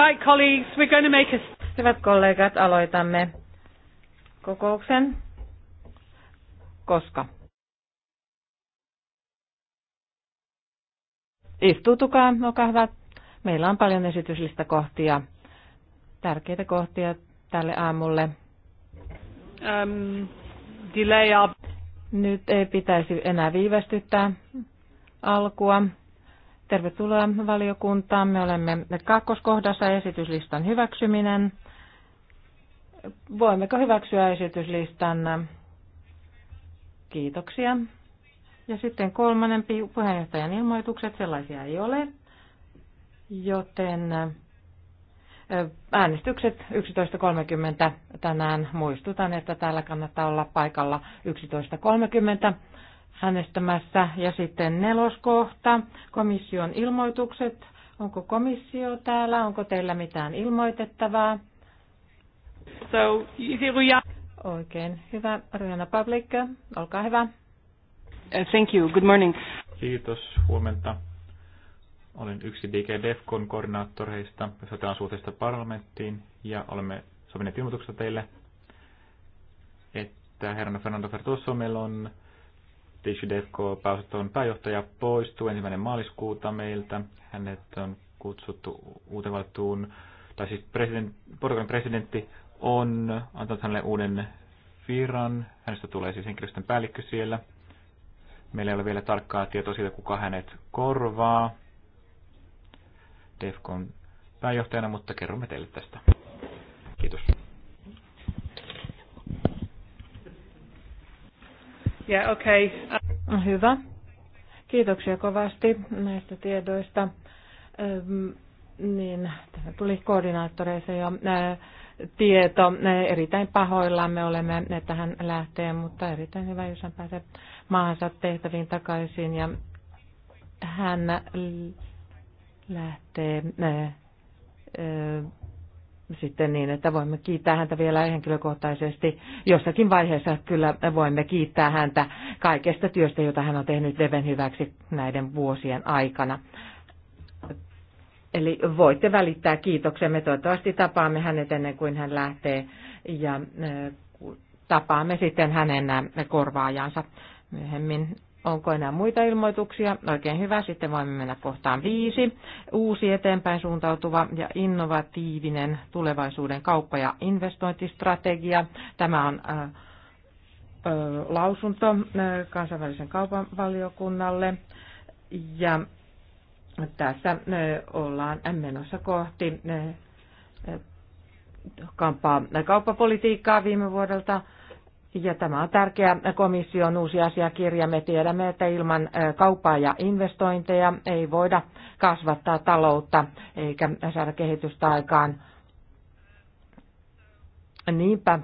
Right, colleagues, we're going to make a... Hyvät kollegat, aloitamme kokouksen. Koska? Istuutukaa, olkaa hyvä. Meillä on paljon esityslistä kohtia, tärkeitä kohtia tälle aamulle. Um, delay up. Nyt ei pitäisi enää viivästyttää alkua. Tervetuloa valiokuntaan. Me olemme kakkoskohdassa esityslistan hyväksyminen. Voimmeko hyväksyä esityslistan? Kiitoksia. Ja sitten kolmannen puheenjohtajan ilmoitukset, sellaisia ei ole. Joten äänestykset 11.30 tänään. Muistutan, että täällä kannattaa olla paikalla 11.30 äänestämässä. Ja sitten neloskohta, komission ilmoitukset. Onko komissio täällä? Onko teillä mitään ilmoitettavaa? So, Ruja. Oikein hyvä. Rujana Public, olkaa hyvä. Uh, thank you. Good morning. Kiitos. Huomenta. Olen yksi DG Defcon koordinaattoreista, sotilaan suhteesta parlamenttiin, ja olemme sopineet ilmoituksesta teille, että herran Fernando Fertoso, meillä on DigiDevCo-pääosaston pääjohtaja poistuu ensimmäinen maaliskuuta meiltä. Hänet on kutsuttu uuteen valittuun, tai siis president, Portugalin presidentti on antanut hänelle uuden viran. Hänestä tulee siis henkilöstön päällikkö siellä. Meillä ei ole vielä tarkkaa tietoa siitä, kuka hänet korvaa DEFCON pääjohtajana, mutta kerromme teille tästä. Kiitos. Yeah, okay. Hyvä. Kiitoksia kovasti näistä tiedoista. Ehm, niin, tässä tuli koordinaattoreissa jo tieto. Erittäin pahoillamme olemme, tähän lähteen, mutta erittäin hyvä, jos hän pääsee maahansa tehtäviin takaisin. Ja hän lähtee sitten niin, että voimme kiittää häntä vielä henkilökohtaisesti. Jossakin vaiheessa kyllä voimme kiittää häntä kaikesta työstä, jota hän on tehnyt Deven hyväksi näiden vuosien aikana. Eli voitte välittää kiitoksemme. Toivottavasti tapaamme hänet ennen kuin hän lähtee ja eh, tapaamme sitten hänen korvaajansa myöhemmin. Onko enää muita ilmoituksia? Oikein hyvä. Sitten voimme mennä kohtaan viisi. Uusi eteenpäin suuntautuva ja innovatiivinen tulevaisuuden kauppa- ja investointistrategia. Tämä on äh, lausunto äh, kansainvälisen kaupan valiokunnalle. Ja tässä äh, ollaan menossa kohti äh, äh kampaa, kauppapolitiikkaa viime vuodelta. Ja tämä on tärkeä komission uusi asiakirja. Me tiedämme, että ilman kauppaa ja investointeja ei voida kasvattaa taloutta eikä saada kehitystä aikaan. Niinpä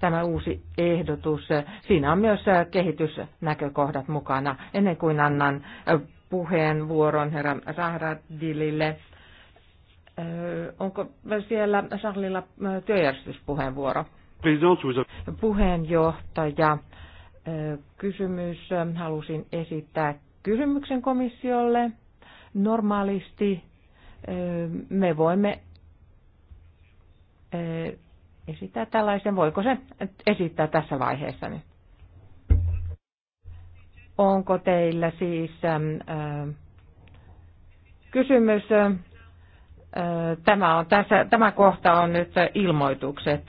tämä uusi ehdotus. Siinä on myös kehitysnäkökohdat mukana. Ennen kuin annan puheenvuoron herra Sahradilille. Onko siellä Charlilla työjärjestyspuheenvuoro? Puheenjohtaja, kysymys. Halusin esittää kysymyksen komissiolle. Normaalisti me voimme esittää tällaisen. Voiko se esittää tässä vaiheessa nyt? Onko teillä siis kysymys Tämä, on tässä, tämä kohta on nyt ilmoitukset.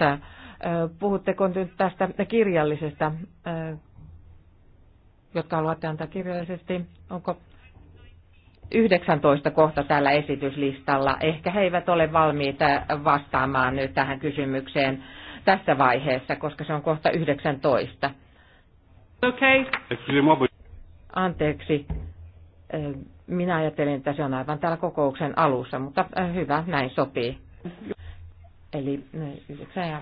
Puhutteko nyt tästä kirjallisesta, jotka haluatte antaa kirjallisesti? Onko 19 kohta tällä esityslistalla. Ehkä he eivät ole valmiita vastaamaan nyt tähän kysymykseen tässä vaiheessa, koska se on kohta 19. Okay. Anteeksi, minä ajattelin, että se on aivan täällä kokouksen alussa, mutta äh, hyvä, näin sopii. Eli äh, yhdeksän ja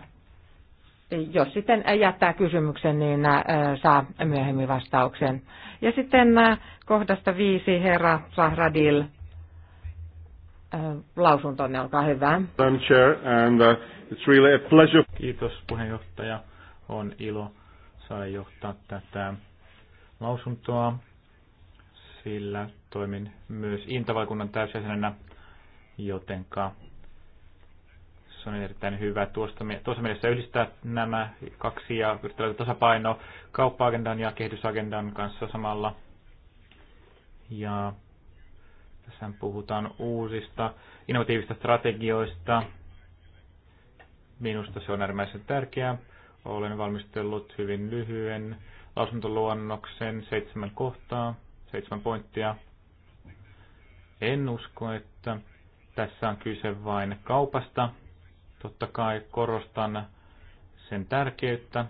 jos sitten jättää kysymyksen, niin äh, saa myöhemmin vastauksen. Ja sitten kohdasta viisi, herra Sahradil, lausuntonne, olkaa hyvä. Uh, Kiitos puheenjohtaja, on ilo saada johtaa tätä lausuntoa sillä toimin myös intavaikunnan täysjäsenenä, jotenka se on erittäin hyvä tuosta, tuossa mielessä yhdistää nämä kaksi ja yrittää tasapaino kauppa-agendan ja kehitysagendan kanssa samalla. Ja tässä puhutaan uusista innovatiivista strategioista. Minusta se on äärimmäisen tärkeää. Olen valmistellut hyvin lyhyen lausuntoluonnoksen seitsemän kohtaa seitsemän pointtia. En usko, että tässä on kyse vain kaupasta. Totta kai korostan sen tärkeyttä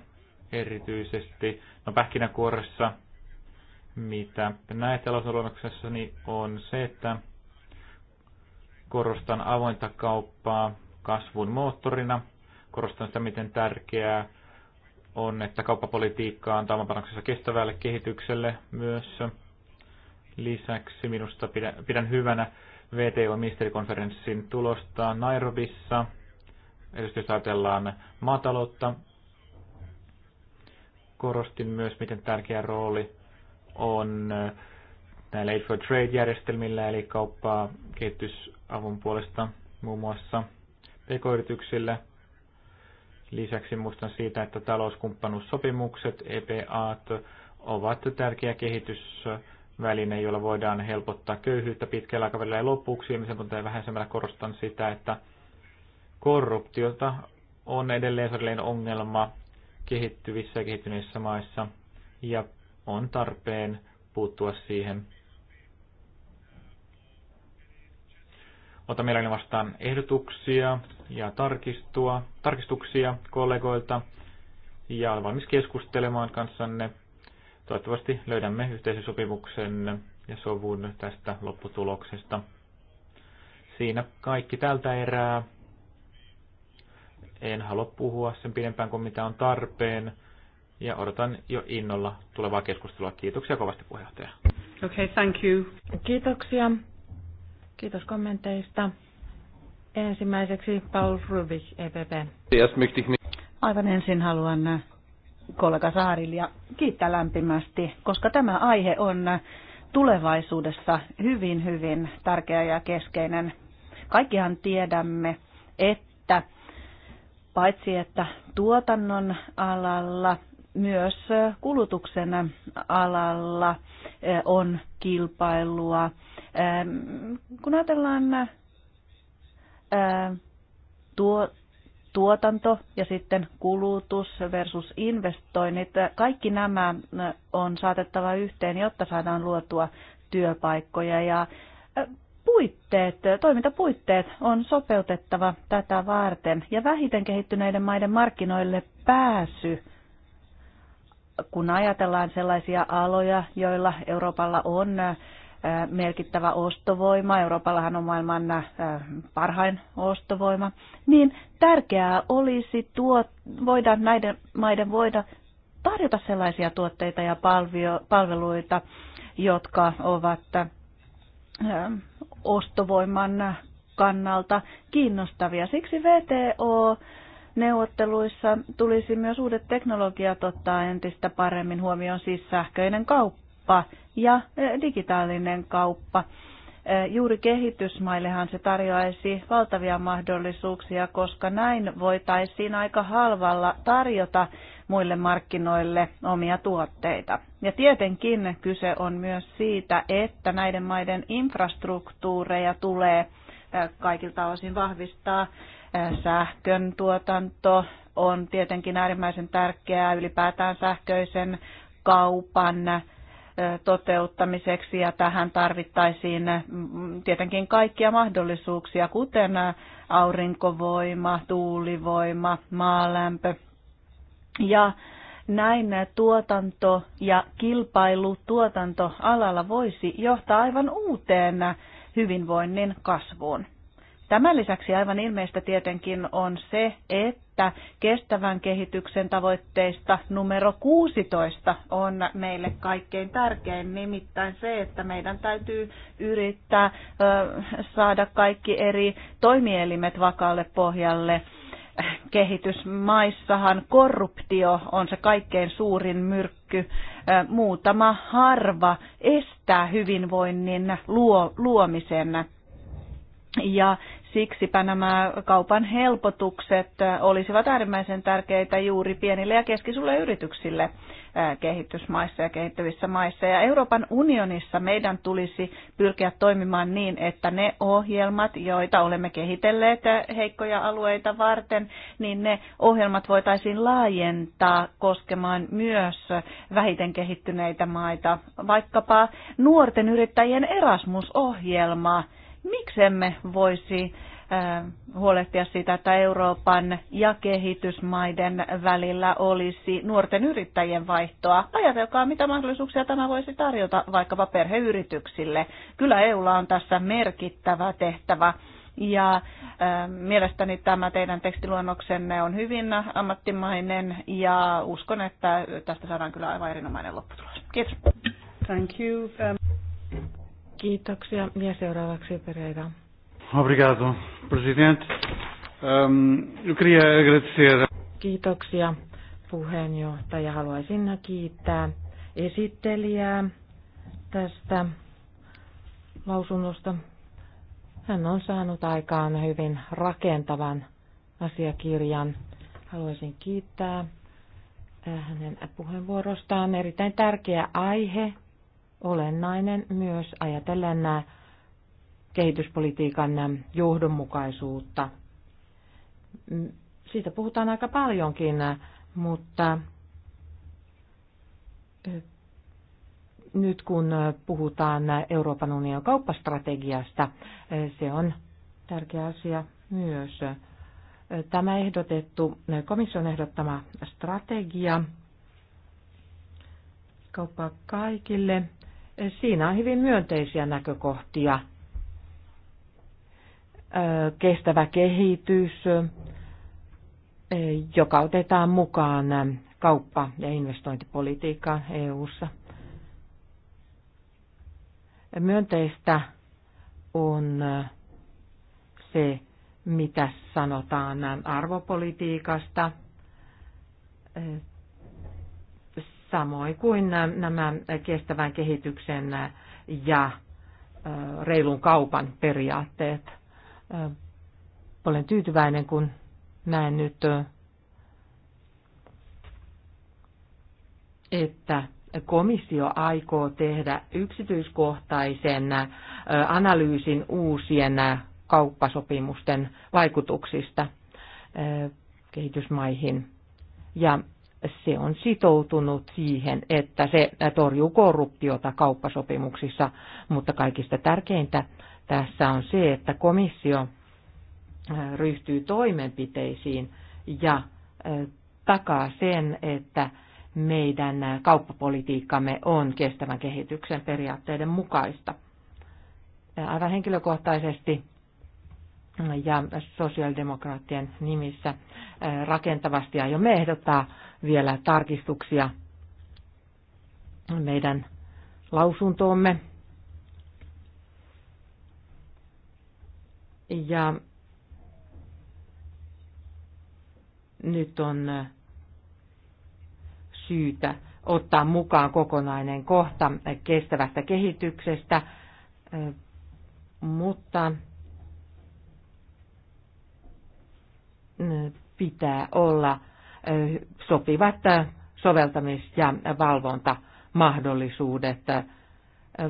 erityisesti. No pähkinäkuoressa, mitä näet niin on se, että korostan avointa kauppaa kasvun moottorina. Korostan sitä, miten tärkeää on, että kauppapolitiikka on taamapanoksessa kestävälle kehitykselle myös. Lisäksi minusta pidän hyvänä VTO-ministerikonferenssin tulosta Nairobissa. Erityisesti jos ajatellaan maataloutta, korostin myös, miten tärkeä rooli on näillä Aid for Trade-järjestelmillä, eli kauppaa kehitysavun puolesta muun muassa pk-yrityksille. Lisäksi muistan siitä, että talouskumppanuussopimukset, EPA, ovat tärkeä kehitys väline, jolla voidaan helpottaa köyhyyttä pitkällä aikavälillä ja lopuksi, ja sen vähäisemmällä korostan sitä, että korruptiota on edelleen edelleen ongelma kehittyvissä ja kehittyneissä maissa, ja on tarpeen puuttua siihen. Ota mielelläni vastaan ehdotuksia ja tarkistua, tarkistuksia kollegoilta ja olen valmis keskustelemaan kanssanne Toivottavasti löydämme yhteisösopimuksen ja sovun tästä lopputuloksesta. Siinä kaikki tältä erää. En halua puhua sen pidempään kuin mitä on tarpeen. Ja odotan jo innolla tulevaa keskustelua. Kiitoksia kovasti puheenjohtaja. Okay, thank you. Kiitoksia. Kiitos kommenteista. Ensimmäiseksi Paul Rubik, EPP. Aivan ensin haluan kollega Saarilja, kiittää lämpimästi, koska tämä aihe on tulevaisuudessa hyvin, hyvin tärkeä ja keskeinen. Kaikkihan tiedämme, että paitsi että tuotannon alalla, myös kulutuksen alalla eh, on kilpailua. Kun ajatellaan eh, tuo, tuotanto ja sitten kulutus versus investoinnit. Kaikki nämä on saatettava yhteen, jotta saadaan luotua työpaikkoja ja puitteet, toimintapuitteet on sopeutettava tätä varten ja vähiten kehittyneiden maiden markkinoille pääsy kun ajatellaan sellaisia aloja, joilla Euroopalla on merkittävä ostovoima, Euroopallahan on maailman parhain ostovoima, niin tärkeää olisi tuo, voida näiden maiden voida tarjota sellaisia tuotteita ja palveluita, jotka ovat ostovoiman kannalta kiinnostavia. Siksi VTO neuvotteluissa tulisi myös uudet teknologiat ottaa entistä paremmin huomioon, siis sähköinen kauppa kauppa ja eh, digitaalinen kauppa. Eh, juuri kehitysmaillehan se tarjoaisi valtavia mahdollisuuksia, koska näin voitaisiin aika halvalla tarjota muille markkinoille omia tuotteita. Ja tietenkin kyse on myös siitä, että näiden maiden infrastruktuureja tulee eh, kaikilta osin vahvistaa. Sähkön tuotanto on tietenkin äärimmäisen tärkeää ylipäätään sähköisen kaupan toteuttamiseksi ja tähän tarvittaisiin tietenkin kaikkia mahdollisuuksia, kuten aurinkovoima, tuulivoima, maalämpö. Ja näin tuotanto ja kilpailu tuotantoalalla voisi johtaa aivan uuteen hyvinvoinnin kasvuun. Tämän lisäksi aivan ilmeistä tietenkin on se, että kestävän kehityksen tavoitteista numero 16 on meille kaikkein tärkein, nimittäin se, että meidän täytyy yrittää saada kaikki eri toimielimet vakaalle pohjalle. Kehitysmaissahan korruptio on se kaikkein suurin myrkky. Muutama harva estää hyvinvoinnin luomisen ja siksipä nämä kaupan helpotukset olisivat äärimmäisen tärkeitä juuri pienille ja keskisuille yrityksille kehitysmaissa ja kehittyvissä maissa. Ja Euroopan unionissa meidän tulisi pyrkiä toimimaan niin, että ne ohjelmat, joita olemme kehitelleet heikkoja alueita varten, niin ne ohjelmat voitaisiin laajentaa koskemaan myös vähiten kehittyneitä maita, vaikkapa nuorten yrittäjien erasmus ohjelmaa miksemme voisi äh, huolehtia siitä, että Euroopan ja kehitysmaiden välillä olisi nuorten yrittäjien vaihtoa. Ajatelkaa, mitä mahdollisuuksia tämä voisi tarjota vaikkapa perheyrityksille. Kyllä EUlla on tässä merkittävä tehtävä. Ja äh, mielestäni tämä teidän tekstiluonnoksenne on hyvin ammattimainen ja uskon, että tästä saadaan kyllä aivan erinomainen lopputulos. Kiitos. Thank you. Um... Kiitoksia. Ja seuraavaksi Pereira. Obrigado, presidente. Um, queria agradecer. Kiitoksia puheenjohtaja. Haluaisin kiittää esittelijää tästä lausunnosta. Hän on saanut aikaan hyvin rakentavan asiakirjan. Haluaisin kiittää hänen puheenvuorostaan. Erittäin tärkeä aihe olennainen myös ajatellen äh, kehityspolitiikan äh, johdonmukaisuutta. Mm, siitä puhutaan aika paljonkin, äh, mutta nyt kun puhutaan Euroopan unionin kauppastrategiasta, se on tärkeä asia myös. Tämä ehdotettu, komission ehdottama strategia kauppaa kaikille Siinä on hyvin myönteisiä näkökohtia. Kestävä kehitys, joka otetaan mukaan kauppa- ja investointipolitiikkaan EU:ssa. Myönteistä on se, mitä sanotaan arvopolitiikasta, samoin kuin äh, nämä kestävän kehityksen äh, ja äh, reilun kaupan periaatteet. Olen tyytyväinen, kun näen nyt, että komissio aikoo tehdä yksityiskohtaisen analyysin uusien kauppasopimusten vaikutuksista kehitysmaihin. Ja se on sitoutunut siihen, että se torjuu korruptiota kauppasopimuksissa, mutta kaikista tärkeintä tässä on se, että komissio äh, ryhtyy toimenpiteisiin ja äh, takaa sen, että meidän kauppapolitiikkamme on kestävän kehityksen periaatteiden mukaista. Äh, aivan henkilökohtaisesti ja sosiaalidemokraattien nimissä rakentavasti aiomme ehdottaa vielä tarkistuksia meidän lausuntoomme. Ja nyt on syytä ottaa mukaan kokonainen kohta kestävästä kehityksestä, mutta pitää olla sopivat soveltamis- ja valvontamahdollisuudet.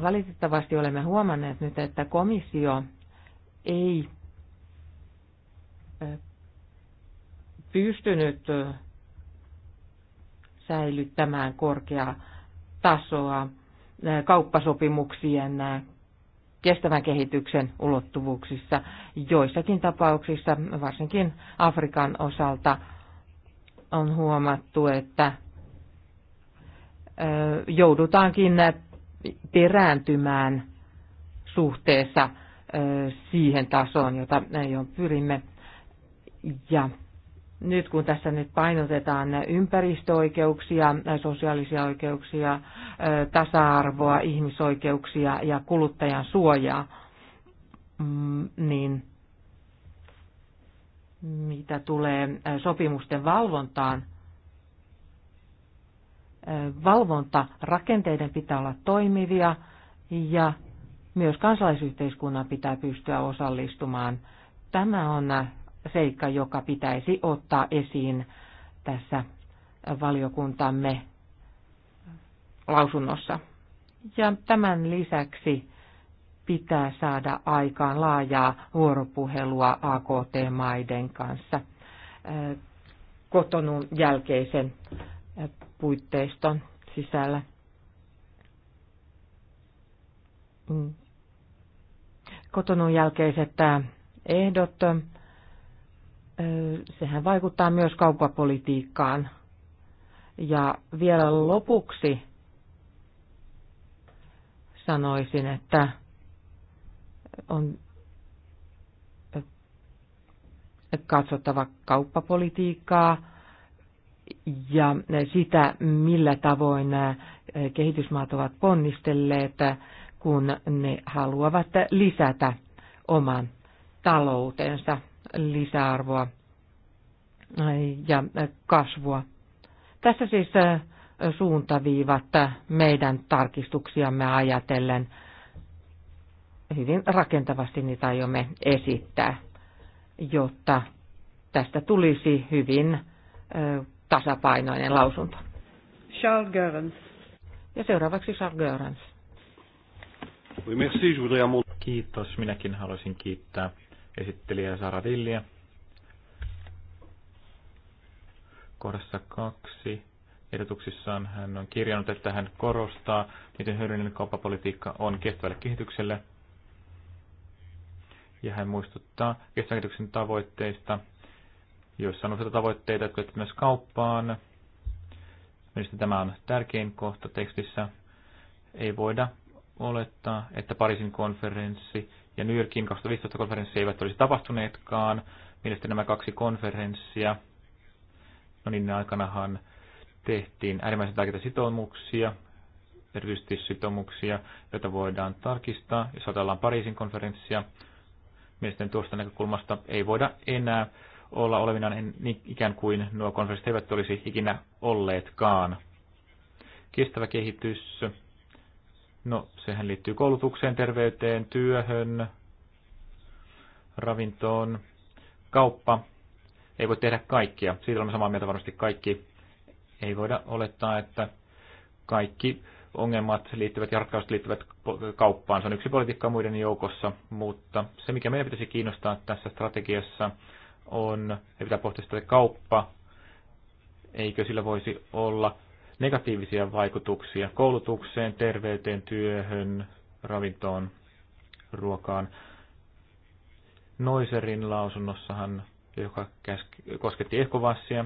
Valitettavasti olemme huomanneet nyt, että komissio ei pystynyt säilyttämään korkeaa tasoa kauppasopimuksien kestävän kehityksen ulottuvuuksissa. Joissakin tapauksissa, varsinkin Afrikan osalta, on huomattu, että joudutaankin perääntymään suhteessa siihen tasoon, jota jo pyrimme. Ja nyt kun tässä nyt painotetaan ympäristöoikeuksia, sosiaalisia oikeuksia, tasa-arvoa, ihmisoikeuksia ja kuluttajan suojaa, mm, niin mitä tulee sopimusten valvontaan, valvontarakenteiden pitää olla toimivia ja myös kansalaisyhteiskunnan pitää pystyä osallistumaan. Tämä on seikka, joka pitäisi ottaa esiin tässä valiokuntamme lausunnossa. Ja tämän lisäksi pitää saada aikaan laajaa vuoropuhelua AKT-maiden kanssa kotonun jälkeisen puitteiston sisällä. Kotonun jälkeiset ehdot sehän vaikuttaa myös kauppapolitiikkaan. Ja vielä lopuksi sanoisin, että on katsottava kauppapolitiikkaa ja sitä, millä tavoin kehitysmaat ovat ponnistelleet, kun ne haluavat lisätä oman taloutensa lisäarvoa ja kasvua. Tässä siis suuntaviivat meidän tarkistuksiamme ajatellen. Hyvin rakentavasti niitä aiomme esittää, jotta tästä tulisi hyvin tasapainoinen lausunto. Charles Görans. Ja seuraavaksi Charles Görans. Kiitos. Minäkin haluaisin kiittää esittelijä Sara Villiä. Kohdassa kaksi ehdotuksissaan hän on kirjannut, että hän korostaa, miten hyödyllinen kauppapolitiikka on kestävälle kehitykselle. Ja hän muistuttaa kestävän kehityksen tavoitteista, joissa on useita tavoitteita, jotka liittyvät myös kauppaan. Mielestäni tämä on tärkein kohta tekstissä. Ei voida olettaa, että Pariisin konferenssi ja New Yorkin 2015 konferenssi eivät olisi tapahtuneetkaan. Mielestäni nämä kaksi konferenssia, no niin aikanahan tehtiin äärimmäisen tärkeitä sitoumuksia, erityisesti sitoumuksia, joita voidaan tarkistaa, jos ajatellaan Pariisin konferenssia. Mielestäni tuosta näkökulmasta ei voida enää olla olevina niin ikään kuin nuo konferenssit eivät olisi ikinä olleetkaan. Kestävä kehitys No, sehän liittyy koulutukseen, terveyteen, työhön, ravintoon, kauppa. Ei voi tehdä kaikkia. Siitä olemme samaa mieltä varmasti kaikki. Ei voida olettaa, että kaikki ongelmat liittyvät ja ratkaisut liittyvät kauppaan. Se on yksi politiikka muiden joukossa, mutta se mikä meidän pitäisi kiinnostaa tässä strategiassa on, että pitää pohtia sitä kauppa, eikö sillä voisi olla negatiivisia vaikutuksia koulutukseen, terveyteen, työhön, ravintoon, ruokaan. Noiserin lausunnossahan, joka kosketti Ekovassia,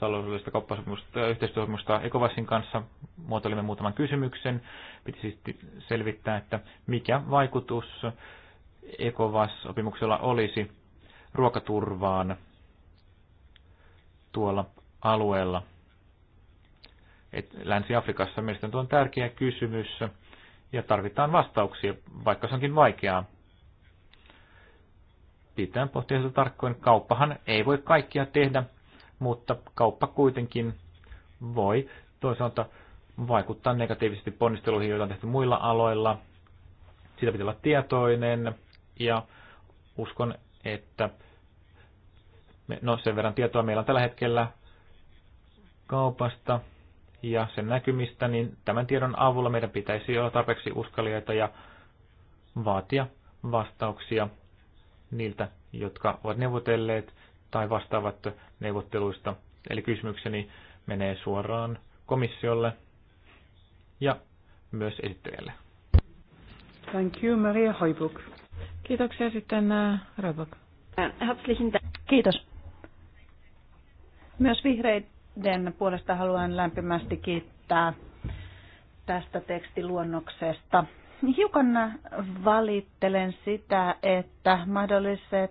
taloudellista kauppasopimusta, yhteistyösopimusta Ekovassin kanssa, muotoilimme muutaman kysymyksen. Piti siis selvittää, että mikä vaikutus Ekovas-sopimuksella olisi ruokaturvaan tuolla alueella – Länsi-Afrikassa. Mielestäni tuo on tärkeä kysymys ja tarvitaan vastauksia, vaikka se onkin vaikeaa. Pitää pohtia sitä tarkkoin. Kauppahan ei voi kaikkia tehdä, mutta kauppa kuitenkin voi toisaalta vaikuttaa negatiivisesti ponnisteluihin, joita on tehty muilla aloilla. Sitä pitää olla tietoinen ja uskon, että no sen verran tietoa meillä on tällä hetkellä kaupasta, ja sen näkymistä, niin tämän tiedon avulla meidän pitäisi olla tarpeeksi uskaliaita ja vaatia vastauksia niiltä, jotka ovat neuvotelleet tai vastaavat neuvotteluista. Eli kysymykseni menee suoraan komissiolle ja myös esittelijälle. Thank you, Maria Hoibuk. Kiitoksia sitten Hoibuk. Äh, äh, Kiitos. Myös vihreitä Den puolesta haluan lämpimästi kiittää tästä tekstiluonnoksesta. Hiukan valittelen sitä, että mahdolliset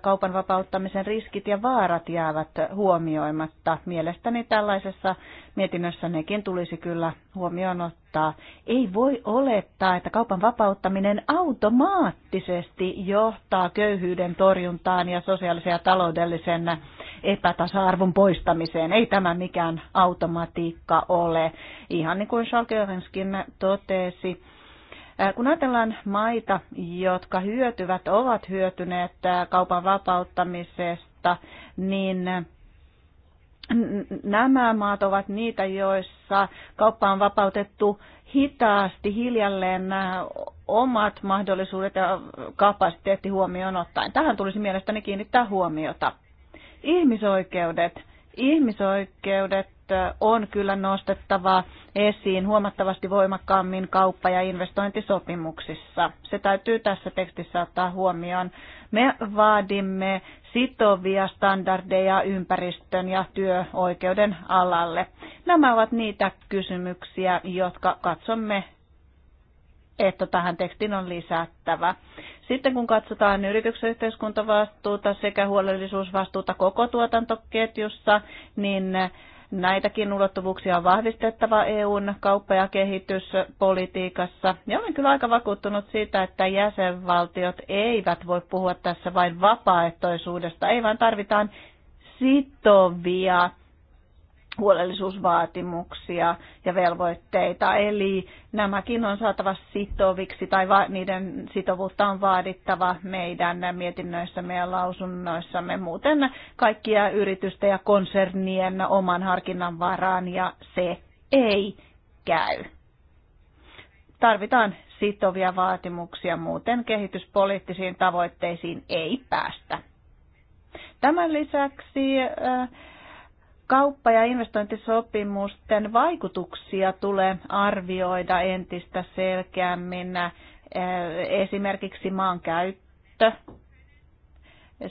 kaupan vapauttamisen riskit ja vaarat jäävät huomioimatta. Mielestäni tällaisessa mietinnössä nekin tulisi kyllä huomioon ottaa. Ei voi olettaa, että kaupan vapauttaminen automaattisesti johtaa köyhyyden torjuntaan ja sosiaalisen ja taloudellisen epätasa-arvon poistamiseen. Ei tämä mikään automatiikka ole. Ihan niin kuin Schalke totesi, kun ajatellaan maita, jotka hyötyvät, ovat hyötyneet kaupan vapauttamisesta, niin nämä maat ovat niitä, joissa kauppa on vapautettu hitaasti, hiljalleen omat mahdollisuudet ja kapasiteetti huomioon ottaen. Tähän tulisi mielestäni kiinnittää huomiota. Ihmisoikeudet Ihmisoikeudet on kyllä nostettava esiin huomattavasti voimakkaammin kauppa- ja investointisopimuksissa. Se täytyy tässä tekstissä ottaa huomioon. Me vaadimme sitovia standardeja ympäristön ja työoikeuden alalle. Nämä ovat niitä kysymyksiä, jotka katsomme että tähän tekstiin on lisättävä. Sitten kun katsotaan yrityksen yhteiskuntavastuuta sekä huolellisuusvastuuta koko tuotantoketjussa, niin Näitäkin ulottuvuuksia on vahvistettava EUn kauppa- ja kehityspolitiikassa. Ja olen kyllä aika vakuuttunut siitä, että jäsenvaltiot eivät voi puhua tässä vain vapaaehtoisuudesta, ei vaan tarvitaan sitovia huolellisuusvaatimuksia ja velvoitteita. Eli nämäkin on saatava sitoviksi tai va- niiden sitovuutta on vaadittava meidän mietinnöissämme ja lausunnoissamme. Muuten kaikkia yritysten ja konsernien oman harkinnan varaan ja se ei käy. Tarvitaan sitovia vaatimuksia, muuten kehityspoliittisiin tavoitteisiin ei päästä. Tämän lisäksi äh, kauppa- ja investointisopimusten vaikutuksia tulee arvioida entistä selkeämmin eh, esimerkiksi maankäyttö.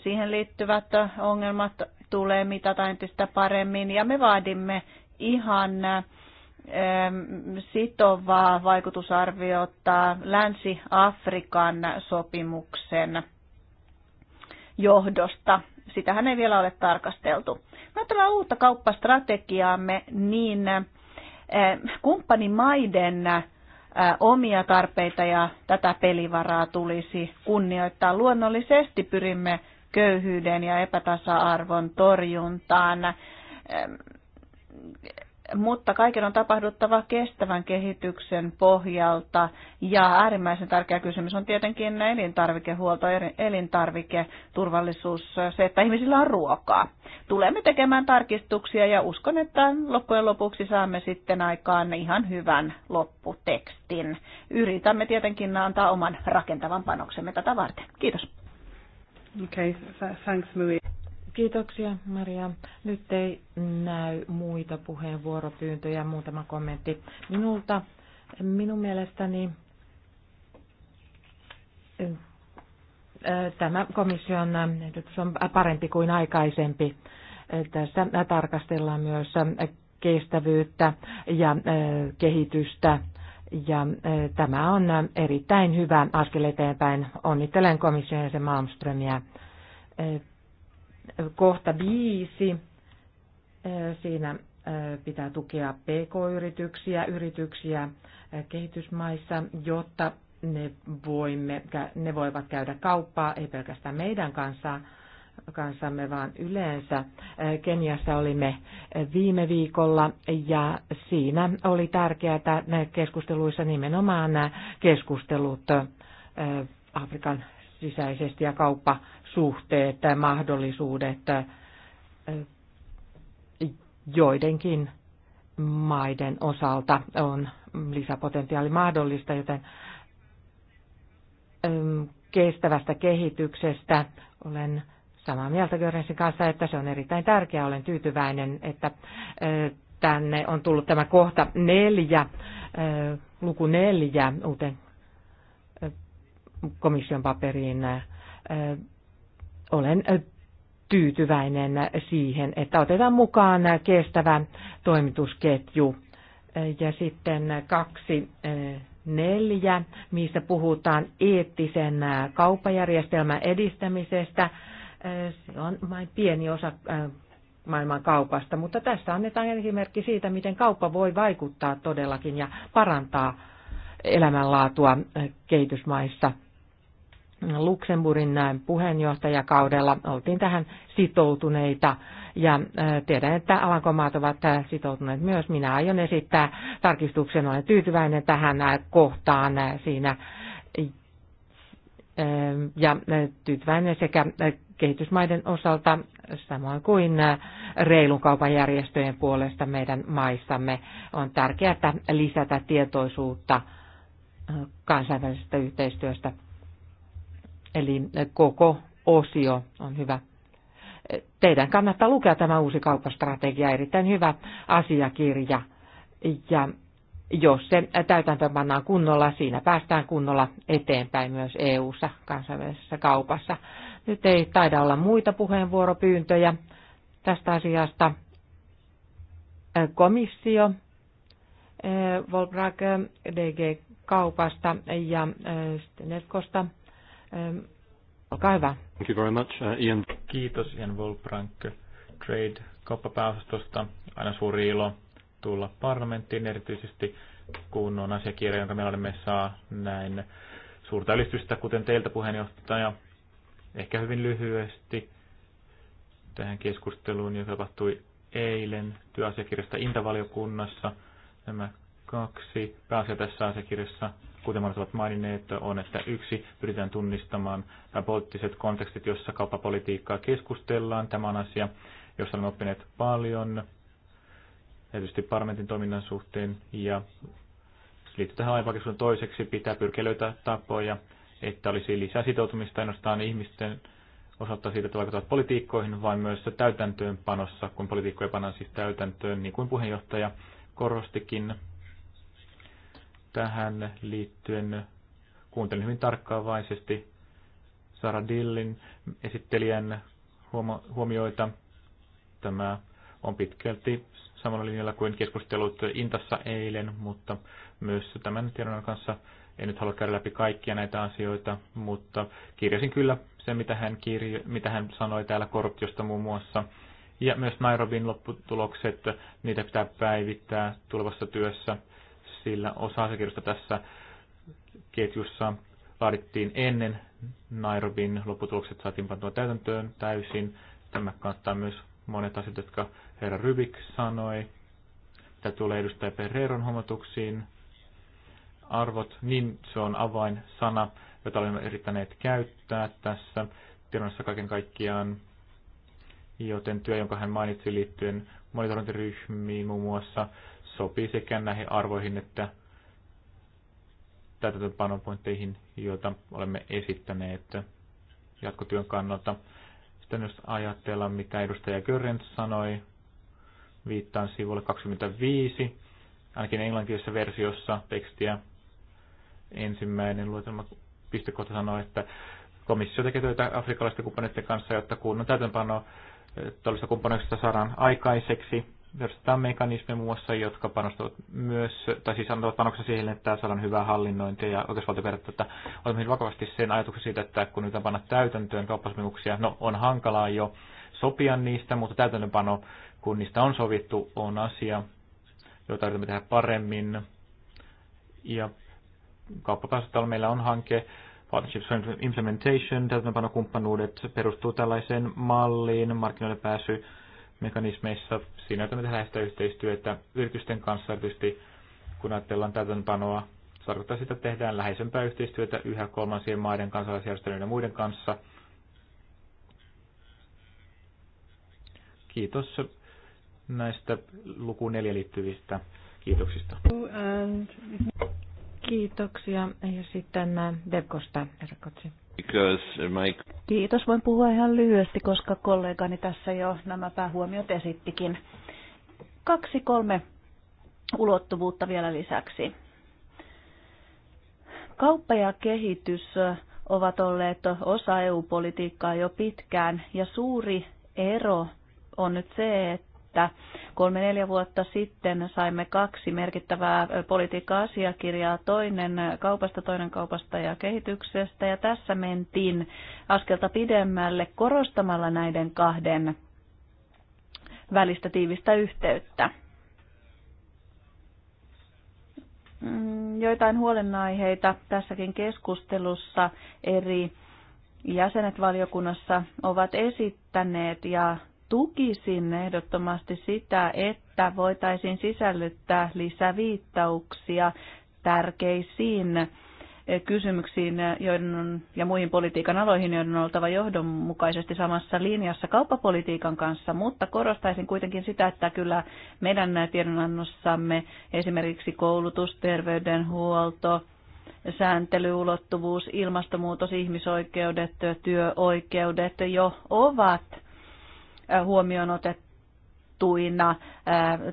Siihen liittyvät ongelmat tulee mitata entistä paremmin ja me vaadimme ihan eh, sitovaa vaikutusarviota Länsi-Afrikan sopimuksen johdosta. Sitähän ei vielä ole tarkasteltu. Ajatellaan uutta kauppastrategiaamme, niin eh, kumppanimaiden eh, omia tarpeita ja tätä pelivaraa tulisi kunnioittaa. Luonnollisesti pyrimme köyhyyden ja epätasa-arvon torjuntaan mutta kaiken on tapahduttava kestävän kehityksen pohjalta. Ja äärimmäisen tärkeä kysymys on tietenkin elintarvikehuolto, elintarviketurvallisuus, se, että ihmisillä on ruokaa. Tulemme tekemään tarkistuksia ja uskon, että loppujen lopuksi saamme sitten aikaan ihan hyvän lopputekstin. Yritämme tietenkin antaa oman rakentavan panoksemme tätä varten. Kiitos. Okay, thanks Marie. Kiitoksia Maria. Nyt ei näy muita puheenvuoropyyntöjä, muutama kommentti minulta. Minun mielestäni tämä komission ehdotus on parempi kuin aikaisempi. Tässä tarkastellaan myös kestävyyttä ja kehitystä. Ja tämä on erittäin hyvä askel eteenpäin. Onnittelen komission jäsen Malmströmiä kohta viisi. Siinä pitää tukea pk-yrityksiä, yrityksiä kehitysmaissa, jotta ne, voimme, ne voivat käydä kauppaa, ei pelkästään meidän kanssa, kanssamme vaan yleensä. Keniassa olimme viime viikolla ja siinä oli tärkeää keskusteluissa nimenomaan nämä keskustelut Afrikan sisäisesti ja kauppasuhteet tai mahdollisuudet joidenkin maiden osalta on lisäpotentiaali mahdollista, joten kestävästä kehityksestä olen samaa mieltä Görensin kanssa, että se on erittäin tärkeää. Olen tyytyväinen, että tänne on tullut tämä kohta neljä, luku neljä uuteen komission paperiin. Olen tyytyväinen siihen, että otetaan mukaan kestävä toimitusketju ja sitten kaksi neljä, missä puhutaan eettisen kauppajärjestelmän edistämisestä. Se on vain pieni osa maailman kaupasta, mutta tässä annetaan esimerkki siitä, miten kauppa voi vaikuttaa todellakin ja parantaa elämänlaatua kehitysmaissa Luxemburgin äh, puheenjohtajakaudella oltiin tähän sitoutuneita ja äh, tiedän, että Alankomaat ovat äh, sitoutuneet myös. Minä aion esittää tarkistuksen, olen tyytyväinen tähän kohtaan siinä ja tyytyväinen sekä kehitysmaiden osalta, samoin kuin reilun kaupan järjestöjen puolesta meidän maissamme. On tärkeää lisätä tietoisuutta kansainvälisestä yhteistyöstä Eli koko osio on hyvä. Teidän kannattaa lukea tämä uusi kauppastrategia, erittäin hyvä asiakirja. Ja jos se täytäntöön pannaan kunnolla, siinä päästään kunnolla eteenpäin myös EU-ssa kansainvälisessä kaupassa. Nyt ei taida olla muita puheenvuoropyyntöjä tästä asiasta. Komissio, Volbrag eh, eh, DG-kaupasta ja eh, Netkosta. Olkaa hyvä. Thank you very much, uh, Ian. Kiitos Ian Wolfrank Trade kauppapääosastosta. Aina suuri ilo tulla parlamenttiin, erityisesti kun on asiakirja, jonka me olemme saa näin suurta ylistystä, kuten teiltä puheenjohtaja. Ehkä hyvin lyhyesti tähän keskusteluun, joka tapahtui eilen työasiakirjasta Intavaliokunnassa. Nämä kaksi pääasiaa tässä asiakirjassa kuten monet ovat maininneet, on, että yksi pyritään tunnistamaan nämä poliittiset kontekstit, jossa kauppapolitiikkaa keskustellaan. Tämä on asia, jossa olemme oppineet paljon, erityisesti parlamentin toiminnan suhteen. Ja liittyy tähän aivan toiseksi, pitää pyrkiä löytää tapoja, että olisi lisää sitoutumista ainoastaan ihmisten osoittaa siitä, että vaikuttavat politiikkoihin, vaan myös täytäntöönpanossa, kun politiikkoja pannaan siis täytäntöön, niin kuin puheenjohtaja korostikin tähän liittyen kuuntelin hyvin tarkkaavaisesti Sara Dillin esittelijän huomioita. Tämä on pitkälti samalla linjalla kuin keskustelut Intassa eilen, mutta myös tämän tiedon kanssa en nyt halua käydä läpi kaikkia näitä asioita, mutta kirjasin kyllä sen, mitä hän, kirjo, mitä hän sanoi täällä korruptiosta muun muassa. Ja myös Nairobin lopputulokset, niitä pitää päivittää tulevassa työssä sillä osa asiakirjoista tässä ketjussa laadittiin ennen Nairobin lopputulokset saatiin pantua täytäntöön täysin. Tämä kannattaa myös monet asiat, jotka herra Rybik sanoi. Tämä tulee edustaja Pereiron huomatuksiin. Arvot, niin se on avain sana, jota olemme erittäneet käyttää tässä tiedonnossa kaiken kaikkiaan. Joten työ, jonka hän mainitsi liittyen monitorointiryhmiin muun muassa, sopii sekä näihin arvoihin että täytäntöpanopointeihin, joita olemme esittäneet jatkotyön kannalta. Sitten jos ajatellaan, mitä edustaja Görrent sanoi, viittaan sivulle 25, ainakin englanninkielisessä versiossa tekstiä. Ensimmäinen luetelma pistekohta sanoo, että komissio tekee töitä afrikkalaisten kumppaneiden kanssa, jotta kunnon täytäntöpano tällaista kumppaneista saadaan aikaiseksi perustetaan mekanismi muun muassa, jotka panostavat myös, tai siis antavat panoksen siihen, että saadaan hyvää hallinnointia ja oikeusvaltioperiaatteita. Otamme hyvin vakavasti sen ajatuksen siitä, että kun nyt panna täytäntöön kauppasopimuksia, no on hankalaa jo sopia niistä, mutta täytäntöönpano, kun niistä on sovittu, on asia, jota yritämme tehdä paremmin. Ja kauppapäästötalo meillä on hanke, Partnerships for Implementation, täytäntöönpanokumppanuudet perustuu tällaiseen malliin, markkinoille pääsy mekanismeissa. Siinä me tehdään sitä yhteistyötä yritysten kanssa, tietysti kun ajatellaan täytäntöpanoa. Se tarkoittaa sitä, että tehdään läheisempää yhteistyötä yhä kolmansien maiden kansalaisjärjestöjen ja muiden kanssa. Kiitos näistä luku neljä liittyvistä kiitoksista. Kiitoksia. Ja sitten Devkosta, Erkotsi. Kiitos, voin puhua ihan lyhyesti, koska kollegani tässä jo nämä päähuomiot esittikin. Kaksi, kolme ulottuvuutta vielä lisäksi. Kauppa ja kehitys ovat olleet osa EU-politiikkaa jo pitkään ja suuri ero on nyt se, että että kolme-neljä vuotta sitten saimme kaksi merkittävää politiikka-asiakirjaa, toinen kaupasta, toinen kaupasta ja kehityksestä, ja tässä mentiin askelta pidemmälle korostamalla näiden kahden välistä tiivistä yhteyttä. Mm, joitain huolenaiheita tässäkin keskustelussa eri jäsenet valiokunnassa ovat esittäneet ja tukisin ehdottomasti sitä, että voitaisiin sisällyttää lisäviittauksia tärkeisiin eh, kysymyksiin eh, joiden on, ja muihin politiikan aloihin, joiden on oltava johdonmukaisesti samassa linjassa kauppapolitiikan kanssa, mutta korostaisin kuitenkin sitä, että kyllä meidän tiedonannossamme esimerkiksi koulutus, terveydenhuolto, sääntelyulottuvuus, ilmastonmuutos, ihmisoikeudet, työoikeudet jo ovat huomioon otettuina.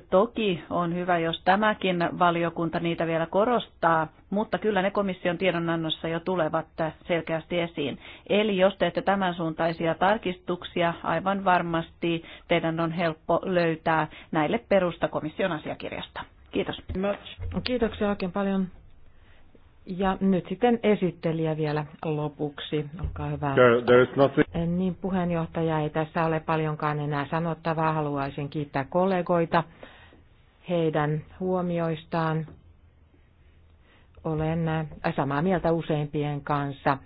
Toki on hyvä, jos tämäkin valiokunta niitä vielä korostaa, mutta kyllä ne komission tiedonannossa jo tulevat selkeästi esiin. Eli jos teette tämän suuntaisia tarkistuksia, aivan varmasti teidän on helppo löytää näille perusta komission asiakirjasta. Kiitos. Kiitoksia oikein paljon. Ja nyt sitten esittelijä vielä lopuksi. Olkaa hyvä. Niin puheenjohtaja, ei tässä ole paljonkaan enää sanottavaa. Haluaisin kiittää kollegoita heidän huomioistaan. Olen äh, samaa mieltä useimpien kanssa,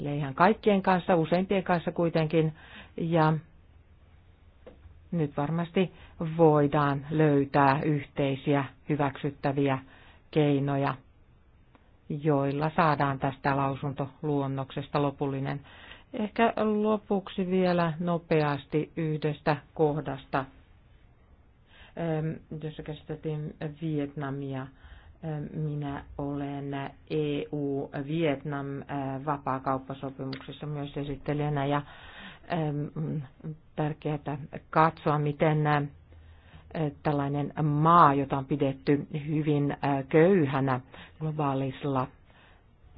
eli ihan kaikkien kanssa, useimpien kanssa kuitenkin. Ja nyt varmasti voidaan löytää yhteisiä hyväksyttäviä keinoja joilla saadaan tästä lausuntoluonnoksesta lopullinen. Ehkä lopuksi vielä nopeasti yhdestä kohdasta, jossa käsiteltiin Vietnamia. Minä olen EU-Vietnam vapaakauppasopimuksessa myös esittelijänä ja tärkeää katsoa, miten tällainen maa, jota on pidetty hyvin äh, köyhänä globaalisella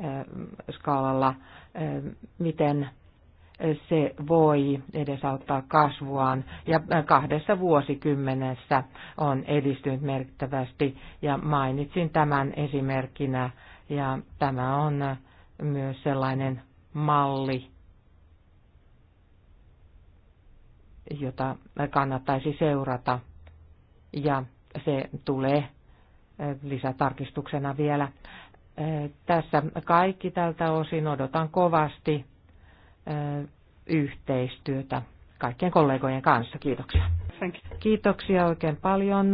äh, skaalalla, äh, miten se voi edesauttaa kasvuaan ja kahdessa vuosikymmenessä on edistynyt merkittävästi ja mainitsin tämän esimerkkinä ja tämä on myös sellainen malli, jota kannattaisi seurata ja se tulee lisätarkistuksena vielä. Tässä kaikki tältä osin odotan kovasti yhteistyötä kaikkien kollegojen kanssa. Kiitoksia. Kiitoksia oikein paljon.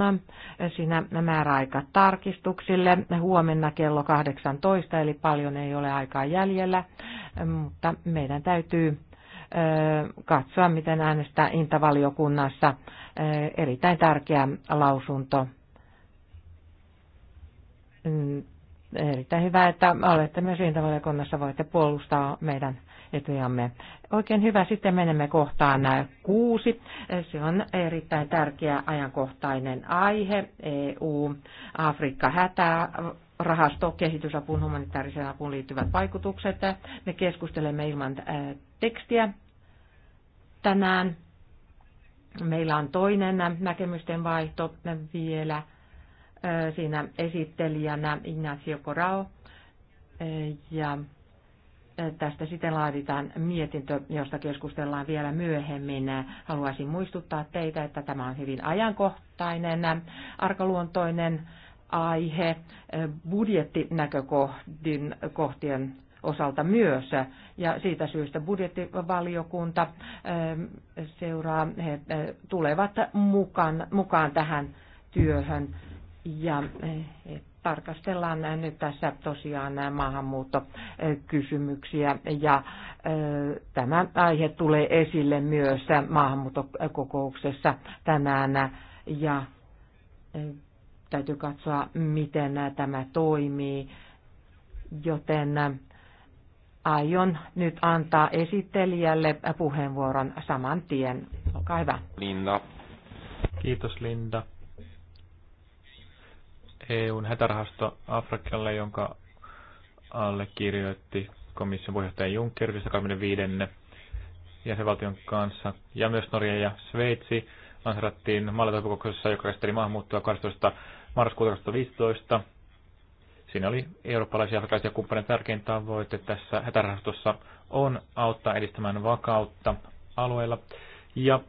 sinä määräaika tarkistuksille huomenna kello 18, eli paljon ei ole aikaa jäljellä, mutta meidän täytyy katsoa, miten äänestää Intavaliokunnassa. Erittäin tärkeä lausunto. Mm, erittäin hyvä, että olette myös Intavaliokunnassa, voitte puolustaa meidän etujamme. Oikein hyvä, sitten menemme kohtaan kuusi. Se on erittäin tärkeä ajankohtainen aihe, EU, Afrikka hätää rahasto, kehitysapuun, humanitaariseen apuun liittyvät vaikutukset. Me keskustelemme ilman äh, tekstiä tänään. Meillä on toinen näkemysten vaihto vielä. Äh, siinä esittelijänä Ignacio Corao. Äh, ja tästä sitten laaditaan mietintö, josta keskustellaan vielä myöhemmin. Haluaisin muistuttaa teitä, että tämä on hyvin ajankohtainen, arkaluontoinen aihe eh, budjettinäkökohtien kohtien osalta myös. Ja siitä syystä budjettivaliokunta eh, seuraa, he eh, tulevat mukaan, mukaan tähän työhön. Ja tarkastellaan nyt tässä tosiaan nämä maahanmuuttokysymyksiä ja tämä aihe tulee esille myös maahanmuuttokokouksessa tänään ja Täytyy katsoa, miten tämä toimii, joten aion nyt antaa esittelijälle puheenvuoron saman tien. Olkaa hyvä. Linda. Kiitos Linda. EUn hätärahasto Afrikalle, jonka allekirjoitti komission puheenjohtaja Juncker 25. jäsenvaltion kanssa. Ja myös Norja ja Sveitsi lanserattiin maailmantapakokouksessa, joka käsitteli maahanmuuttoa 12 marraskuuta 2015. Siinä oli eurooppalaisia ja afrikkalaisia kumppaneita tärkein tavoite tässä hätärahastossa on auttaa edistämään vakautta alueella ja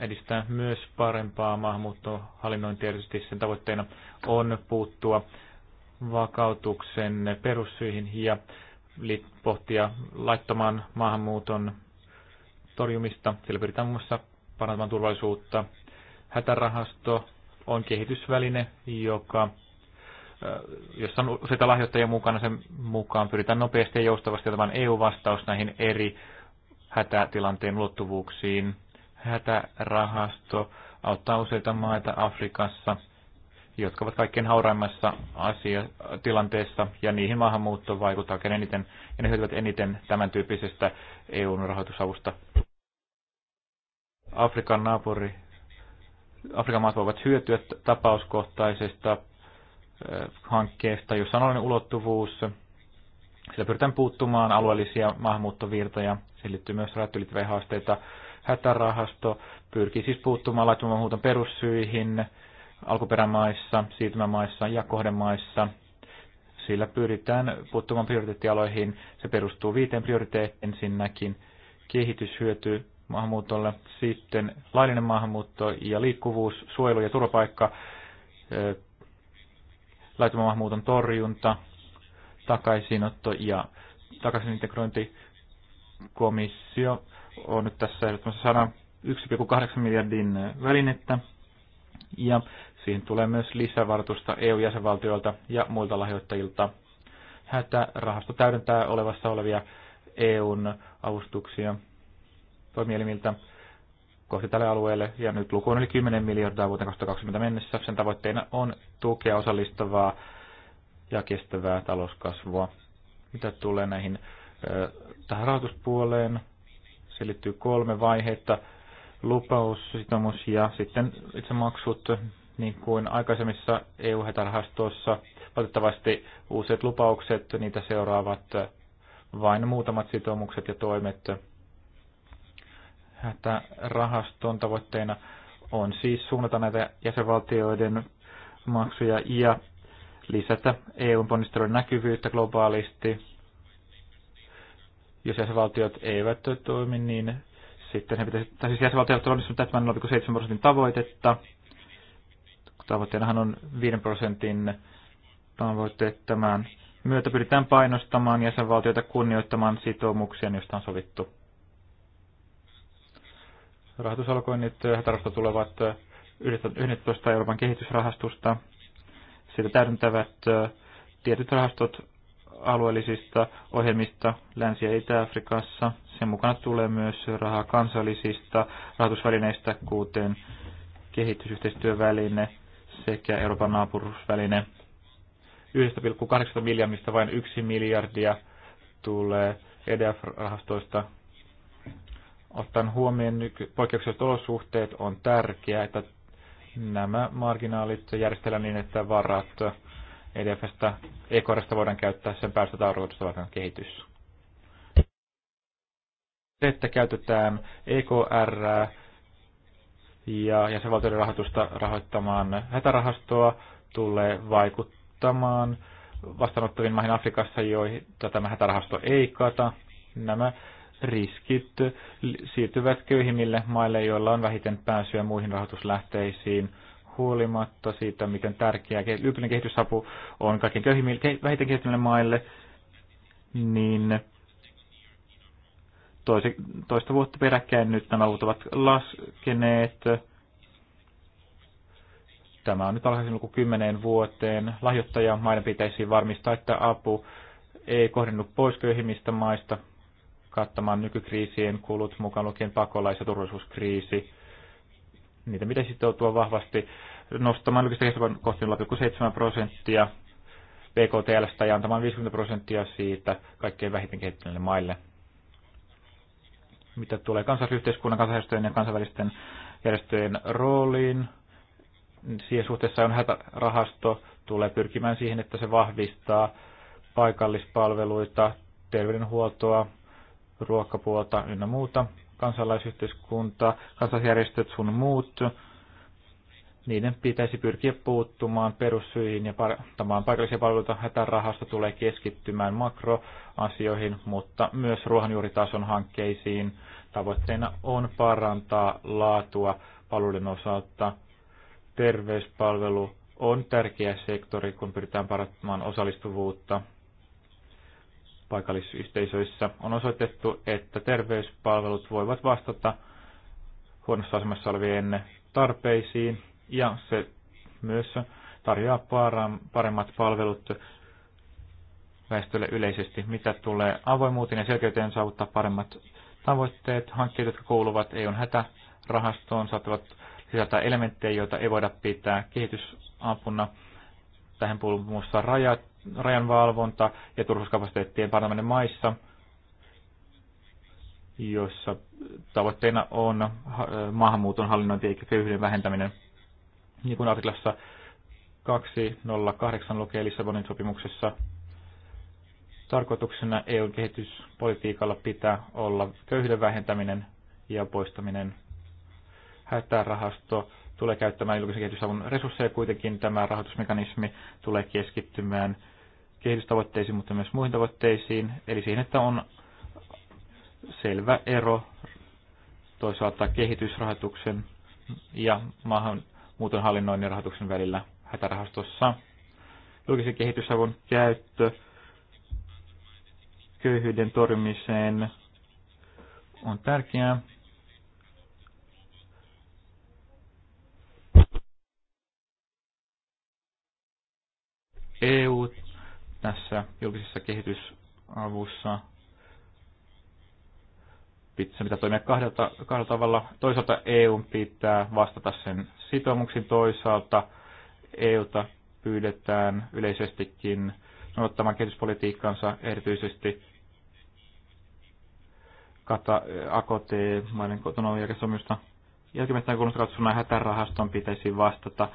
edistää myös parempaa maahanmuuttohallinnointia. tietysti sen tavoitteena on puuttua vakautuksen perussyihin ja pohtia laittoman maahanmuuton torjumista. Sillä pyritään muun muassa parantamaan turvallisuutta. Hätärahasto on kehitysväline, joka jossa on useita lahjoittajia mukana, sen mukaan pyritään nopeasti ja joustavasti ottamaan EU-vastaus näihin eri hätätilanteen ulottuvuuksiin. Hätärahasto auttaa useita maita Afrikassa, jotka ovat kaikkein hauraimmassa asia, tilanteessa, ja niihin maahanmuutto vaikuttaa oikein eniten, ja ne hyötyvät eniten tämän tyyppisestä EUn rahoitusavusta. Afrikan naapuri Afrikan maat voivat hyötyä tapauskohtaisesta äh, hankkeesta, jossa on ollut ulottuvuus. Sillä pyritään puuttumaan alueellisia maahanmuuttovirtoja. Siihen liittyy myös rajat haasteita. Hätärahasto pyrkii siis puuttumaan laittoman huuton perussyihin alkuperämaissa, siirtymämaissa ja kohdemaissa. Sillä pyritään puuttumaan prioriteettialoihin. Se perustuu viiteen prioriteettiin. Ensinnäkin kehityshyöty, maahanmuutolle, sitten laillinen maahanmuutto ja liikkuvuus, suojelu ja turvapaikka, laittoman maahanmuuton torjunta, takaisinotto ja takaisinintegrointikomissio Komissio on nyt tässä ehdottomassa saada 1,8 miljardin välinettä ja siihen tulee myös lisävartusta EU-jäsenvaltioilta ja muilta lahjoittajilta. Hätärahasto täydentää olevassa olevia EUn avustuksia toimielimiltä kohti tälle alueelle, ja nyt luku on yli 10 miljardia vuoteen 2020 mennessä. Sen tavoitteena on tukea osallistavaa ja kestävää talouskasvua. Mitä tulee näihin tähän rahoituspuoleen, se liittyy kolme vaihetta, lupaus, sitomus ja sitten itse maksut, niin kuin aikaisemmissa EU-hetarhastoissa. Valitettavasti uuset lupaukset, niitä seuraavat vain muutamat sitoumukset ja toimet, rahaston tavoitteena on siis suunnata näitä jäsenvaltioiden maksuja ja lisätä EUn ponnistelun näkyvyyttä globaalisti. Jos jäsenvaltiot eivät toimi, niin sitten he pitäisi, tai siis jäsenvaltiot on onnistunut täyttämään 0,7 prosentin tavoitetta. Tavoitteenahan on 5 prosentin tavoitteettamään. tämän myötä pyritään painostamaan jäsenvaltioita kunnioittamaan sitoumuksia, joista on sovittu rahoitusalkoinnit hätärahoista äh, tulevat 11 äh, Euroopan kehitysrahastusta, Sitä täydentävät äh, tietyt rahastot alueellisista ohjelmista Länsi- ja Itä-Afrikassa. Sen mukana tulee myös rahaa kansallisista rahoitusvälineistä, kuten kehitysyhteistyöväline sekä Euroopan naapurusväline. 1,8 miljardista vain 1 miljardia tulee EDF-rahastoista ottaen huomioon nyky- poikkeukselliset olosuhteet on tärkeää, että nämä marginaalit järjestellään niin, että varat EDFstä, EKRstä voidaan käyttää sen päästötarkoitusta varten kehitys. Se, että käytetään EKR ja jäsenvaltioiden rahoitusta rahoittamaan hätärahastoa, tulee vaikuttamaan vastaanottaviin maihin Afrikassa, joita tämä hätärahasto ei kata. Nämä riskit siirtyvät köyhimmille maille, joilla on vähiten pääsyä muihin rahoituslähteisiin huolimatta siitä, miten tärkeää ylpinen kehitysapu on kaiken köyhimmille, vähiten kehittyneille maille, niin toista vuotta peräkkäin nyt nämä luvut ovat laskeneet. Tämä on nyt alhaisin luku kymmeneen vuoteen. Lahjoittajamaiden pitäisi varmistaa, että apu ei kohdennu pois köyhimmistä maista, kattamaan nykykriisien kulut, mukaan lukien pakolais- ja turvallisuuskriisi. Niitä pitäisi sitoutua vahvasti nostamaan julkista kestävän kohti 0,7 prosenttia BKTLstä ja antamaan 50 prosenttia siitä kaikkein vähiten kehittyneille maille. Mitä tulee kansallisyhteiskunnan, kansanjärjestöjen ja kansainvälisten järjestöjen rooliin, niin siihen suhteessa on hätärahasto, tulee pyrkimään siihen, että se vahvistaa paikallispalveluita, terveydenhuoltoa, ruokapuolta ynnä muuta, kansalaisyhteiskunta, kansalaisjärjestöt sun muut, niiden pitäisi pyrkiä puuttumaan perussyihin ja parantamaan paikallisia palveluita. Hätärahasto tulee keskittymään makroasioihin, mutta myös ruohonjuuritason hankkeisiin. Tavoitteena on parantaa laatua palveluiden osalta. Terveyspalvelu on tärkeä sektori, kun pyritään parantamaan osallistuvuutta paikallisyhteisöissä on osoitettu, että terveyspalvelut voivat vastata huonossa asemassa olevien tarpeisiin ja se myös tarjoaa paremmat palvelut väestölle yleisesti, mitä tulee avoimuuteen ja selkeyteen saavuttaa paremmat tavoitteet. Hankkeet, jotka kuuluvat EUn hätärahastoon, saattavat sisältää elementtejä, joita ei voida pitää kehitysapuna. Tähän puhuu muun muassa rajat, rajanvalvonta ja turvallisuuskapasiteettien parantaminen maissa, joissa tavoitteena on maahanmuuton hallinnointi eikä köyhyyden vähentäminen. Niin kuin artiklassa 208 lukee Lissabonin sopimuksessa, tarkoituksena EUn kehityspolitiikalla pitää olla köyhyyden vähentäminen ja poistaminen. Hätärahasto tulee käyttämään julkisen kehitysavun resursseja, kuitenkin tämä rahoitusmekanismi tulee keskittymään kehitystavoitteisiin, mutta myös muihin tavoitteisiin. Eli siinä, että on selvä ero toisaalta kehitysrahoituksen ja muuten hallinnoinnin rahoituksen välillä hätärahastossa. Julkisen kehitysavun käyttö köyhyyden torjumiseen on tärkeää. EU tässä julkisessa kehitysavussa se pitää toimia kahdella, kahdella tavalla. Toisaalta EU pitää vastata sen sitoumuksiin, toisaalta EUta pyydetään yleisestikin noudattamaan kehityspolitiikkansa erityisesti kata, AKT, maiden kotonoujärjestelmistä. Jälkimmäisten kunnossa katsona hätärahaston pitäisi vastata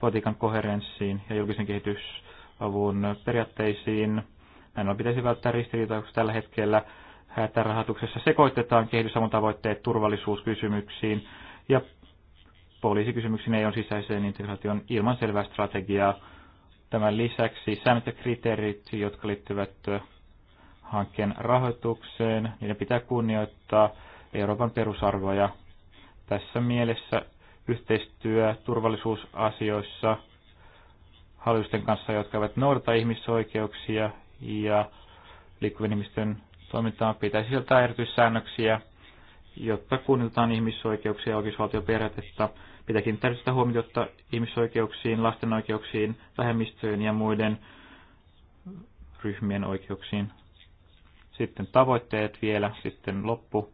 politiikan koherenssiin ja julkisen kehitys avun periaatteisiin. Näin on pitäisi välttää ristiriitoja, koska tällä hetkellä hätärahoituksessa sekoitetaan kehitysavun tavoitteet turvallisuuskysymyksiin ja poliisikysymyksiin ei ole sisäiseen integraation ilman selvää strategiaa. Tämän lisäksi säännöt ja kriteerit, jotka liittyvät hankkeen rahoitukseen, niiden pitää kunnioittaa Euroopan perusarvoja. Tässä mielessä yhteistyö turvallisuusasioissa – hallitusten kanssa, jotka eivät noudata ihmisoikeuksia ja liikkuvien ihmisten toimintaan pitäisi sisältää erityissäännöksiä, jotta kunnioitetaan ihmisoikeuksia ja oikeusvaltioperiaatetta. Pitää kiinnittää sitä huomiota ihmisoikeuksiin, lasten oikeuksiin, vähemmistöjen ja muiden ryhmien oikeuksiin. Sitten tavoitteet vielä, sitten loppu.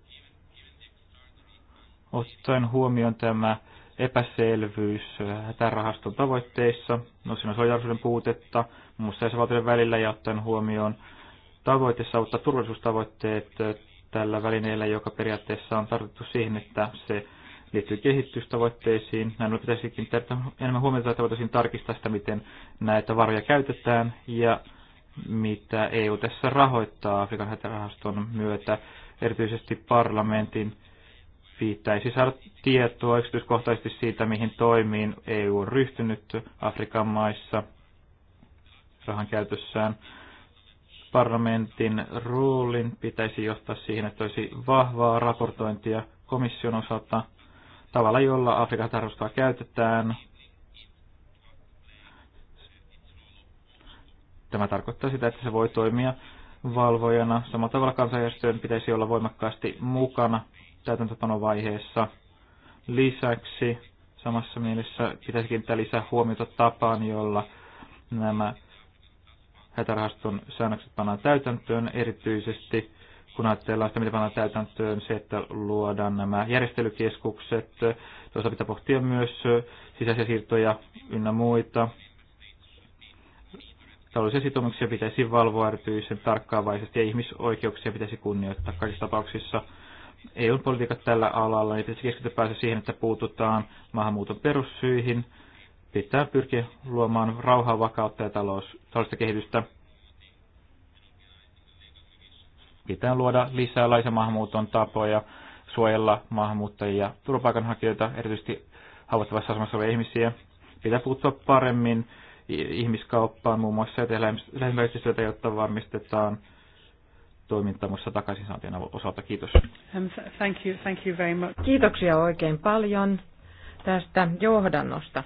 Ottaen huomioon tämä epäselvyys hätärahaston äh, tavoitteissa. No siinä on solidarisuuden puutetta muun muassa jäsenvaltioiden välillä ja ottaen huomioon tavoite saavuttaa turvallisuustavoitteet äh, tällä välineellä, joka periaatteessa on tarkoitettu siihen, että se liittyy kehitystavoitteisiin. Näin ollen pitäisikin tehdä enemmän huomiota, että voitaisiin tarkistaa sitä, miten näitä varoja käytetään ja mitä EU tässä rahoittaa Afrikan hätärahaston myötä, erityisesti parlamentin pitäisi saada tietoa yksityiskohtaisesti siitä, mihin toimiin EU on ryhtynyt Afrikan maissa rahan käytössään. Parlamentin roolin pitäisi johtaa siihen, että olisi vahvaa raportointia komission osalta tavalla, jolla Afrikan tarvostaa käytetään. Tämä tarkoittaa sitä, että se voi toimia valvojana. Samalla tavalla kansanjärjestöjen pitäisi olla voimakkaasti mukana täytäntöpanovaiheessa. Lisäksi samassa mielessä pitäisi kiinnittää lisää huomiota tapaan, jolla nämä hätärahaston säännökset pannaan täytäntöön, erityisesti kun ajatellaan sitä, mitä pannaan täytäntöön, se, että luodaan nämä järjestelykeskukset, toisaalta pitää pohtia myös sisäisiä siirtoja ynnä muita. Taloudellisia sitoumuksia pitäisi valvoa erityisen tarkkaavaisesti ja ihmisoikeuksia pitäisi kunnioittaa kaikissa tapauksissa. EU-politiikat tällä alalla, niin pitäisi keskittyä pääse siihen, että puututaan maahanmuuton perussyihin, pitää pyrkiä luomaan rauhaa, vakautta ja talous, taloudellista kehitystä. Pitää luoda lisää laisen maahanmuuton tapoja, suojella maahanmuuttajia ja turvapaikanhakijoita, erityisesti haavoittavassa asemassa olevia ihmisiä. Pitää puuttua paremmin ihmiskauppaan muun muassa ja tehdä lähimpää jotta varmistetaan takaisin takaisinsaantien osalta. Kiitos. Um, thank you, thank you very much. Kiitoksia oikein paljon tästä johdannosta.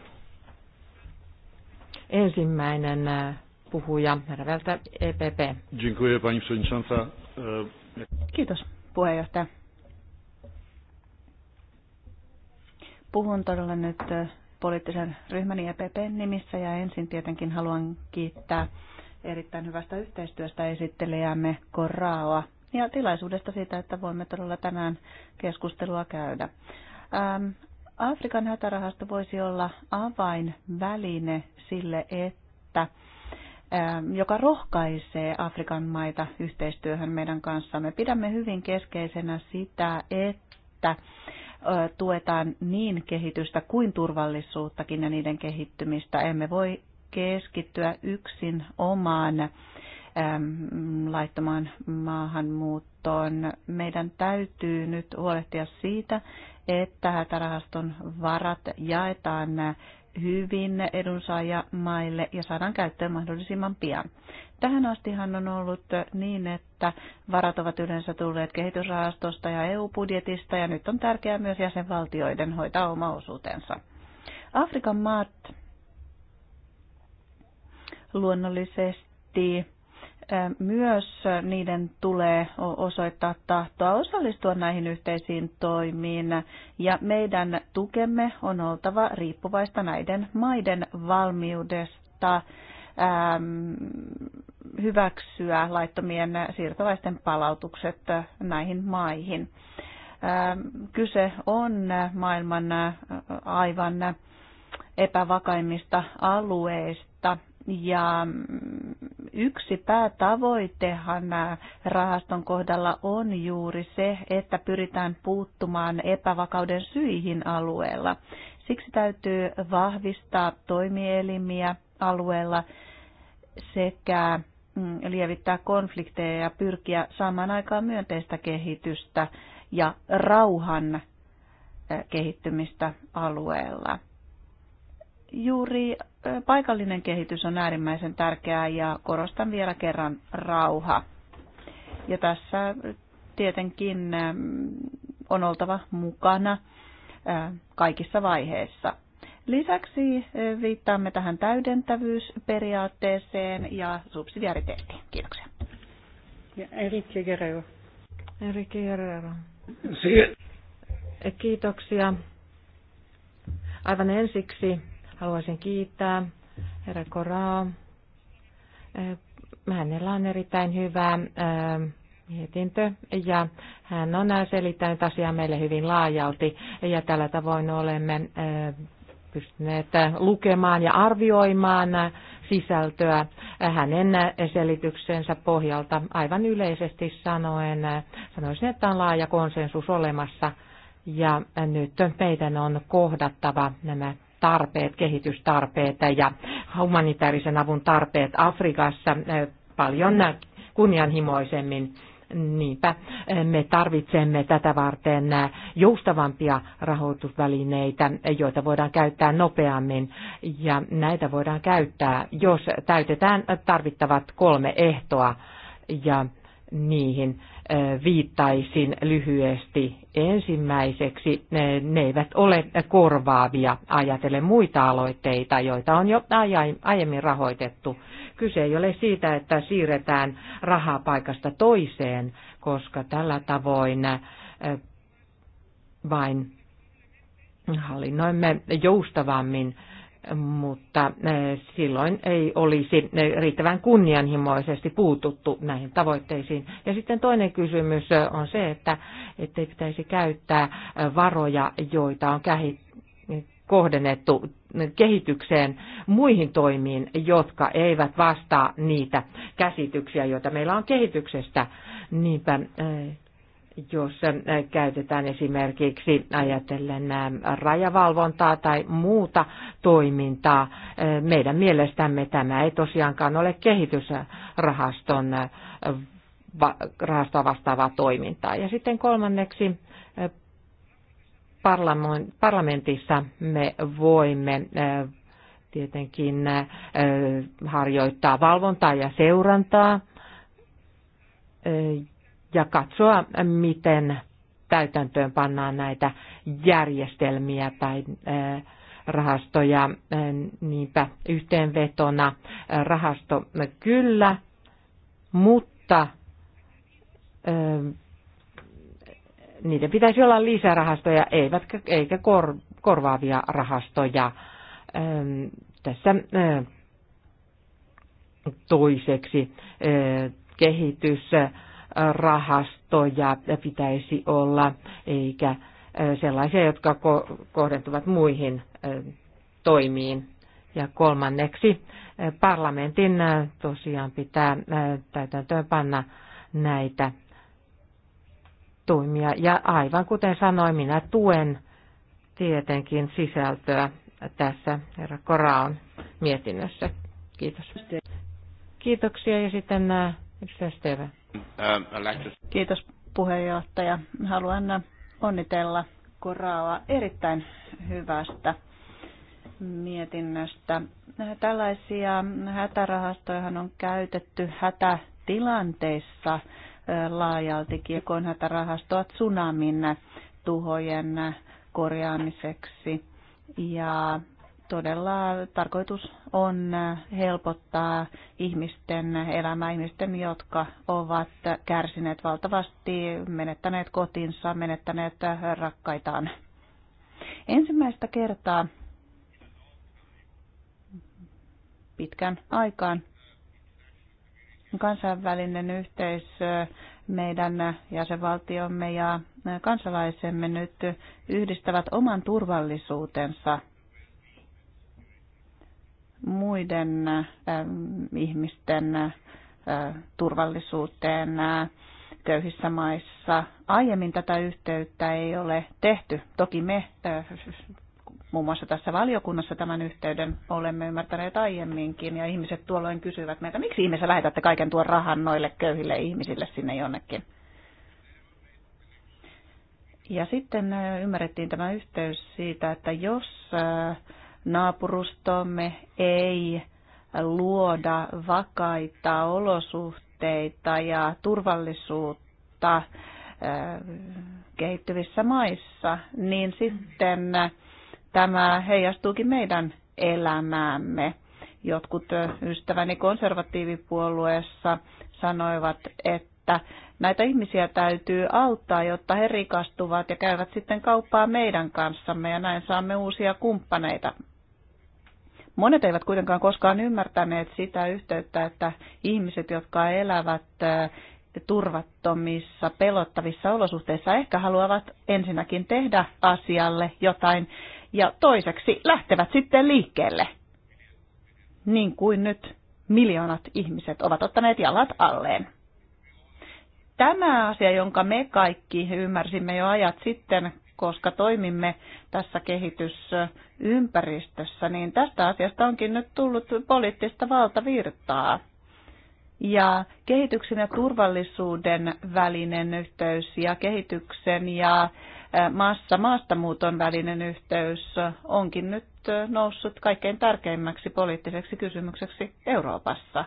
Ensimmäinen äh, puhuja, herra EPP. E Dziękuję, pani przewodnicząca. E, Kiitos, puheenjohtaja. Puhun todella nyt e, poliittisen ryhmäni EPP nimissä ja ensin tietenkin haluan kiittää erittäin hyvästä yhteistyöstä esittelijämme Korraoa ja tilaisuudesta siitä, että voimme todella tänään keskustelua käydä. Ähm, Afrikan hätärahasto voisi olla avainväline sille, että ähm, joka rohkaisee Afrikan maita yhteistyöhön meidän kanssamme. Pidämme hyvin keskeisenä sitä, että tuetaan niin kehitystä kuin turvallisuuttakin ja niiden kehittymistä. Emme voi keskittyä yksin omaan laittomaan maahanmuuttoon. Meidän täytyy nyt huolehtia siitä, että hätärahaston varat jaetaan hyvin edunsaajamaille ja saadaan käyttöön mahdollisimman pian. Tähän astihan on ollut niin, että varat ovat yleensä tulleet kehitysrahastosta ja EU-budjetista ja nyt on tärkeää myös jäsenvaltioiden hoitaa oma osuutensa. Afrikan maat luonnollisesti myös niiden tulee osoittaa tahtoa osallistua näihin yhteisiin toimiin ja meidän tukemme on oltava riippuvaista näiden maiden valmiudesta hyväksyä laittomien siirtolaisten palautukset näihin maihin. Kyse on maailman aivan epävakaimmista alueista ja mm, yksi päätavoitehan äh, rahaston kohdalla on juuri se, että pyritään puuttumaan epävakauden syihin alueella. Siksi täytyy vahvistaa toimielimiä alueella sekä mm, lievittää konflikteja ja pyrkiä saamaan aikaan myönteistä kehitystä ja rauhan äh, kehittymistä alueella juuri paikallinen kehitys on äärimmäisen tärkeää ja korostan vielä kerran rauha. Ja tässä tietenkin on oltava mukana kaikissa vaiheissa. Lisäksi viittaamme tähän täydentävyysperiaatteeseen ja subsidiariteettiin. Kiitoksia. Ja Enrique Guerrero. Enrique Kiitoksia. Aivan ensiksi Haluaisin kiittää herra Koraa. Eh, hänellä on erittäin hyvä eh, mietintö ja hän on selittänyt asiaa meille hyvin laajalti ja tällä tavoin olemme eh, pystyneet lukemaan ja arvioimaan sisältöä hänen selityksensä pohjalta aivan yleisesti sanoen. Sanoisin, että on laaja konsensus olemassa ja nyt meidän on kohdattava nämä tarpeet, kehitystarpeet ja humanitaarisen avun tarpeet Afrikassa eh, paljon kunnianhimoisemmin. Niinpä eh, me tarvitsemme tätä varten eh, joustavampia rahoitusvälineitä, joita voidaan käyttää nopeammin ja näitä voidaan käyttää, jos täytetään tarvittavat kolme ehtoa ja niihin viittaisin lyhyesti. Ensimmäiseksi ne eivät ole korvaavia ajatellen muita aloitteita, joita on jo aiemmin rahoitettu. Kyse ei ole siitä, että siirretään rahaa paikasta toiseen, koska tällä tavoin vain hallinnoimme joustavammin mutta eh, silloin ei olisi eh, riittävän kunnianhimoisesti puututtu näihin tavoitteisiin. Ja sitten toinen kysymys eh, on se, että ei pitäisi käyttää varoja, joita on kohdennettu kehitykseen muihin toimiin, jotka eivät vastaa niitä käsityksiä, joita meillä on kehityksestä. Niinpä jos äh, käytetään esimerkiksi ajatellen äh, rajavalvontaa tai muuta toimintaa. Äh, meidän mielestämme tämä ei tosiaankaan ole kehitysrahaston rahastoa vastaavaa toimintaa. Ja sitten kolmanneksi parlamentissa me voimme tietenkin harjoittaa valvontaa ja seurantaa ja katsoa, miten täytäntöön pannaan näitä järjestelmiä tai rahastoja. Niinpä yhteenvetona rahasto kyllä, mutta niiden pitäisi olla lisärahastoja eivätkä, eikä kor, korvaavia rahastoja. Tässä toiseksi kehitys rahastoja pitäisi olla, eikä sellaisia, jotka kohdentuvat muihin toimiin. Ja kolmanneksi parlamentin tosiaan pitää täytäntöön panna näitä toimia. Ja aivan kuten sanoin, minä tuen tietenkin sisältöä tässä herra Koraon mietinnössä. Kiitos. Kiitoksia ja sitten edustaja Steve. Uh, Kiitos puheenjohtaja. Haluan onnitella Koraa erittäin hyvästä mietinnöstä. Tällaisia hätärahastoja on käytetty hätätilanteissa laajalti, kun hätärahastoa tsunamin tuhojen korjaamiseksi. Ja todella tarkoitus on helpottaa ihmisten elämää, ihmisten, jotka ovat kärsineet valtavasti, menettäneet kotinsa, menettäneet rakkaitaan. Ensimmäistä kertaa pitkän aikaan kansainvälinen yhteisö, meidän jäsenvaltiomme ja kansalaisemme nyt yhdistävät oman turvallisuutensa – muiden ähm, ihmisten äh, turvallisuuteen äh, köyhissä maissa. Aiemmin tätä yhteyttä ei ole tehty. Toki me äh, muun muassa tässä valiokunnassa tämän yhteyden olemme ymmärtäneet aiemminkin, ja ihmiset tuolloin kysyvät meitä miksi ihmeessä lähetätte kaiken tuon rahan noille köyhille ihmisille sinne jonnekin. Ja sitten ymmärrettiin tämä yhteys siitä, että jos naapurustomme ei luoda vakaita olosuhteita ja turvallisuutta äh, kehittyvissä maissa, niin sitten tämä heijastuukin meidän elämäämme. Jotkut ystäväni konservatiivipuolueessa sanoivat, että näitä ihmisiä täytyy auttaa, jotta he rikastuvat ja käyvät sitten kauppaa meidän kanssamme ja näin saamme uusia kumppaneita. Monet eivät kuitenkaan koskaan ymmärtäneet sitä yhteyttä, että ihmiset, jotka elävät turvattomissa, pelottavissa olosuhteissa, ehkä haluavat ensinnäkin tehdä asialle jotain ja toiseksi lähtevät sitten liikkeelle. Niin kuin nyt miljoonat ihmiset ovat ottaneet jalat alleen tämä asia, jonka me kaikki ymmärsimme jo ajat sitten, koska toimimme tässä kehitysympäristössä, niin tästä asiasta onkin nyt tullut poliittista valtavirtaa. Ja kehityksen ja turvallisuuden välinen yhteys ja kehityksen ja maassa maastamuuton välinen yhteys onkin nyt noussut kaikkein tärkeimmäksi poliittiseksi kysymykseksi Euroopassa.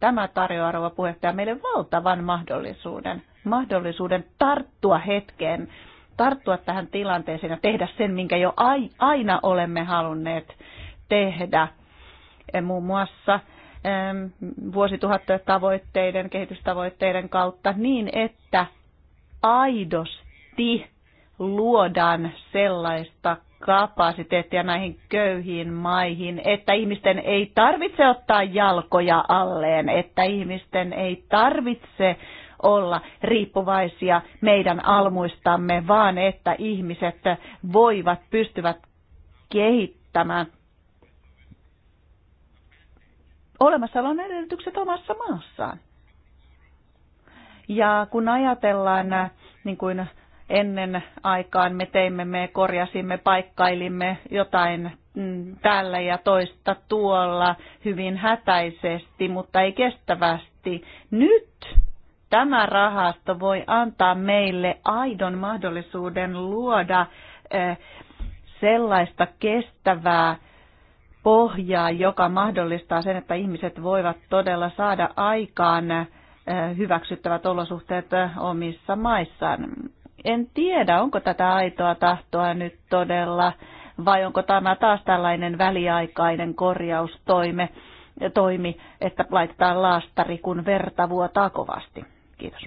Tämä tarjoaa rouva puheenjohtaja meille valtavan mahdollisuuden, mahdollisuuden tarttua hetkeen tarttua tähän tilanteeseen ja tehdä sen, minkä jo aina olemme halunneet tehdä. E, muun muassa e, tavoitteiden kehitystavoitteiden kautta niin, että aidosti luodaan sellaista kapasiteettia näihin köyhiin maihin, että ihmisten ei tarvitse ottaa jalkoja alleen, että ihmisten ei tarvitse olla riippuvaisia meidän almuistamme, vaan että ihmiset voivat, pystyvät kehittämään olemassaolon edellytykset omassa maassaan. Ja kun ajatellaan, niin kuin ennen aikaan me teimme, me korjasimme, paikkailimme jotain mm, tällä ja toista tuolla hyvin hätäisesti, mutta ei kestävästi. Nyt tämä rahasto voi antaa meille aidon mahdollisuuden luoda eh, sellaista kestävää pohjaa, joka mahdollistaa sen, että ihmiset voivat todella saada aikaan eh, hyväksyttävät olosuhteet eh, omissa maissaan. En tiedä, onko tätä aitoa tahtoa nyt todella, vai onko tämä taas tällainen väliaikainen korjaustoimi, toimi, että laitetaan laastari, kun verta vuotaa kovasti. Kiitos.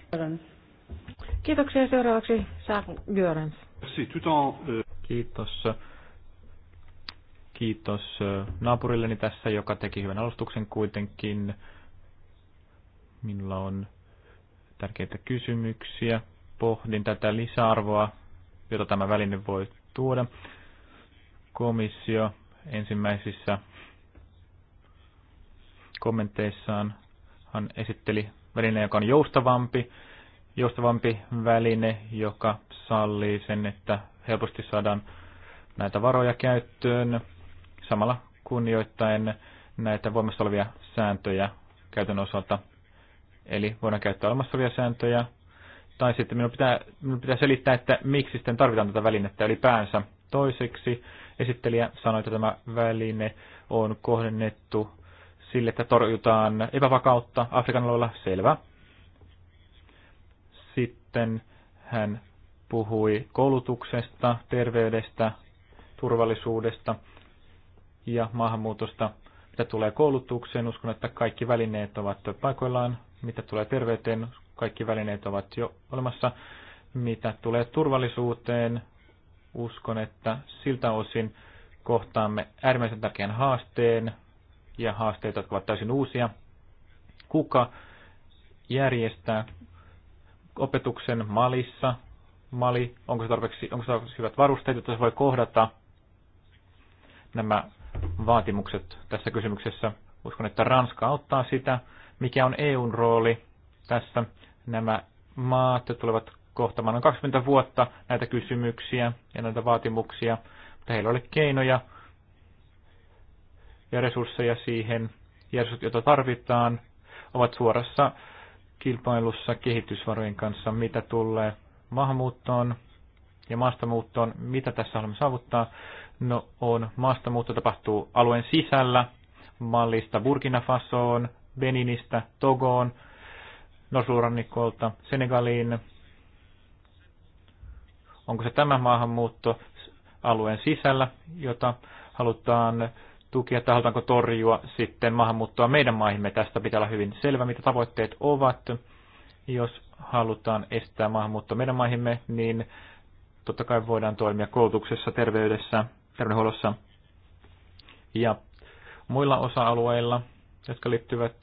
Kiitoksia. Seuraavaksi Saak Görans. Euh, Kiitos. Kiitos äh, naapurilleni tässä, joka teki hyvän alustuksen kuitenkin. Minulla on tärkeitä kysymyksiä. Pohdin tätä lisäarvoa, jota tämä väline voi tuoda. Komissio ensimmäisissä kommenteissaan hän esitteli väline, joka on joustavampi, joustavampi väline, joka sallii sen, että helposti saadaan näitä varoja käyttöön samalla kunnioittaen näitä voimassa olevia sääntöjä käytön osalta. Eli voidaan käyttää olemassa olevia sääntöjä, tai sitten minun pitää, minun pitää selittää, että miksi sitten tarvitaan tätä välinettä ylipäänsä. Toiseksi esittelijä sanoi, että tämä väline on kohdennettu sille, että torjutaan epävakautta Afrikan alueella, selvä. Sitten hän puhui koulutuksesta, terveydestä, turvallisuudesta ja maahanmuutosta. Mitä tulee koulutukseen, uskon, että kaikki välineet ovat paikoillaan. Mitä tulee terveyteen, kaikki välineet ovat jo olemassa. Mitä tulee turvallisuuteen, uskon, että siltä osin kohtaamme äärimmäisen tärkeän haasteen, ja haasteita, jotka ovat täysin uusia. Kuka järjestää opetuksen Malissa? Mali, onko se tarpeeksi, onko se tarpeeksi hyvät varusteet, että se voi kohdata nämä vaatimukset tässä kysymyksessä? Uskon, että Ranska auttaa sitä. Mikä on EUn rooli tässä? Nämä maat tulevat kohtamaan noin 20 vuotta näitä kysymyksiä ja näitä vaatimuksia, mutta heillä oli keinoja ja resursseja siihen, ja resurssit, joita tarvitaan, ovat suorassa kilpailussa kehitysvarojen kanssa, mitä tulee maahanmuuttoon ja maastamuuttoon. Mitä tässä haluamme saavuttaa? No on, maastamuutto tapahtuu alueen sisällä, mallista Burkina Fasoon, Beninistä Togoon, Nosurannikolta Senegaliin. Onko se tämä maahanmuutto alueen sisällä, jota halutaan tukia että halutaanko torjua sitten maahanmuuttoa meidän maihimme. Tästä pitää olla hyvin selvä, mitä tavoitteet ovat. Jos halutaan estää maahanmuuttoa meidän maihimme, niin totta kai voidaan toimia koulutuksessa, terveydessä, terveydenhuollossa ja muilla osa-alueilla, jotka liittyvät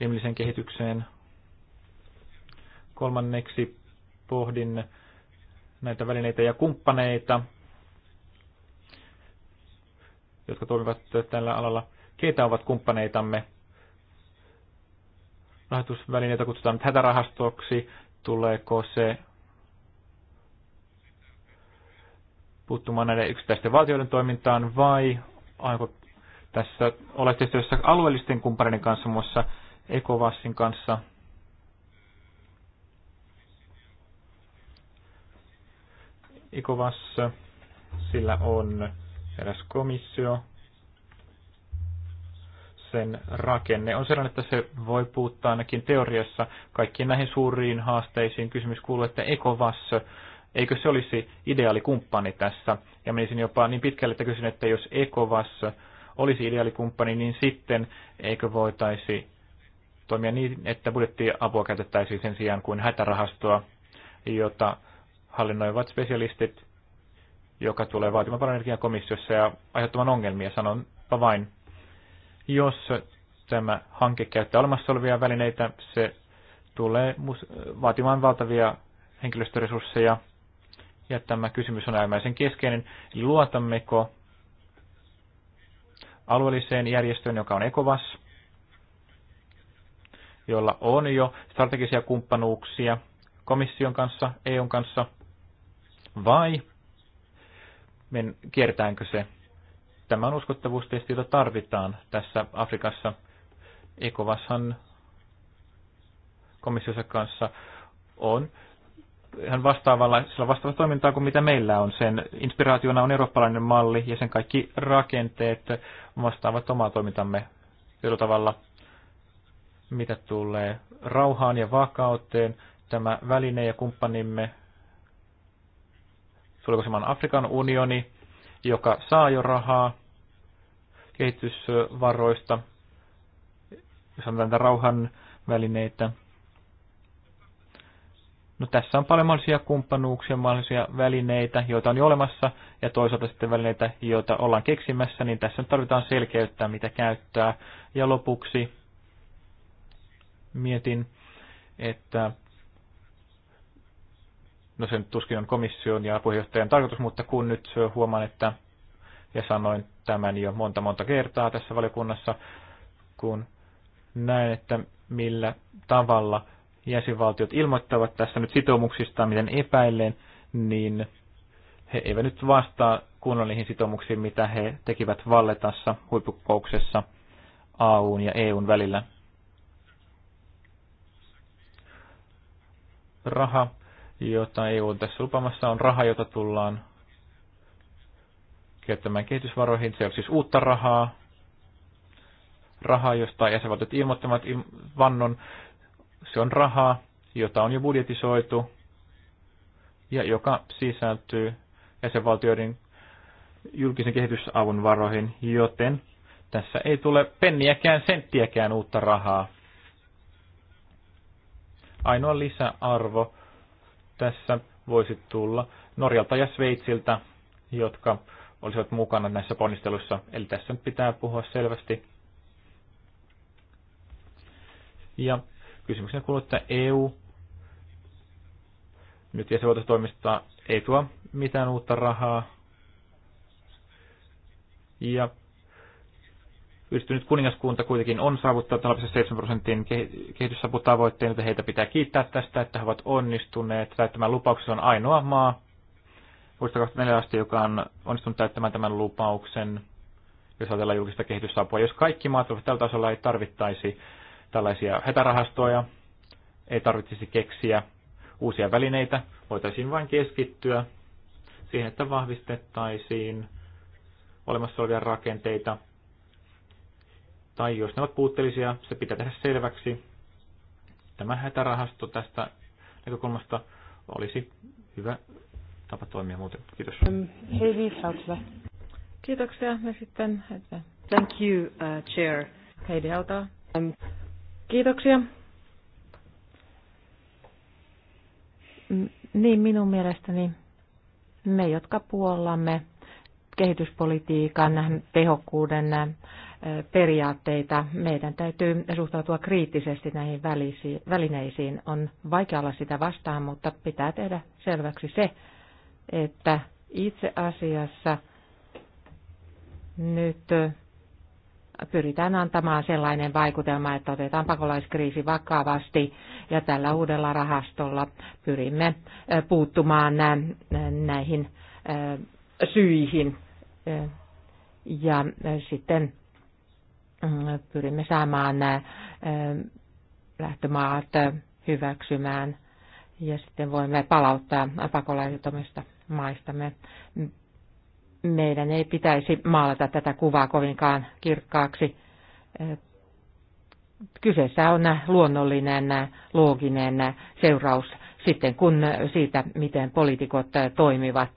ihmisen kehitykseen. Kolmanneksi pohdin näitä välineitä ja kumppaneita, jotka toimivat tällä alalla. Keitä ovat kumppaneitamme? Rahoitusvälineitä kutsutaan nyt hätärahastoksi. Tuleeko se puuttumaan näiden yksittäisten valtioiden toimintaan vai aiko tässä olla alueellisten kumppaneiden kanssa, muassa ECOWASin kanssa? ECOWAS, sillä on eräs komissio. Sen rakenne on sellainen, että se voi puuttaa ainakin teoriassa kaikkiin näihin suuriin haasteisiin. Kysymys kuuluu, että ECOVAS, eikö se olisi ideaali kumppani tässä? Ja menisin jopa niin pitkälle, että kysyn, että jos ECOVAS olisi ideaalikumppani, niin sitten eikö voitaisi toimia niin, että budjettiapua käytettäisiin sen sijaan kuin hätärahastoa, jota hallinnoivat spesialistit joka tulee vaatimaan paljon energiaa komissiossa ja aiheuttamaan ongelmia. Sanonpa vain, jos tämä hanke käyttää olemassa olevia välineitä, se tulee vaatimaan valtavia henkilöstöresursseja. Ja tämä kysymys on äärimmäisen keskeinen. Eli luotammeko alueelliseen järjestöön, joka on ECOVAS, jolla on jo strategisia kumppanuuksia komission kanssa, EUn kanssa, vai men, kiertäänkö se. Tämä on uskottavuustesti, jota tarvitaan tässä Afrikassa. Ekovashan komissiossa kanssa on ihan vastaavalla, sillä vastaavalla toimintaa kuin mitä meillä on. Sen inspiraationa on eurooppalainen malli ja sen kaikki rakenteet vastaavat omaa toimintamme sillä tavalla, mitä tulee rauhaan ja vakauteen. Tämä väline ja kumppanimme tuleeko saman Afrikan unioni, joka saa jo rahaa kehitysvaroista, sanotaan rauhan välineitä. No tässä on paljon mahdollisia kumppanuuksia, mahdollisia välineitä, joita on jo olemassa, ja toisaalta sitten välineitä, joita ollaan keksimässä, niin tässä nyt tarvitaan selkeyttä, mitä käyttää. Ja lopuksi mietin, että no sen tuskin on komission ja puheenjohtajan tarkoitus, mutta kun nyt huomaan, että ja sanoin tämän jo monta monta kertaa tässä valiokunnassa, kun näen, että millä tavalla jäsenvaltiot ilmoittavat tässä nyt sitoumuksista, miten epäilleen, niin he eivät nyt vastaa kunnon niihin sitoumuksiin, mitä he tekivät Valletassa huippukouksessa AUn ja EUn välillä. Raha jota EU ole tässä lupamassa, on raha, jota tullaan käyttämään kehitysvaroihin. Se on siis uutta rahaa, rahaa, josta jäsenvaltiot ilmoittavat vannon. Se on rahaa, jota on jo budjetisoitu ja joka sisältyy jäsenvaltioiden julkisen kehitysavun varoihin, joten tässä ei tule penniäkään, senttiäkään uutta rahaa. Ainoa lisäarvo tässä voisi tulla Norjalta ja Sveitsiltä, jotka olisivat mukana näissä ponnisteluissa. Eli tässä nyt pitää puhua selvästi. Ja kysymyksenä kuuluu, että EU nyt toimistaa, ei tuo mitään uutta rahaa. Ja Yhdistynyt kuningaskunta kuitenkin on saavuttanut 0,7 prosentin kehitysaputavoitteen, joten heitä pitää kiittää tästä, että he ovat onnistuneet täyttämään lupauksen. on ainoa maa vuodesta 2004 asti, joka on onnistunut täyttämään tämän lupauksen, jos ajatellaan julkista kehitysapua. Jos kaikki maat ovat tällä tasolla, ei tarvittaisi tällaisia hetärahastoja, ei tarvitsisi keksiä uusia välineitä, voitaisiin vain keskittyä siihen, että vahvistettaisiin olemassa olevia rakenteita, tai jos ne ovat puutteellisia, se pitää tehdä selväksi. Tämä hätärahasto tästä näkökulmasta olisi hyvä tapa toimia muuten. Kiitos. Um, Heidi Hautala. Kiitoksia. Ja sitten Thank you, uh, Chair. Heidi Hautala. Um, Kiitoksia. Niin minun mielestäni me, jotka puollamme kehityspolitiikan tehokkuuden periaatteita. Meidän täytyy suhtautua kriittisesti näihin välineisiin. On vaikea olla sitä vastaan, mutta pitää tehdä selväksi se, että itse asiassa nyt pyritään antamaan sellainen vaikutelma, että otetaan pakolaiskriisi vakavasti ja tällä uudella rahastolla pyrimme puuttumaan näihin syihin. Ja sitten pyrimme saamaan nämä lähtömaat hyväksymään ja sitten voimme palauttaa pakolaisetomista maistamme. Meidän ei pitäisi maalata tätä kuvaa kovinkaan kirkkaaksi. Kyseessä on luonnollinen, looginen seuraus sitten kun siitä, miten poliitikot toimivat,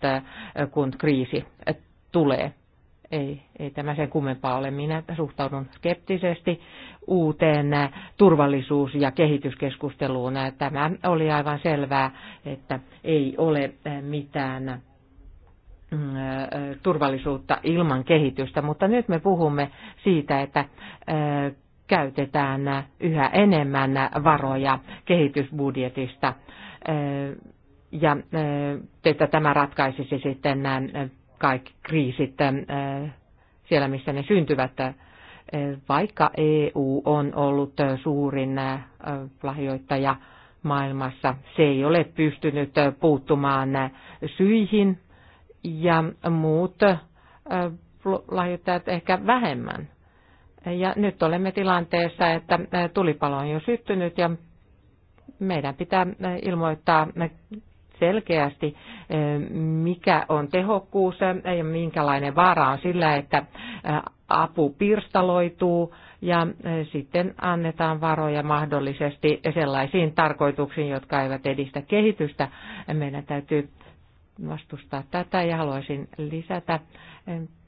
kun kriisi tulee ei, ei tämä sen kummempaa ole. Minä suhtaudun skeptisesti uuteen turvallisuus- ja kehityskeskusteluun. Tämä oli aivan selvää, että ei ole mitään äh, turvallisuutta ilman kehitystä, mutta nyt me puhumme siitä, että äh, käytetään yhä enemmän varoja kehitysbudjetista äh, ja että tämä ratkaisisi sitten kaikki kriisit äh, siellä, missä ne syntyvät. Äh, vaikka EU on ollut suurin äh, lahjoittaja maailmassa, se ei ole pystynyt puuttumaan syihin ja muut lahjoittajat ehkä vähemmän. Ja nyt olemme tilanteessa, että tulipalo on jo syttynyt ja meidän pitää ilmoittaa selkeästi, eh, mikä on tehokkuus eh, ja minkälainen vaara on sillä, että eh, apu pirstaloituu ja sitten annetaan varoja mahdollisesti sellaisiin tarkoituksiin, jotka eivät edistä kehitystä. Meidän täytyy vastustaa tätä ja haluaisin lisätä,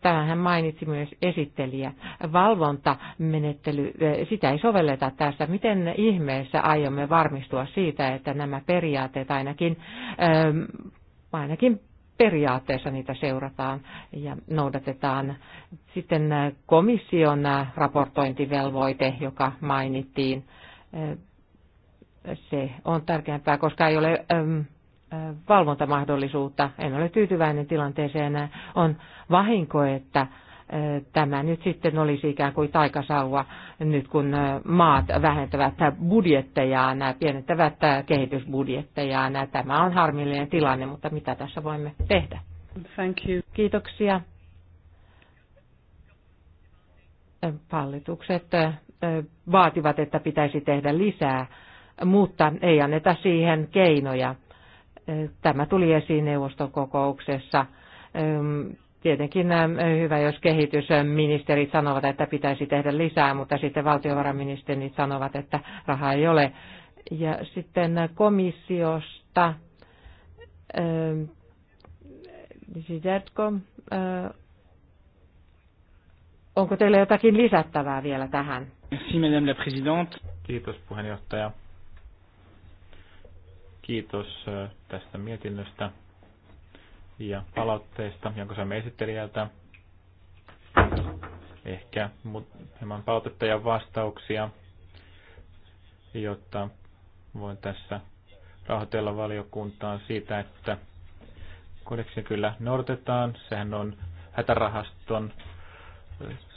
tämähän mainitsi myös esittelijä, valvontamenettely, sitä ei sovelleta tässä. Miten ihmeessä aiomme varmistua siitä, että nämä periaatteet ainakin, ähm, ainakin periaatteessa niitä seurataan ja noudatetaan. Sitten äh, komission äh, raportointivelvoite, joka mainittiin, äh, se on tärkeämpää, koska ei ole ähm, valvontamahdollisuutta. En ole tyytyväinen tilanteeseen. On vahinko, että tämä nyt sitten olisi ikään kuin taikasaua, nyt kun maat vähentävät budjettejaan, pienentävät kehitysbudjettejaan. Tämä on harmillinen tilanne, mutta mitä tässä voimme tehdä? Thank you. Kiitoksia. Hallitukset vaativat, että pitäisi tehdä lisää, mutta ei anneta siihen keinoja Tämä tuli esiin neuvostokokouksessa. Tietenkin hyvä, jos kehitysministerit sanovat, että pitäisi tehdä lisää, mutta sitten valtiovarainministerit sanovat, että rahaa ei ole. Ja sitten komissiosta onko teillä jotakin lisättävää vielä tähän? Merci, madame la présidente. Kiitos puheenjohtaja. Kiitos tästä mietinnöstä ja palautteesta, jonka saimme esittelijältä. Ehkä hieman palautetta ja vastauksia, jotta voin tässä rahoitella valiokuntaa siitä, että kodeksia kyllä noudatetaan. Sehän on hätärahaston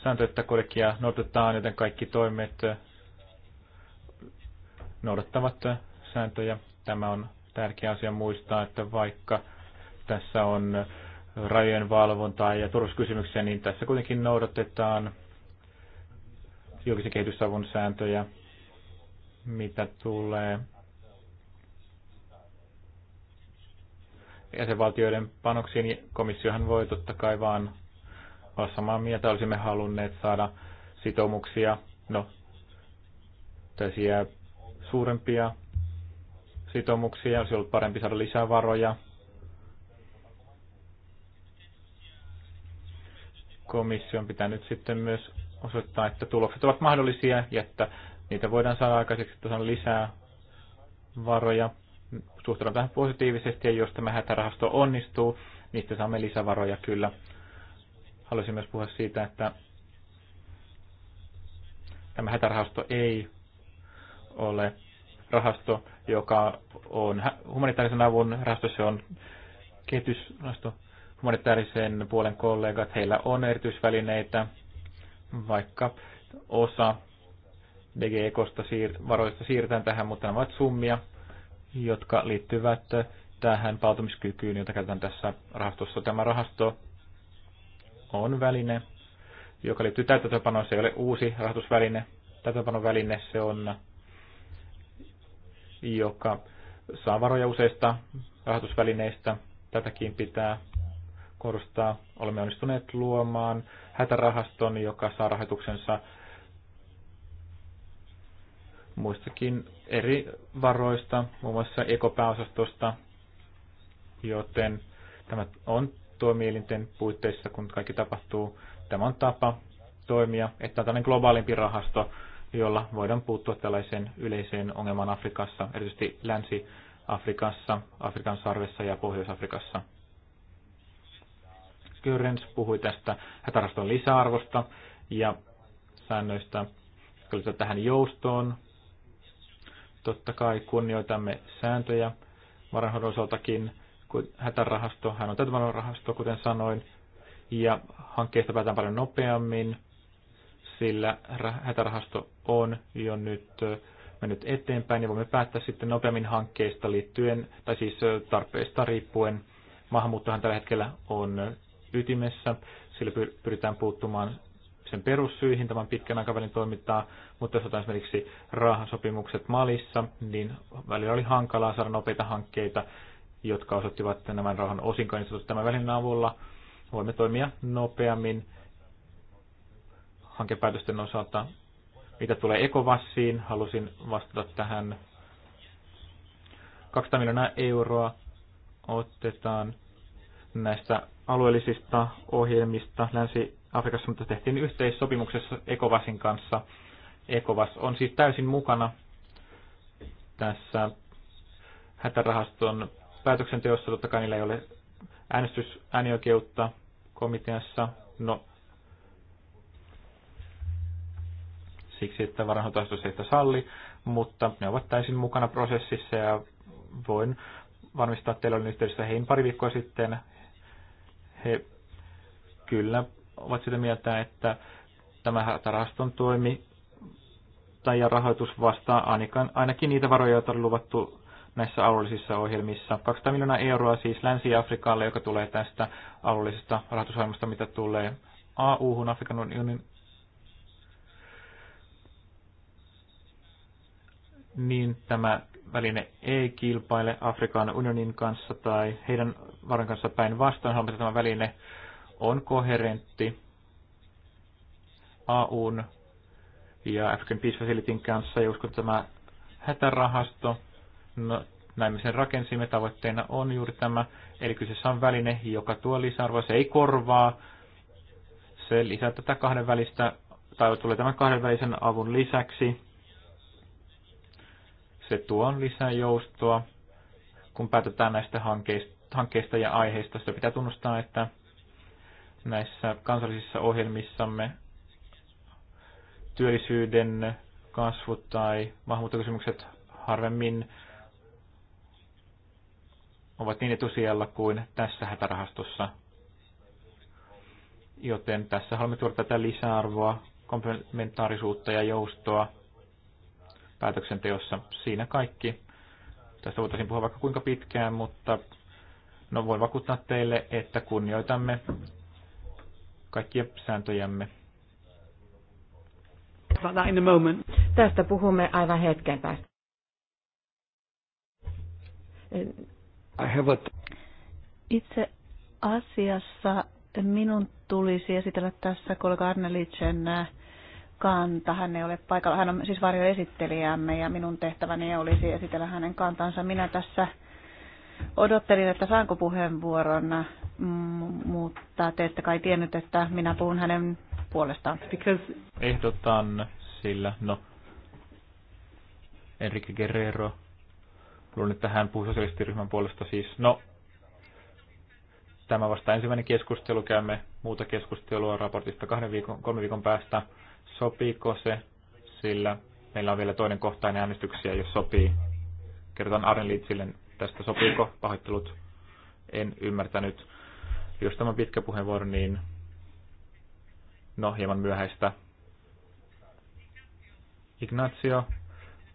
sääntö, että kodeksia noudatetaan, joten kaikki toimet noudattavat sääntöjä. Tämä on tärkeä asia muistaa, että vaikka tässä on rajojen valvontaa ja turvallisuuskysymyksiä, niin tässä kuitenkin noudatetaan julkisen kehitysavun sääntöjä, mitä tulee jäsenvaltioiden panoksiin. Komissiohan voi totta kai vaan olla samaa mieltä. Olisimme halunneet saada sitoumuksia, no, tällaisia suurempia sitoumuksia, olisi ollut parempi saada lisää varoja. Komission pitää nyt sitten myös osoittaa, että tulokset ovat mahdollisia ja että niitä voidaan saada aikaiseksi, että on lisää varoja. Suhtaudun tähän positiivisesti ja jos tämä hätärahasto onnistuu, niistä saamme lisävaroja kyllä. Haluaisin myös puhua siitä, että tämä hätärahasto ei ole rahasto, joka on humanitaarisen avun rahasto, se on kehitysrahasto, humanitaarisen puolen kollegat, heillä on erityisvälineitä, vaikka osa DG-ekosta siir- varoista siirretään tähän, mutta nämä ovat summia, jotka liittyvät tähän palautumiskykyyn, jota käytetään tässä rahastossa. Tämä rahasto on väline, joka liittyy täytäntöpanoon. Se ei ole uusi rahoitusväline. Täytäntöönpanon väline se on joka saa varoja useista rahoitusvälineistä. Tätäkin pitää korostaa. Olemme onnistuneet luomaan hätärahaston, joka saa rahoituksensa muistakin eri varoista, muun muassa ekopääosastosta, joten tämä on toimielinten puitteissa, kun kaikki tapahtuu. Tämä on tapa toimia, että on tällainen globaalimpi rahasto, jolla voidaan puuttua tällaiseen yleiseen ongelmaan Afrikassa, erityisesti Länsi-Afrikassa, Afrikan sarvessa ja Pohjois-Afrikassa. Skyrens puhui tästä hätäraston lisäarvosta ja säännöistä, jotka tähän joustoon. Totta kai kunnioitamme sääntöjä varanhoidon osaltakin, kun hätärahasto, hän on täytyvän rahasto, kuten sanoin, ja hankkeista päätään paljon nopeammin, sillä hätärahasto on jo nyt mennyt eteenpäin ja voimme päättää sitten nopeammin hankkeista liittyen, tai siis tarpeista riippuen. Maahanmuuttohan tällä hetkellä on ytimessä, sillä pyritään puuttumaan sen perussyihin tämän pitkän aikavälin toimintaa, mutta jos otetaan esimerkiksi rahasopimukset Malissa, niin välillä oli hankalaa saada nopeita hankkeita, jotka osoittivat nämä rahan osinkoinstituutit niin tämän välin avulla. Voimme toimia nopeammin hankepäätösten osalta. Mitä tulee ekovassiin, halusin vastata tähän. 200 miljoonaa euroa otetaan näistä alueellisista ohjelmista Länsi-Afrikassa, mutta tehtiin yhteissopimuksessa Ekovasin kanssa. Ekovas on siis täysin mukana tässä hätärahaston päätöksenteossa. Totta kai niillä ei ole äänestysäänioikeutta komiteassa. No, siksi, että varanhoitoasetus ei sitä salli, mutta ne ovat täysin mukana prosessissa ja voin varmistaa, että teillä oli yhteydessä heihin pari viikkoa sitten. He kyllä ovat sitä mieltä, että tämä rahaston toimi tai ja rahoitus vastaa ainakin, ainakin niitä varoja, joita on luvattu näissä alueellisissa ohjelmissa. 200 miljoonaa euroa siis Länsi-Afrikalle, joka tulee tästä alueellisesta rahoitusohjelmasta, mitä tulee AU-hun, Afrikan unionin niin tämä väline ei kilpaile Afrikan unionin kanssa tai heidän varan kanssa päin vastaan, haluamme, että tämä väline on koherentti AUn ja African Peace Facilityn kanssa, ja uskon, että tämä hätärahasto, no, näin me sen rakensimme, tavoitteena on juuri tämä, eli kyseessä on väline, joka tuo lisäarvoa, se ei korvaa, se lisää tätä kahdenvälistä, tai tulee tämän kahdenvälisen avun lisäksi, se tuo lisää joustoa, kun päätetään näistä hankkeista ja aiheista. Se pitää tunnustaa, että näissä kansallisissa ohjelmissamme työllisyyden kasvu tai maahanmuuttokysymykset harvemmin ovat niin etusijalla kuin tässä hätärahastossa. Joten tässä haluamme tuoda tätä lisäarvoa, komplementaarisuutta ja joustoa päätöksenteossa. Siinä kaikki. Tästä voitaisiin puhua vaikka kuinka pitkään, mutta no voin vakuuttaa teille, että kunnioitamme kaikkia sääntöjämme. In a moment. Tästä puhumme aivan hetken päästä. Itse asiassa minun tulisi esitellä tässä kollega Arnelicen äh, kanta. Hän ei ole paikalla. Hän on siis varjoesittelijämme ja minun tehtäväni olisi esitellä hänen kantansa. Minä tässä odottelin, että saanko puheenvuoron, mutta te ette kai tiennyt, että minä puhun hänen puolestaan. Because... Ehdotan sillä, no, Enrique Guerrero, luulen, että hän puhuu sosialistiryhmän puolesta siis, no, tämä vasta ensimmäinen keskustelu, käymme muuta keskustelua raportista kahden viikon, kolmen viikon päästä. Sopiiko se? Sillä meillä on vielä toinen kohtainen äänestyksiä, jos sopii. Kerrotaan Arne Litsille tästä, sopiiko pahoittelut? En ymmärtänyt. Jos tämä pitkä puheenvuoro, niin no hieman myöhäistä. Ignacio,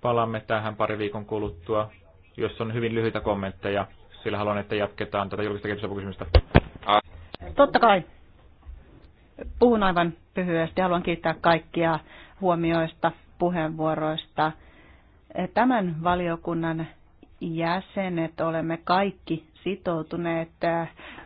palaamme tähän pari viikon kuluttua, jos on hyvin lyhyitä kommentteja, sillä haluan, että jatketaan tätä julkista kehitysapukysymystä. Totta kai. Puhun aivan lyhyesti. Haluan kiittää kaikkia huomioista, puheenvuoroista. Tämän valiokunnan jäsenet olemme kaikki sitoutuneet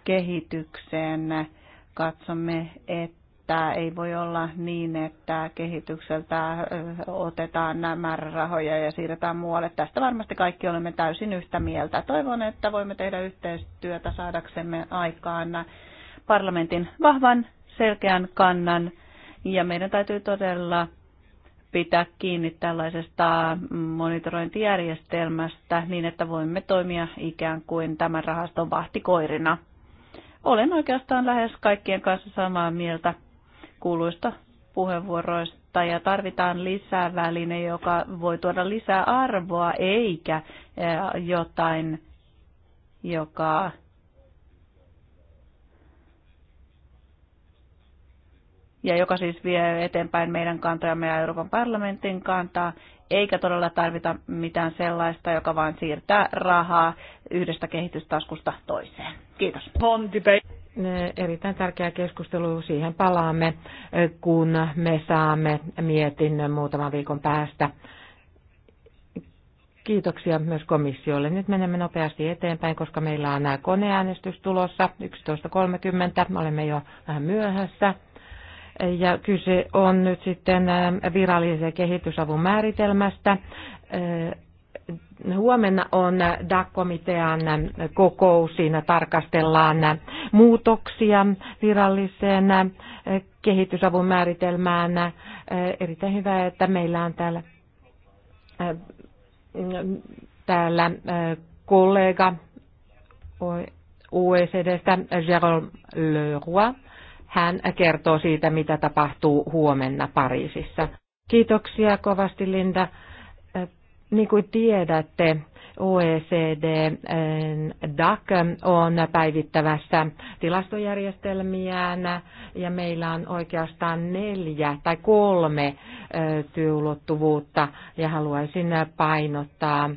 kehitykseen. Katsomme, että ei voi olla niin, että kehitykseltä otetaan nämä rahoja ja siirretään muualle. Tästä varmasti kaikki olemme täysin yhtä mieltä. Toivon, että voimme tehdä yhteistyötä saadaksemme aikaan parlamentin vahvan selkeän kannan ja meidän täytyy todella pitää kiinni tällaisesta monitorointijärjestelmästä niin, että voimme toimia ikään kuin tämän rahaston vahtikoirina. Olen oikeastaan lähes kaikkien kanssa samaa mieltä kuuluista puheenvuoroista ja tarvitaan lisää väline, joka voi tuoda lisää arvoa eikä eh, jotain, joka ja joka siis vie eteenpäin meidän kantoja, meidän Euroopan parlamentin kantaa, eikä todella tarvita mitään sellaista, joka vain siirtää rahaa yhdestä kehitystaskusta toiseen. Kiitos. Erittäin tärkeä keskustelu. Siihen palaamme, kun me saamme mietinnön muutaman viikon päästä. Kiitoksia myös komissiolle. Nyt menemme nopeasti eteenpäin, koska meillä on koneäänestys tulossa 11.30. Olemme jo vähän myöhässä. Ja kyse on nyt sitten äh, virallisen kehitysavun määritelmästä. Äh, huomenna on DAC-komitean kokous, siinä tarkastellaan muutoksia viralliseen äh, kehitysavun määritelmään. Erittäin hyvä, että meillä on täällä, täällä kollega OECDstä Jérôme Leroy hän kertoo siitä, mitä tapahtuu huomenna Pariisissa. Kiitoksia kovasti Linda. Äh, niin kuin tiedätte, OECD äh, DAC on päivittävässä tilastojärjestelmiään ja meillä on oikeastaan neljä tai kolme äh, työulottuvuutta ja haluaisin painottaa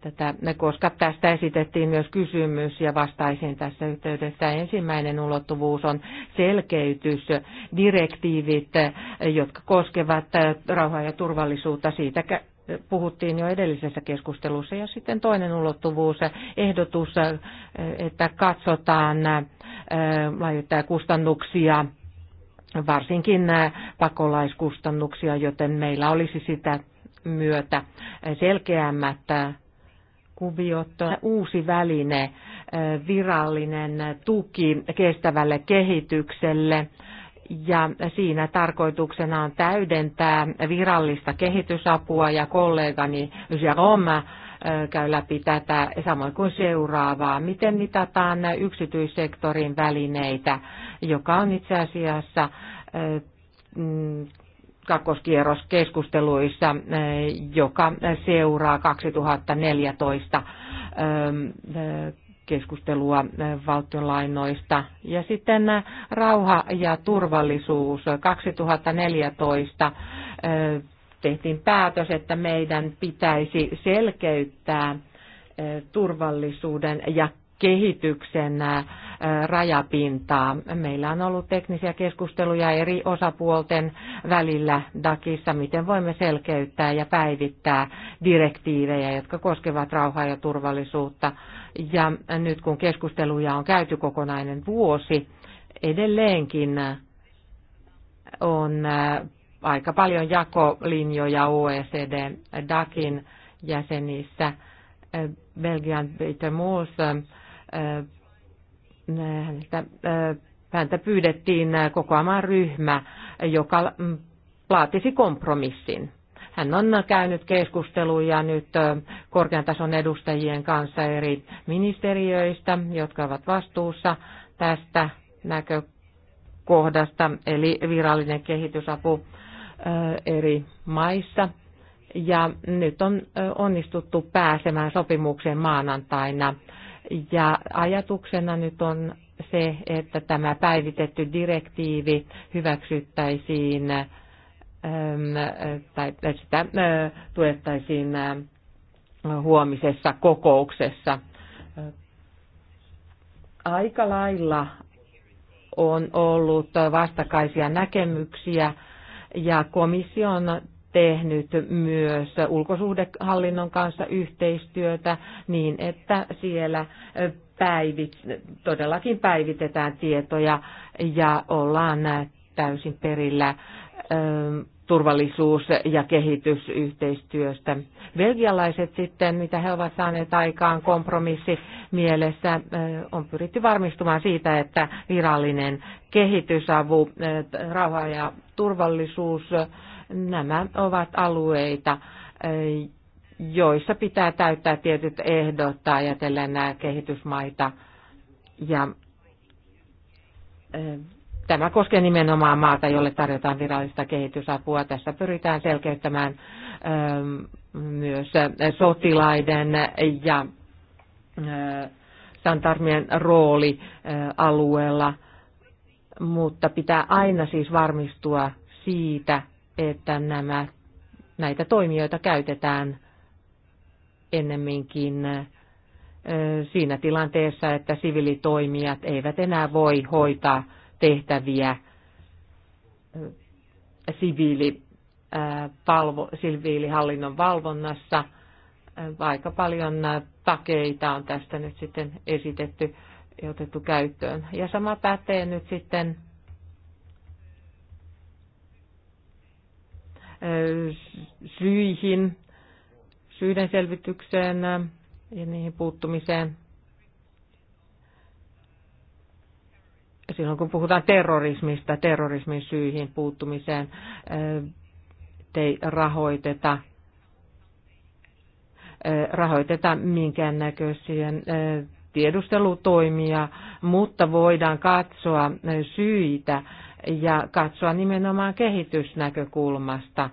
tätä, koska tästä esitettiin myös kysymys ja vastaisin tässä yhteydessä. Ensimmäinen ulottuvuus on selkeytys, direktiivit, jotka koskevat rauhaa ja turvallisuutta. Siitä puhuttiin jo edellisessä keskustelussa. Ja sitten toinen ulottuvuus, ehdotus, että katsotaan laajentaa kustannuksia varsinkin pakolaiskustannuksia, joten meillä olisi sitä myötä selkeämmät kuviot. Uusi väline, virallinen tuki kestävälle kehitykselle ja siinä tarkoituksena on täydentää virallista kehitysapua ja kollegani Jerome äh, käy läpi tätä, samoin kuin seuraavaa, miten mitataan yksityissektorin välineitä, joka on itse asiassa äh, mm, kakkoskierroskeskusteluissa, eh, joka seuraa 2014 ehm, keskustelua eh, valtionlainoista. Ja sitten eh, rauha ja turvallisuus 2014 tehtiin päätös, että meidän pitäisi selkeyttää turvallisuuden ja kehityksen rajapintaa. Meillä on ollut teknisiä keskusteluja eri osapuolten välillä DAKissa, miten voimme selkeyttää ja päivittää direktiivejä, jotka koskevat rauhaa ja turvallisuutta. Ja nyt kun keskusteluja on käyty kokonainen vuosi, edelleenkin on aika paljon jakolinjoja OECD DAKin jäsenissä. Belgian Peter Moos häneltä, äh, häntä pyydettiin kokoamaan ryhmä, joka laatisi kompromissin. Hän on käynyt keskusteluja nyt äh, korkean tason edustajien kanssa eri ministeriöistä, jotka ovat vastuussa tästä näkökohdasta, eli virallinen kehitysapu äh, eri maissa. Ja nyt on onnistuttu pääsemään sopimukseen maanantaina ja ajatuksena nyt on se, että tämä päivitetty direktiivi hyväksyttäisiin tai sitä äh, tuettaisiin äh, huomisessa kokouksessa. Aika lailla on ollut vastakaisia näkemyksiä ja komission tehnyt myös ulkosuhdehallinnon kanssa yhteistyötä niin, että siellä päivit, todellakin päivitetään tietoja ja ollaan täysin perillä turvallisuus- ja kehitysyhteistyöstä. Belgialaiset sitten, mitä he ovat saaneet aikaan kompromissi mielessä, on pyritty varmistumaan siitä, että virallinen kehitysavu, rauha ja turvallisuus Nämä ovat alueita, eh, joissa pitää täyttää tietyt ehdot ajatella nämä kehitysmaita. Ja eh, tämä koskee nimenomaan maata, jolle tarjotaan virallista kehitysapua. Tässä pyritään selkeyttämään eh, myös sotilaiden ja santarmien rooli alueella, mutta pitää aina siis varmistua siitä, että nämä, näitä toimijoita käytetään ennemminkin siinä tilanteessa, että sivilitoimijat eivät enää voi hoitaa tehtäviä siviili, palvo, siviilihallinnon valvonnassa. Aika paljon takeita on tästä nyt sitten esitetty ja otettu käyttöön. Ja sama pätee nyt sitten syihin, syiden selvitykseen ja niihin puuttumiseen. Silloin kun puhutaan terrorismista, terrorismin syihin puuttumiseen, ei rahoiteta rahoiteta minkäännäköisiä tiedustelutoimia, mutta voidaan katsoa syitä ja katsoa nimenomaan kehitysnäkökulmasta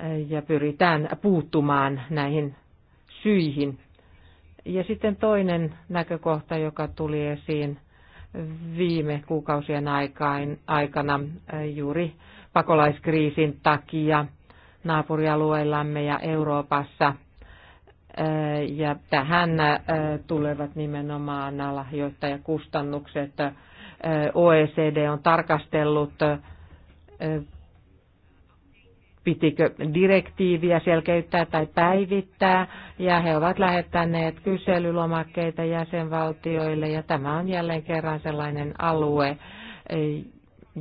eh, ja pyritään puuttumaan näihin syihin. Ja sitten toinen näkökohta, joka tuli esiin viime kuukausien aikana eh, juuri pakolaiskriisin takia naapurialueillamme ja Euroopassa. Eh, ja tähän tulevat nimenomaan alahjoittajakustannukset kustannukset OECD on tarkastellut, pitikö direktiiviä selkeyttää tai päivittää, ja he ovat lähettäneet kyselylomakkeita jäsenvaltioille, ja tämä on jälleen kerran sellainen alue,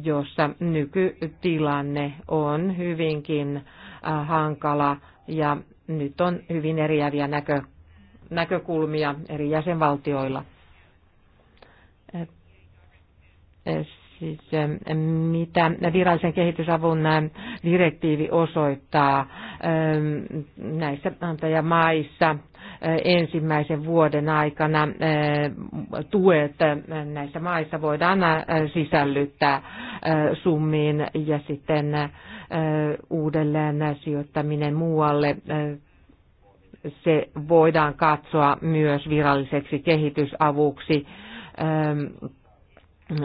jossa nykytilanne on hyvinkin hankala, ja nyt on hyvin eriäviä näkökulmia eri jäsenvaltioilla siis, mitä virallisen kehitysavun direktiivi osoittaa näissä antajamaissa ensimmäisen vuoden aikana tuet näissä maissa voidaan sisällyttää summiin ja sitten uudelleen sijoittaminen muualle se voidaan katsoa myös viralliseksi kehitysavuksi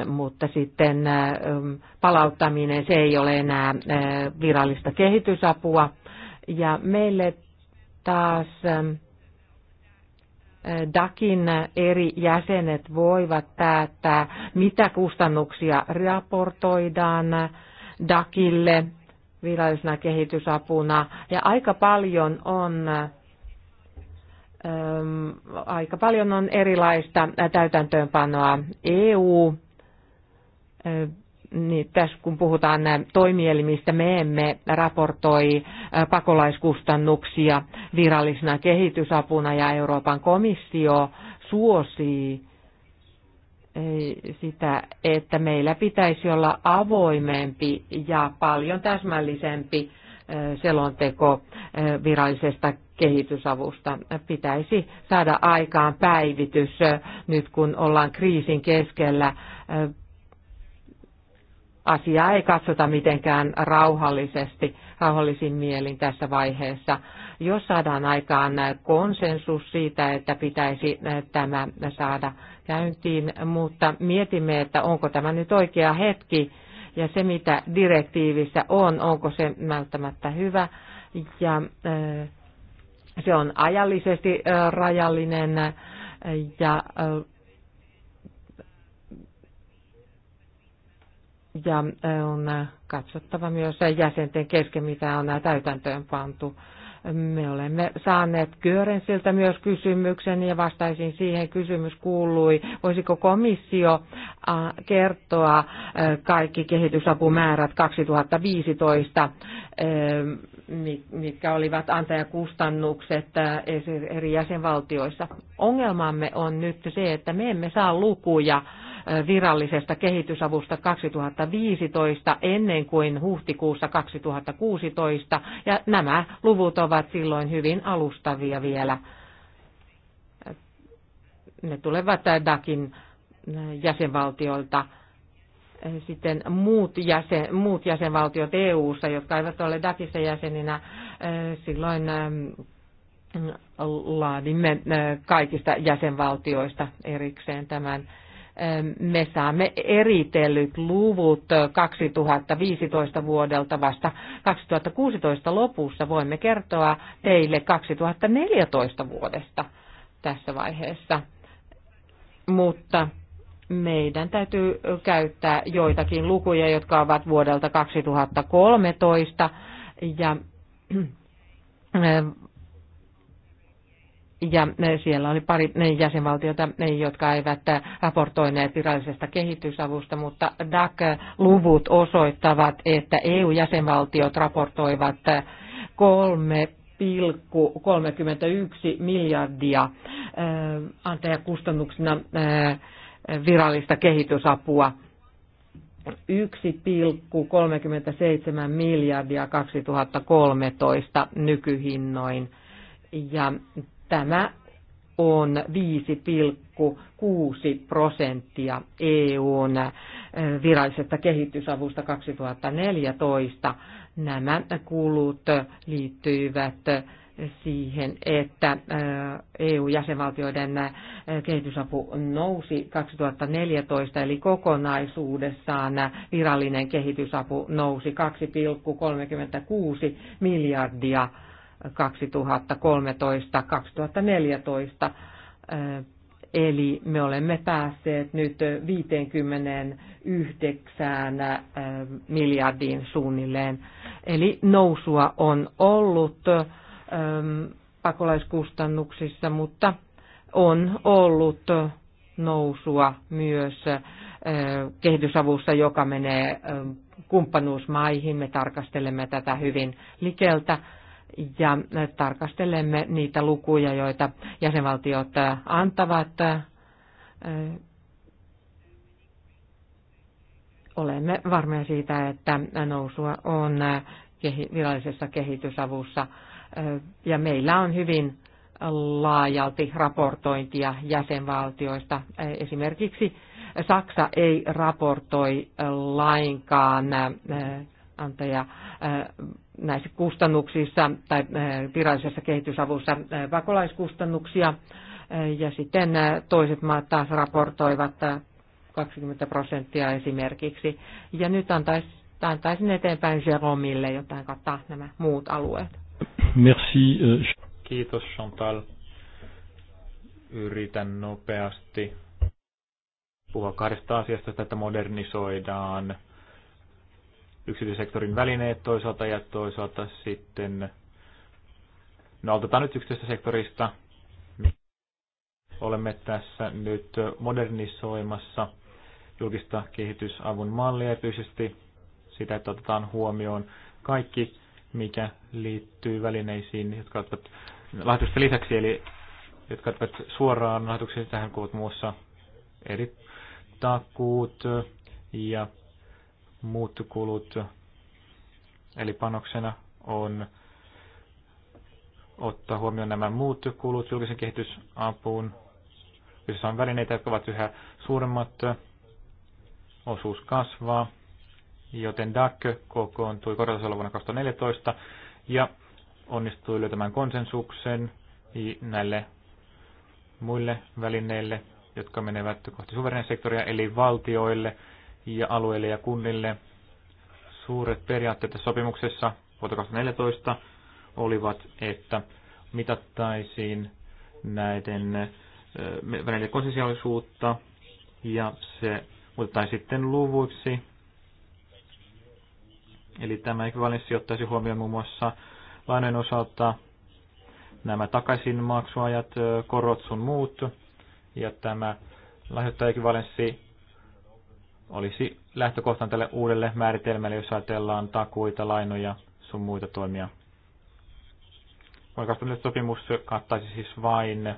mutta sitten palauttaminen, se ei ole enää virallista kehitysapua. Ja meille taas DAKin eri jäsenet voivat päättää, mitä kustannuksia raportoidaan DAKille virallisena kehitysapuna. Ja aika paljon on aika paljon on erilaista täytäntöönpanoa EU niin tässä kun puhutaan toimielimistä, me emme raportoi pakolaiskustannuksia virallisena kehitysapuna ja Euroopan komissio suosii sitä, että meillä pitäisi olla avoimempi ja paljon täsmällisempi selonteko virallisesta kehitysavusta. Pitäisi saada aikaan päivitys nyt kun ollaan kriisin keskellä asiaa ei katsota mitenkään rauhallisesti, rauhallisin mielin tässä vaiheessa. Jos saadaan aikaan konsensus siitä, että pitäisi tämä saada käyntiin, mutta mietimme, että onko tämä nyt oikea hetki ja se, mitä direktiivissä on, onko se välttämättä hyvä. Ja se on ajallisesti rajallinen ja Ja e, on katsottava myös jäsenten kesken, mitä on täytäntöön pantu. Me olemme saaneet siltä myös kysymyksen ja vastaisin siihen. Kysymys kuului, voisiko komissio kertoa e, kaikki kehitysapumäärät 2015, e, mitkä olivat antajakustannukset eri jäsenvaltioissa. Ongelmamme on nyt se, että me emme saa lukuja virallisesta kehitysavusta 2015 ennen kuin huhtikuussa 2016, ja nämä luvut ovat silloin hyvin alustavia vielä. Ne tulevat DAKin jäsenvaltioilta sitten muut, jäsen, muut jäsenvaltiot EU-ssa, jotka eivät ole DAKissa jäseninä, silloin laadimme kaikista jäsenvaltioista erikseen tämän me saamme eritellyt luvut 2015 vuodelta vasta 2016 lopussa. Voimme kertoa teille 2014 vuodesta tässä vaiheessa. Mutta meidän täytyy käyttää joitakin lukuja, jotka ovat vuodelta 2013 ja ja eh, siellä oli pari eh, jäsenvaltiota, eh, jotka eivät raportoineet virallisesta kehitysavusta, mutta DAC-luvut osoittavat, että EU-jäsenvaltiot raportoivat 3,31 miljardia antajakustannuksena virallista kehitysapua 1,37 miljardia 2013 nykyhinnoin. Ja Tämä on 5,6 prosenttia EUn äh, virallisesta kehitysavusta 2014. Nämä kulut liittyivät siihen, että äh, EU-jäsenvaltioiden äh, kehitysapu nousi 2014, eli kokonaisuudessaan virallinen kehitysapu nousi 2,36 miljardia 2013-2014. Eli me olemme päässeet nyt 59 miljardiin suunnilleen. Eli nousua on ollut pakolaiskustannuksissa, mutta on ollut nousua myös kehitysavussa, joka menee kumppanuusmaihin. Me tarkastelemme tätä hyvin likeltä ja tarkastelemme niitä lukuja, joita jäsenvaltiot äh, antavat. Äh, olemme varmoja siitä, että nousua on äh, virallisessa kehitysavussa ja meillä on hyvin laajalti raportointia jäsenvaltioista. Esimerkiksi Saksa ei raportoi lainkaan antaja näissä kustannuksissa tai äh, virallisessa kehitysavussa äh, pakolaiskustannuksia. Äh, ja sitten toiset maat taas raportoivat 20 prosenttia esimerkiksi. Ja nyt antaisin, antaisin eteenpäin Jeromille, jotta kattaa nämä muut alueet. Merci. Kiitos Chantal. Yritän nopeasti puhua kahdesta asiasta, että modernisoidaan yksityissektorin välineet toisaalta ja toisaalta sitten, no otetaan nyt yksityisestä sektorista. Olemme tässä nyt modernisoimassa julkista kehitysavun mallia erityisesti sitä, että otetaan huomioon kaikki, mikä liittyy välineisiin, jotka ovat lahjoitusten lisäksi, eli jotka ovat suoraan lahjoituksiin, tähän kuvat muussa eri takuut ja muuttukulut. Eli panoksena on ottaa huomioon nämä muuttukulut julkisen kehitysapuun. Kyseessä on välineitä, jotka ovat yhä suuremmat. Osuus kasvaa, joten DAC kokoontui korotasolla vuonna 2014 ja onnistui löytämään konsensuksen näille muille välineille, jotka menevät kohti suverenisektoria sektoria, eli valtioille – ja alueille ja kunnille. Suuret periaatteet sopimuksessa vuotta 2014 olivat, että mitattaisiin näiden välineiden konsensiaalisuutta ja se muutetaan sitten luvuiksi. Eli tämä ekvivalenssi ottaisi huomioon muun muassa lainojen osalta nämä takaisinmaksuajat, korot sun muut ja tämä lahjoittajaekvivalenssi olisi lähtökohtaan tälle uudelle määritelmälle, jos ajatellaan takuita, lainoja, sun muita toimia. Vuonna sopimus kattaisi siis vain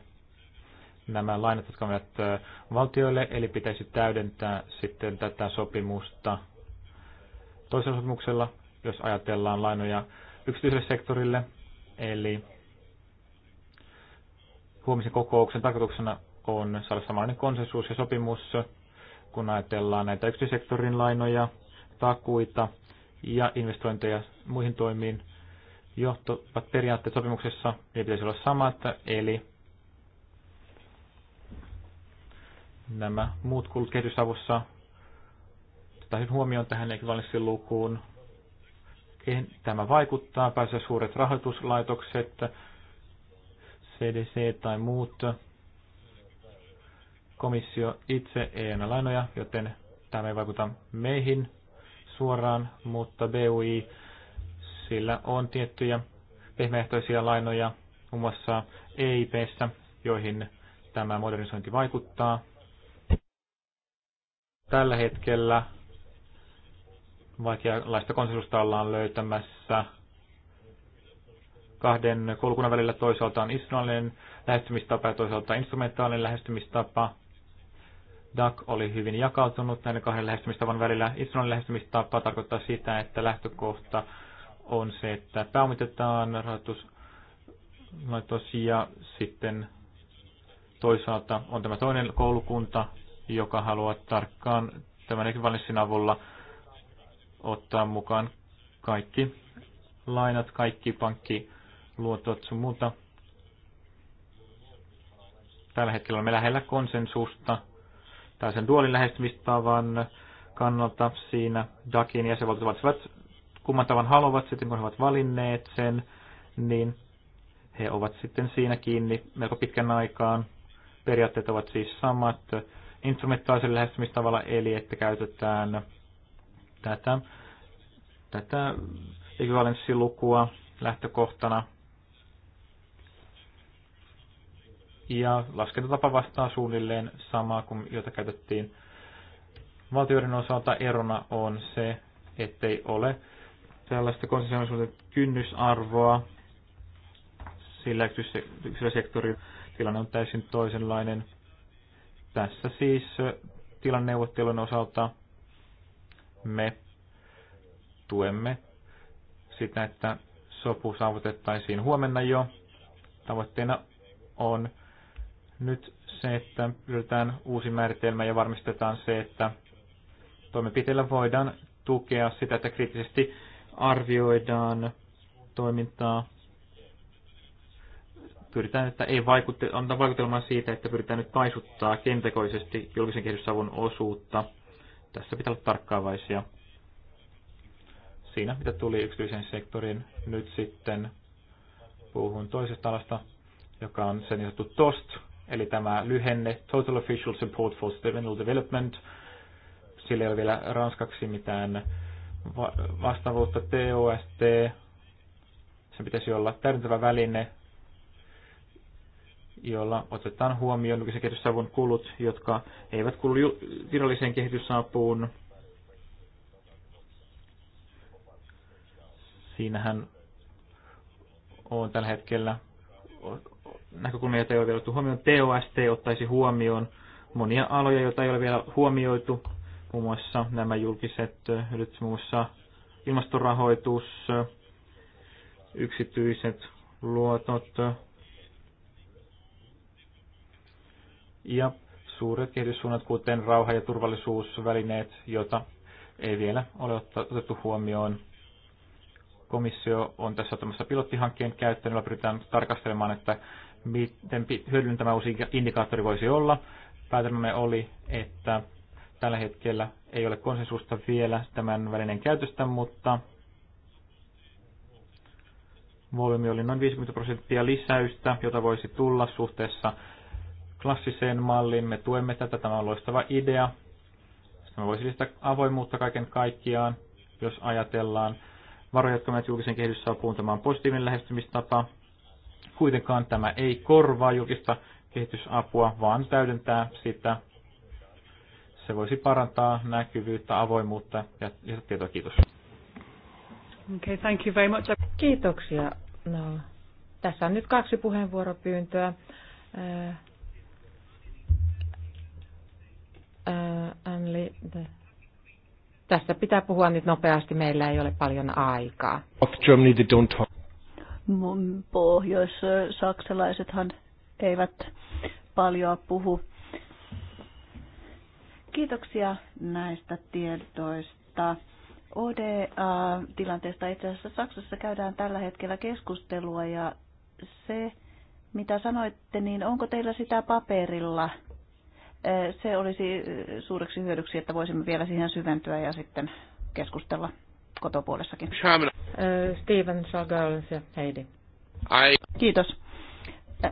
nämä lainat, jotka menevät valtioille, eli pitäisi täydentää sitten tätä sopimusta toisella sopimuksella, jos ajatellaan lainoja yksityiselle sektorille, eli huomisen kokouksen tarkoituksena on saada samanlainen konsensus ja sopimus kun ajatellaan näitä yksityisektorin lainoja, takuita ja investointeja muihin toimiin, johtuvat periaatteet sopimuksessa, ne pitäisi olla samat, eli nämä muut kulut kehitysavussa ottaisin huomioon tähän lukuun, Tämä vaikuttaa, pääsee suuret rahoituslaitokset, CDC tai muut Komissio itse ei anna lainoja, joten tämä ei vaikuta meihin suoraan, mutta BUI, sillä on tiettyjä pehmeähtoisia lainoja, muun muassa EIPssä, joihin tämä modernisointi vaikuttaa. Tällä hetkellä vaikeanlaista konsensusta ollaan löytämässä kahden koulukunnan välillä toisaalta on lähestymistapa ja toisaalta instrumentaalinen lähestymistapa. Dak oli hyvin jakautunut näiden kahden lähestymistavan välillä. Islannin lähestymistapa tarkoittaa sitä, että lähtökohta on se, että pääomitetaan rahoituslaitos ja sitten toisaalta on tämä toinen koulukunta, joka haluaa tarkkaan tämän ekvivalenssin avulla ottaa mukaan kaikki lainat, kaikki pankkiluotot sun muuta. Tällä hetkellä me lähellä konsensusta sen duolin lähestymistavan kannalta siinä DAKin jäsenvaltiot valitsevat kumman tavan haluavat sitten, kun he ovat valinneet sen, niin he ovat sitten siinä kiinni melko pitkän aikaan. Periaatteet ovat siis samat instrumentaalisella lähestymistavalla, eli että käytetään tätä, tätä ekvivalenssilukua lähtökohtana ja laskentatapa vastaa suunnilleen samaa kuin jota käytettiin valtioiden osalta. Erona on se, ettei ole tällaista konsessioisuuden kynnysarvoa, sillä yksityisellä sektorin tilanne on täysin toisenlainen. Tässä siis tilanneuvottelun osalta me tuemme sitä, että sopu saavutettaisiin huomenna jo. Tavoitteena on nyt se, että löydetään uusi määritelmä ja varmistetaan se, että toimenpiteillä voidaan tukea sitä, että kriittisesti arvioidaan toimintaa. Pyritään, että ei vaikutte, antaa vaikutelmaa siitä, että pyritään nyt paisuttaa kentekoisesti julkisen kehitysavun osuutta. Tässä pitää olla tarkkaavaisia. Siinä, mitä tuli yksityisen sektorin, nyt sitten puhun toisesta alasta, joka on se niin sanottu TOST, eli tämä lyhenne Total Official Support for Sustainable Development. Sillä ei ole vielä ranskaksi mitään vastaavuutta TOST. Se pitäisi olla täydentävä väline, jolla otetaan huomioon nykyisen kehitysavun kulut, jotka eivät kuulu viralliseen kehitysapuun. Siinähän on tällä hetkellä näkökulmia, joita ei ole vielä otettu huomioon. TOST ottaisi huomioon monia aloja, joita ei ole vielä huomioitu, muun muassa nämä julkiset, eh, nyt muun muassa ilmastorahoitus, eh, yksityiset luotot eh, ja suuret kehityssuunnat, kuten rauha- ja turvallisuusvälineet, joita ei vielä ole otettu huomioon. Komissio on tässä ottamassa pilottihankkeen käyttöön, jolla pyritään tarkastelemaan, että miten hyödyllinen tämä uusi indikaattori voisi olla. Päätelmämme oli, että tällä hetkellä ei ole konsensusta vielä tämän välinen käytöstä, mutta volyymi oli noin 50 prosenttia lisäystä, jota voisi tulla suhteessa klassiseen malliin. Me tuemme tätä, tämä on loistava idea. Tämä me voisi lisätä avoimuutta kaiken kaikkiaan, jos ajatellaan varoja, jotka menevät julkisen kehitysapuun. Tämä on positiivinen lähestymistapa. Kuitenkaan tämä ei korvaa julkista kehitysapua, vaan täydentää sitä. Se voisi parantaa näkyvyyttä, avoimuutta ja tietoa. Kiitos. Okay, thank you very much. Kiitoksia. No, tässä on nyt kaksi puheenvuoropyyntöä. Uh, uh, the... tästä pitää puhua nyt nopeasti, meillä ei ole paljon aikaa. Of Germany, they don't talk pohjois-saksalaisethan eivät paljon puhu. Kiitoksia näistä tietoista. ODA-tilanteesta itse asiassa Saksassa käydään tällä hetkellä keskustelua ja se, mitä sanoitte, niin onko teillä sitä paperilla? Eh, se olisi suureksi hyödyksi, että voisimme vielä siihen syventyä ja sitten keskustella kotopuolessakin. Steven Chagall ja Heidi. Ai. Kiitos.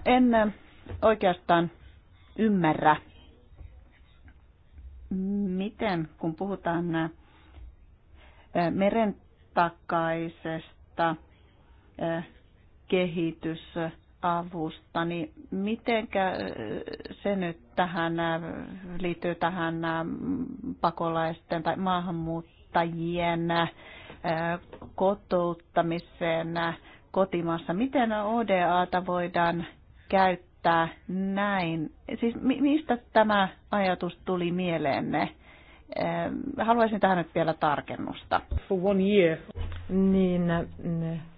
En oikeastaan ymmärrä, miten kun puhutaan meren takaisesta kehitysavusta, niin miten se nyt tähän liittyy tähän pakolaisten tai maahanmuuttoon? maahanmuuttajien kotouttamiseen kotimaassa. Miten ODAta voidaan käyttää näin? Siis mistä tämä ajatus tuli mieleenne? Haluaisin tähän nyt vielä tarkennusta. For one year. Niin,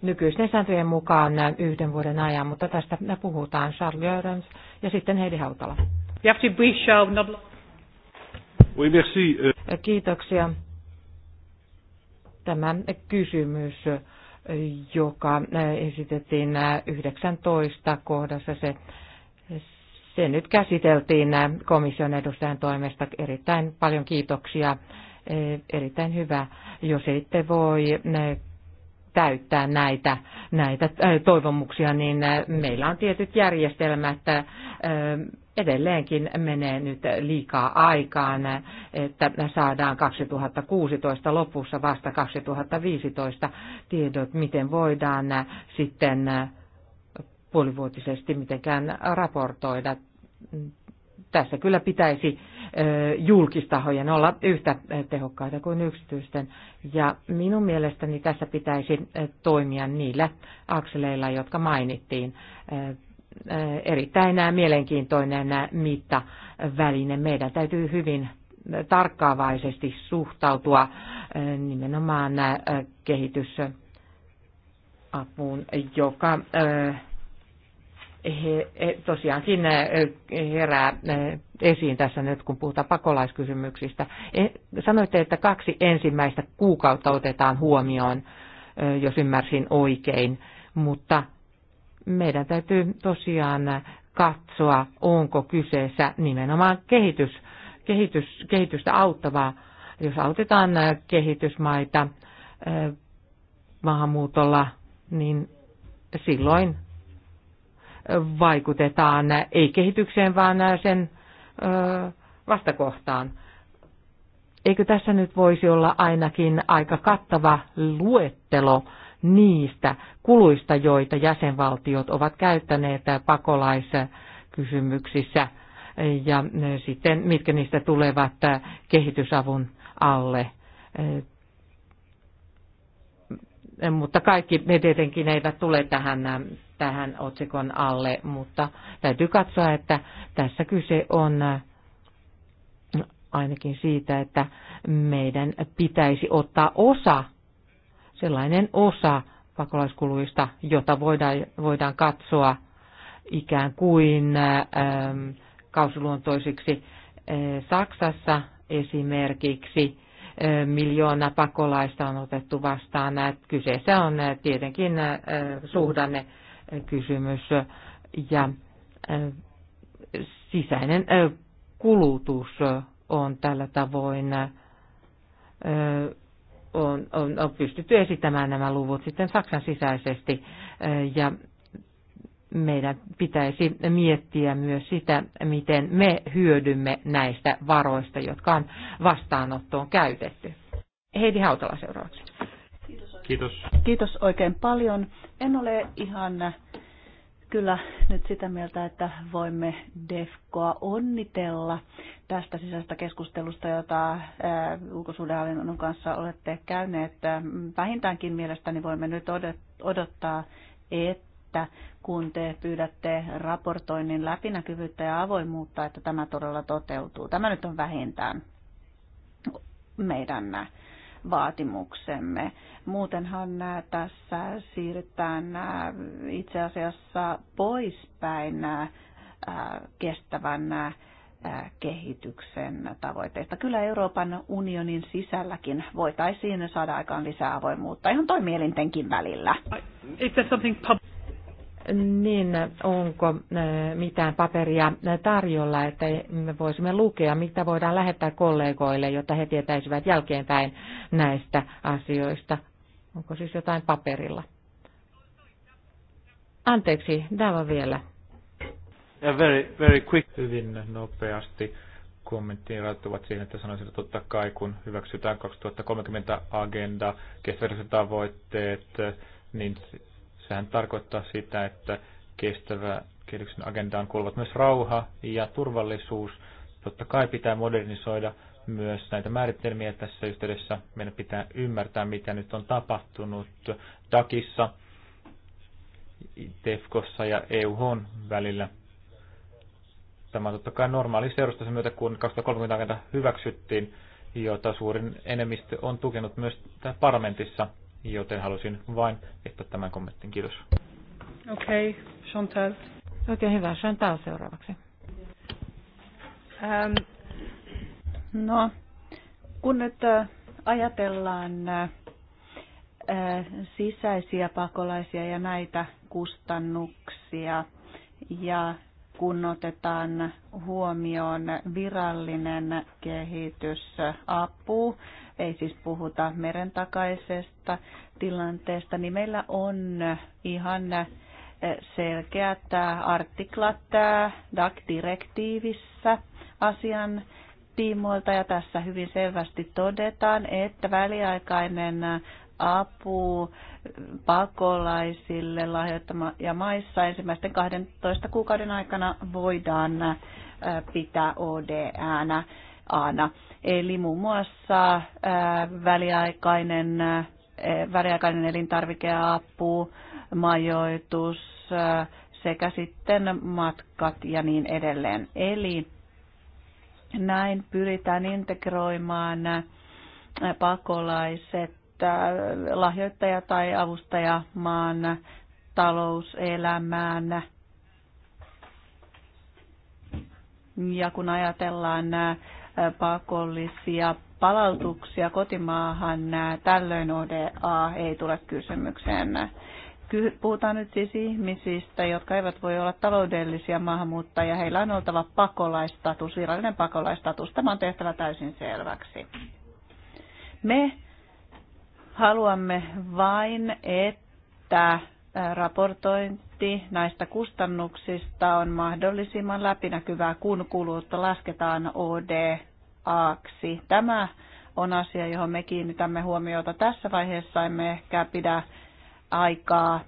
nykyisten sääntöjen mukaan yhden vuoden ajan, mutta tästä puhutaan Charles Jörens ja sitten Heidi Hautala. You have to be not... Oui, merci. Kiitoksia tämä kysymys, joka esitettiin 19 kohdassa, se, se nyt käsiteltiin komission edustajan toimesta. Erittäin paljon kiitoksia. Erittäin hyvä, jos ette voi täyttää näitä, näitä toivomuksia, niin meillä on tietyt järjestelmät edelleenkin menee nyt liikaa aikaan, että saadaan 2016 lopussa vasta 2015 tiedot, miten voidaan sitten puolivuotisesti mitenkään raportoida. Tässä kyllä pitäisi julkistahojen olla yhtä tehokkaita kuin yksityisten. Ja minun mielestäni tässä pitäisi toimia niillä akseleilla, jotka mainittiin Äh, erittäin äh, mielenkiintoinen äh, mittaväline. Meidän täytyy hyvin tarkkaavaisesti suhtautua nimenomaan kehitysapuun, joka tosiaankin herää esiin tässä nyt, kun puhutaan pakolaiskysymyksistä. E, sanoitte, että kaksi ensimmäistä kuukautta otetaan huomioon, jos ymmärsin oikein, mutta meidän täytyy tosiaan katsoa, onko kyseessä nimenomaan kehitys, kehitys, kehitystä auttavaa, jos autetaan kehitysmaita maahanmuutolla, niin silloin vaikutetaan ei kehitykseen, vaan sen vastakohtaan. Eikö tässä nyt voisi olla ainakin aika kattava luettelo niistä kuluista, joita jäsenvaltiot ovat käyttäneet pakolaiskysymyksissä ja eh, sitten mitkä niistä tulevat eh, kehitysavun alle. Eh, mutta kaikki ne tietenkin eivät tule tähän, tähän otsikon alle, mutta täytyy katsoa, että tässä kyse on ainakin siitä, että meidän pitäisi ottaa osa sellainen osa pakolaiskuluista, jota voidaan, voidaan katsoa ikään kuin ähm, kausiluontoisiksi. Äh, Saksassa esimerkiksi äh, miljoona pakolaista on otettu vastaan. Äh, kyseessä on tietenkin suhdanne kysymys ja sisäinen kulutus on tällä tavoin on, on, on pystytty esittämään nämä luvut sitten Saksan sisäisesti. Ja meidän pitäisi miettiä myös sitä, miten me hyödymme näistä varoista, jotka on vastaanottoon käytetty. Heidi Hautala seuraavaksi. Kiitos. Kiitos oikein paljon. En ole ihan kyllä nyt sitä mieltä, että voimme DEFKOa onnitella tästä sisäisestä keskustelusta, jota ulkosuhdehallinnon kanssa olette käyneet. Vähintäänkin mielestäni voimme nyt odottaa, että kun te pyydätte raportoinnin läpinäkyvyyttä ja avoimuutta, että tämä todella toteutuu. Tämä nyt on vähintään meidän vaatimuksemme. Muutenhan tässä siirrytään itse asiassa poispäin kestävän kehityksen tavoitteista. Kyllä Euroopan unionin sisälläkin voitaisiin saada aikaan lisää avoimuutta ihan toimielintenkin välillä niin onko mitään paperia tarjolla, että me voisimme lukea, mitä voidaan lähettää kollegoille, jotta he tietäisivät jälkeenpäin näistä asioista. Onko siis jotain paperilla? Anteeksi, Dava vielä. Ja very, very quick. Hyvin nopeasti kommenttiin rajoittuvat siihen, että sanoisin, että totta kai kun hyväksytään 2030 agenda, kestävyyden tavoitteet, niin Sehän tarkoittaa sitä, että kestävä kehityksen agendaan kuuluvat myös rauha ja turvallisuus. Totta kai pitää modernisoida myös näitä määritelmiä tässä yhteydessä. Meidän pitää ymmärtää, mitä nyt on tapahtunut DAKissa, TEFKossa ja EUHon välillä. Tämä on totta kai normaali seurasta sen myötä, kun 2030 agenda hyväksyttiin, jota suurin enemmistö on tukenut myös parlamentissa – joten halusin vain jättää tämän kommentin. Kiitos. Okei, okay, Chantal. Oikein hyvä. Chantal seuraavaksi. Ähm, no, kun nyt äh, ajatellaan äh, sisäisiä pakolaisia ja näitä kustannuksia ja kun otetaan huomioon virallinen kehitysapu, ei siis puhuta meren takaisesta tilanteesta, niin meillä on ihan eh, selkeät eh, artiklat eh, DAC-direktiivissä asian tiimoilta ja tässä hyvin selvästi todetaan, että väliaikainen apu pakolaisille lahjoittama ja maissa ensimmäisten 12 kuukauden aikana voidaan pitää ODNä aana. Eli muun muassa äh, väliaikainen, äh, väliaikainen elintarvikeapu, majoitus äh, sekä sitten matkat ja niin edelleen. Eli näin pyritään integroimaan pakolaiset lahjoittaja- tai avustajamaan talouselämään. Ja kun ajatellaan pakollisia palautuksia kotimaahan, tällöin ODA ei tule kysymykseen. Puhutaan nyt siis ihmisistä, jotka eivät voi olla taloudellisia maahanmuuttajia. Heillä on oltava pakolaistatus, virallinen pakolaistatus. Tämä on tehtävä täysin selväksi. Me haluamme vain, että raportointi viesti näistä kustannuksista on mahdollisimman läpinäkyvää, kun kuluutta lasketaan ODAksi. Tämä on asia, johon me kiinnitämme huomiota tässä vaiheessa. Emme ehkä pidä aikaa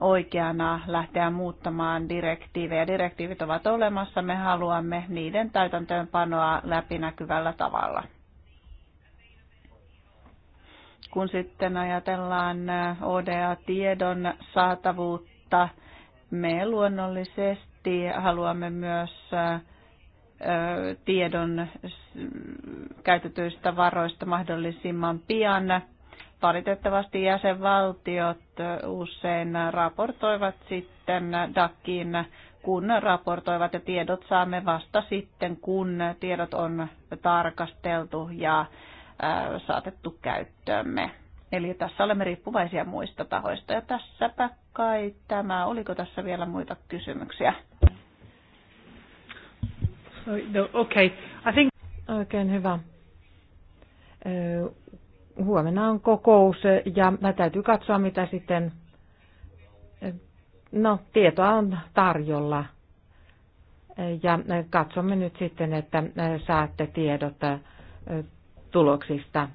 oikeana lähteä muuttamaan direktiivejä. Direktiivit ovat olemassa, me haluamme niiden täytäntöönpanoa läpinäkyvällä tavalla. Kun sitten ajatellaan ODA-tiedon saatavuutta, me luonnollisesti haluamme myös tiedon käytetyistä varoista mahdollisimman pian. Valitettavasti jäsenvaltiot usein raportoivat sitten DAKin, kun raportoivat ja tiedot saamme vasta sitten, kun tiedot on tarkasteltu ja saatettu käyttöömme. Eli tässä olemme riippuvaisia muista tahoista. Ja tässäpä kai tämä. Oliko tässä vielä muita kysymyksiä? No, okay. I think... Oikein hyvä. Huomenna on kokous ja mä täytyy katsoa, mitä sitten... No, tietoa on tarjolla. Ja katsomme nyt sitten, että saatte tiedot tuloksista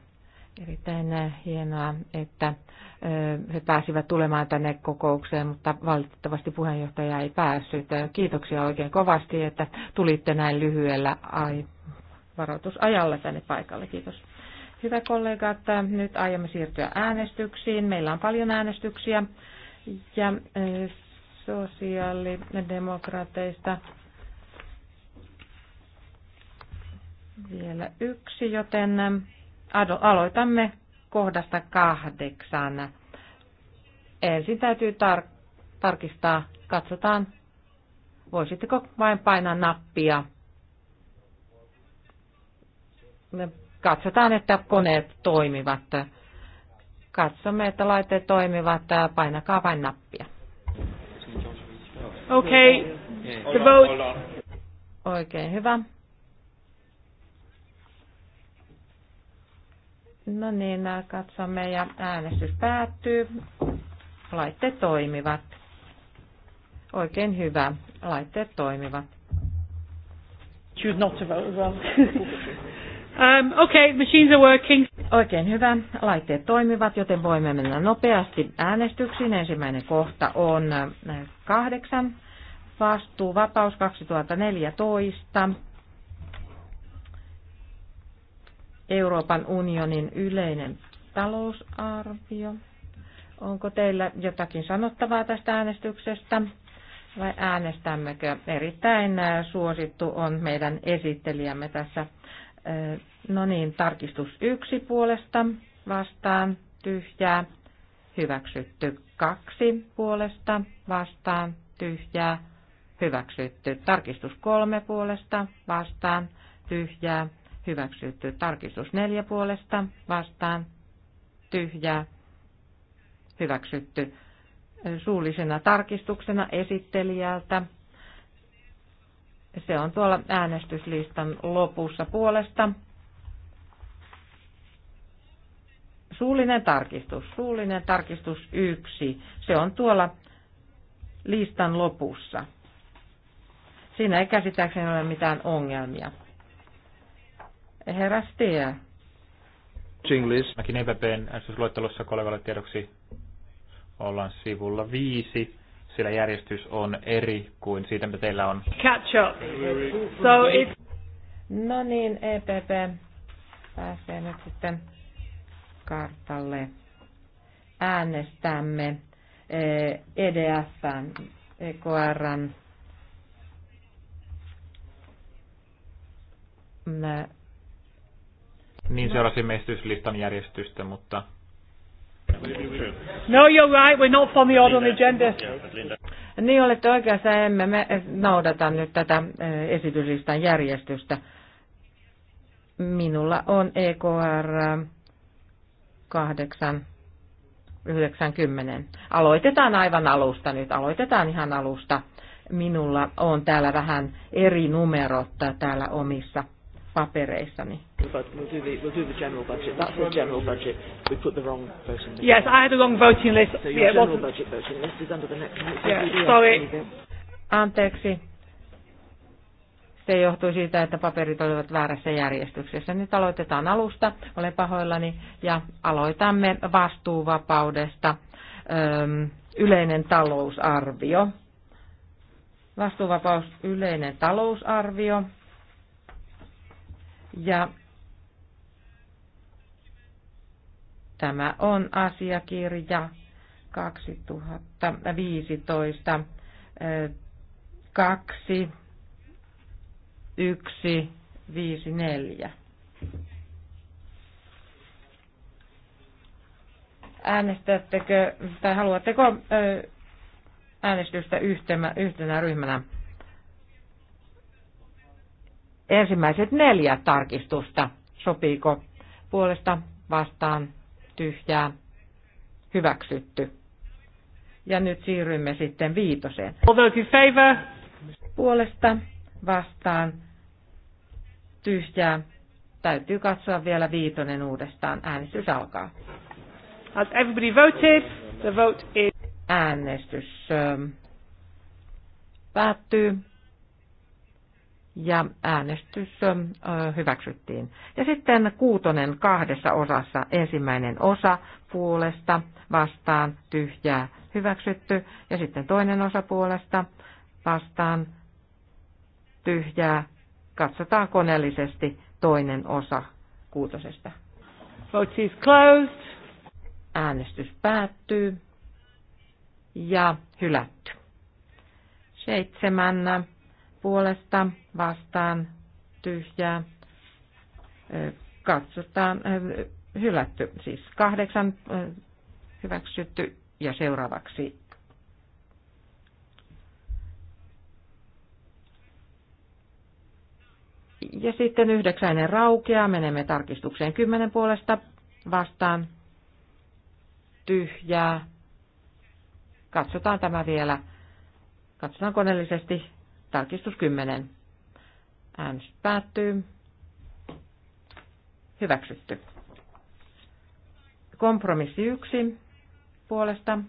Erittäin äh, hienoa, että äh, he pääsivät tulemaan tänne kokoukseen, mutta valitettavasti puheenjohtaja ei päässyt. Äh, kiitoksia oikein kovasti, että tulitte näin lyhyellä varoitusajalla tänne paikalle. Kiitos. Hyvä kollegat, nyt aiomme siirtyä äänestyksiin. Meillä on paljon äänestyksiä ja sosiaalidemokraateista vielä yksi, joten Aloitamme kohdasta kahdeksan. Ensin täytyy tar- tarkistaa, katsotaan, voisitteko vain painaa nappia. Katsotaan, että koneet toimivat. Katsomme, että laitteet toimivat. Painakaa vain nappia. Okei, okay. the vote. Oikein hyvä. No niin, äh, katsomme ja äänestys päättyy. Laitteet toimivat. Oikein hyvä. Laitteet toimivat. Choose not to vote well. um, okay, machines are working. Oikein hyvä. Laitteet toimivat, joten voimme mennä nopeasti äänestyksiin. Ensimmäinen kohta on äh, kahdeksan. Vastuu vapaus 2014. Euroopan unionin yleinen talousarvio. Onko teillä jotakin sanottavaa tästä äänestyksestä vai äänestämmekö? Erittäin äh, suosittu on meidän esittelijämme tässä. Äh, no niin, tarkistus yksi puolesta vastaan tyhjää, hyväksytty kaksi puolesta vastaan tyhjää, hyväksytty tarkistus kolme puolesta vastaan tyhjää, hyväksytty. Tarkistus neljä puolesta vastaan tyhjää hyväksytty suullisena tarkistuksena esittelijältä. Se on tuolla äänestyslistan lopussa puolesta. Suullinen tarkistus, suullinen tarkistus yksi. Se on tuolla listan lopussa. Siinä ei käsittääkseni ole mitään ongelmia. Herra Stier. English. Mäkin EPPn äänestysluettelossa kollegalle tiedoksi ollaan sivulla viisi, sillä järjestys on eri kuin siitä, mitä teillä on. Catch up. So it... No niin, EPP pääsee nyt sitten kartalle. Äänestämme EDFn, e EKRn niin seurasi esityslistan järjestystä, mutta... No, you're right, we're not from the order on the agenda. Niin olette oikeassa, emme me noudata nyt tätä esityslistan järjestystä. Minulla on EKR 8 90. Aloitetaan aivan alusta nyt, aloitetaan ihan alusta. Minulla on täällä vähän eri numerot täällä omissa papereissani. Yes, I had a long voting list. So your yeah, general budget voting list is under the next yeah, sorry. Anteeksi. Se johtui siitä, että paperit olivat väärässä järjestyksessä. Nyt aloitetaan alusta. Olen pahoillani ja aloitamme vastuuvapaudesta. Öm, yleinen talousarvio. Vastuuvapaus, yleinen talousarvio. Ja tämä on asiakirja 2015 2 1 5 4. Äänestättekö tai haluatteko äänestystä yhtenä, yhtenä ryhmänä? ensimmäiset neljä tarkistusta. Sopiiko puolesta vastaan tyhjää hyväksytty. Ja nyt siirrymme sitten viitoseen. Puolesta vastaan tyhjää. Täytyy katsoa vielä viitonen uudestaan. Äänestys alkaa. Has everybody voted? The vote is... Äänestys ähm, päättyy ja äänestys hyväksyttiin. Ja sitten kuutonen kahdessa osassa. Ensimmäinen osa puolesta vastaan tyhjää hyväksytty ja sitten toinen osa puolesta vastaan tyhjää. Katsotaan koneellisesti toinen osa kuutosesta. Vote is closed. Äänestys päättyy ja hylätty. Seitsemän puolesta vastaan tyhjää. Katsotaan hylätty, siis kahdeksan hyväksytty ja seuraavaksi Ja sitten yhdeksäinen raukea menemme tarkistukseen kymmenen puolesta vastaan tyhjää. Katsotaan tämä vielä. Katsotaan koneellisesti Tarkistus 10. Äänestys päättyy. Hyväksytty. Kompromissi 1. Puolesta.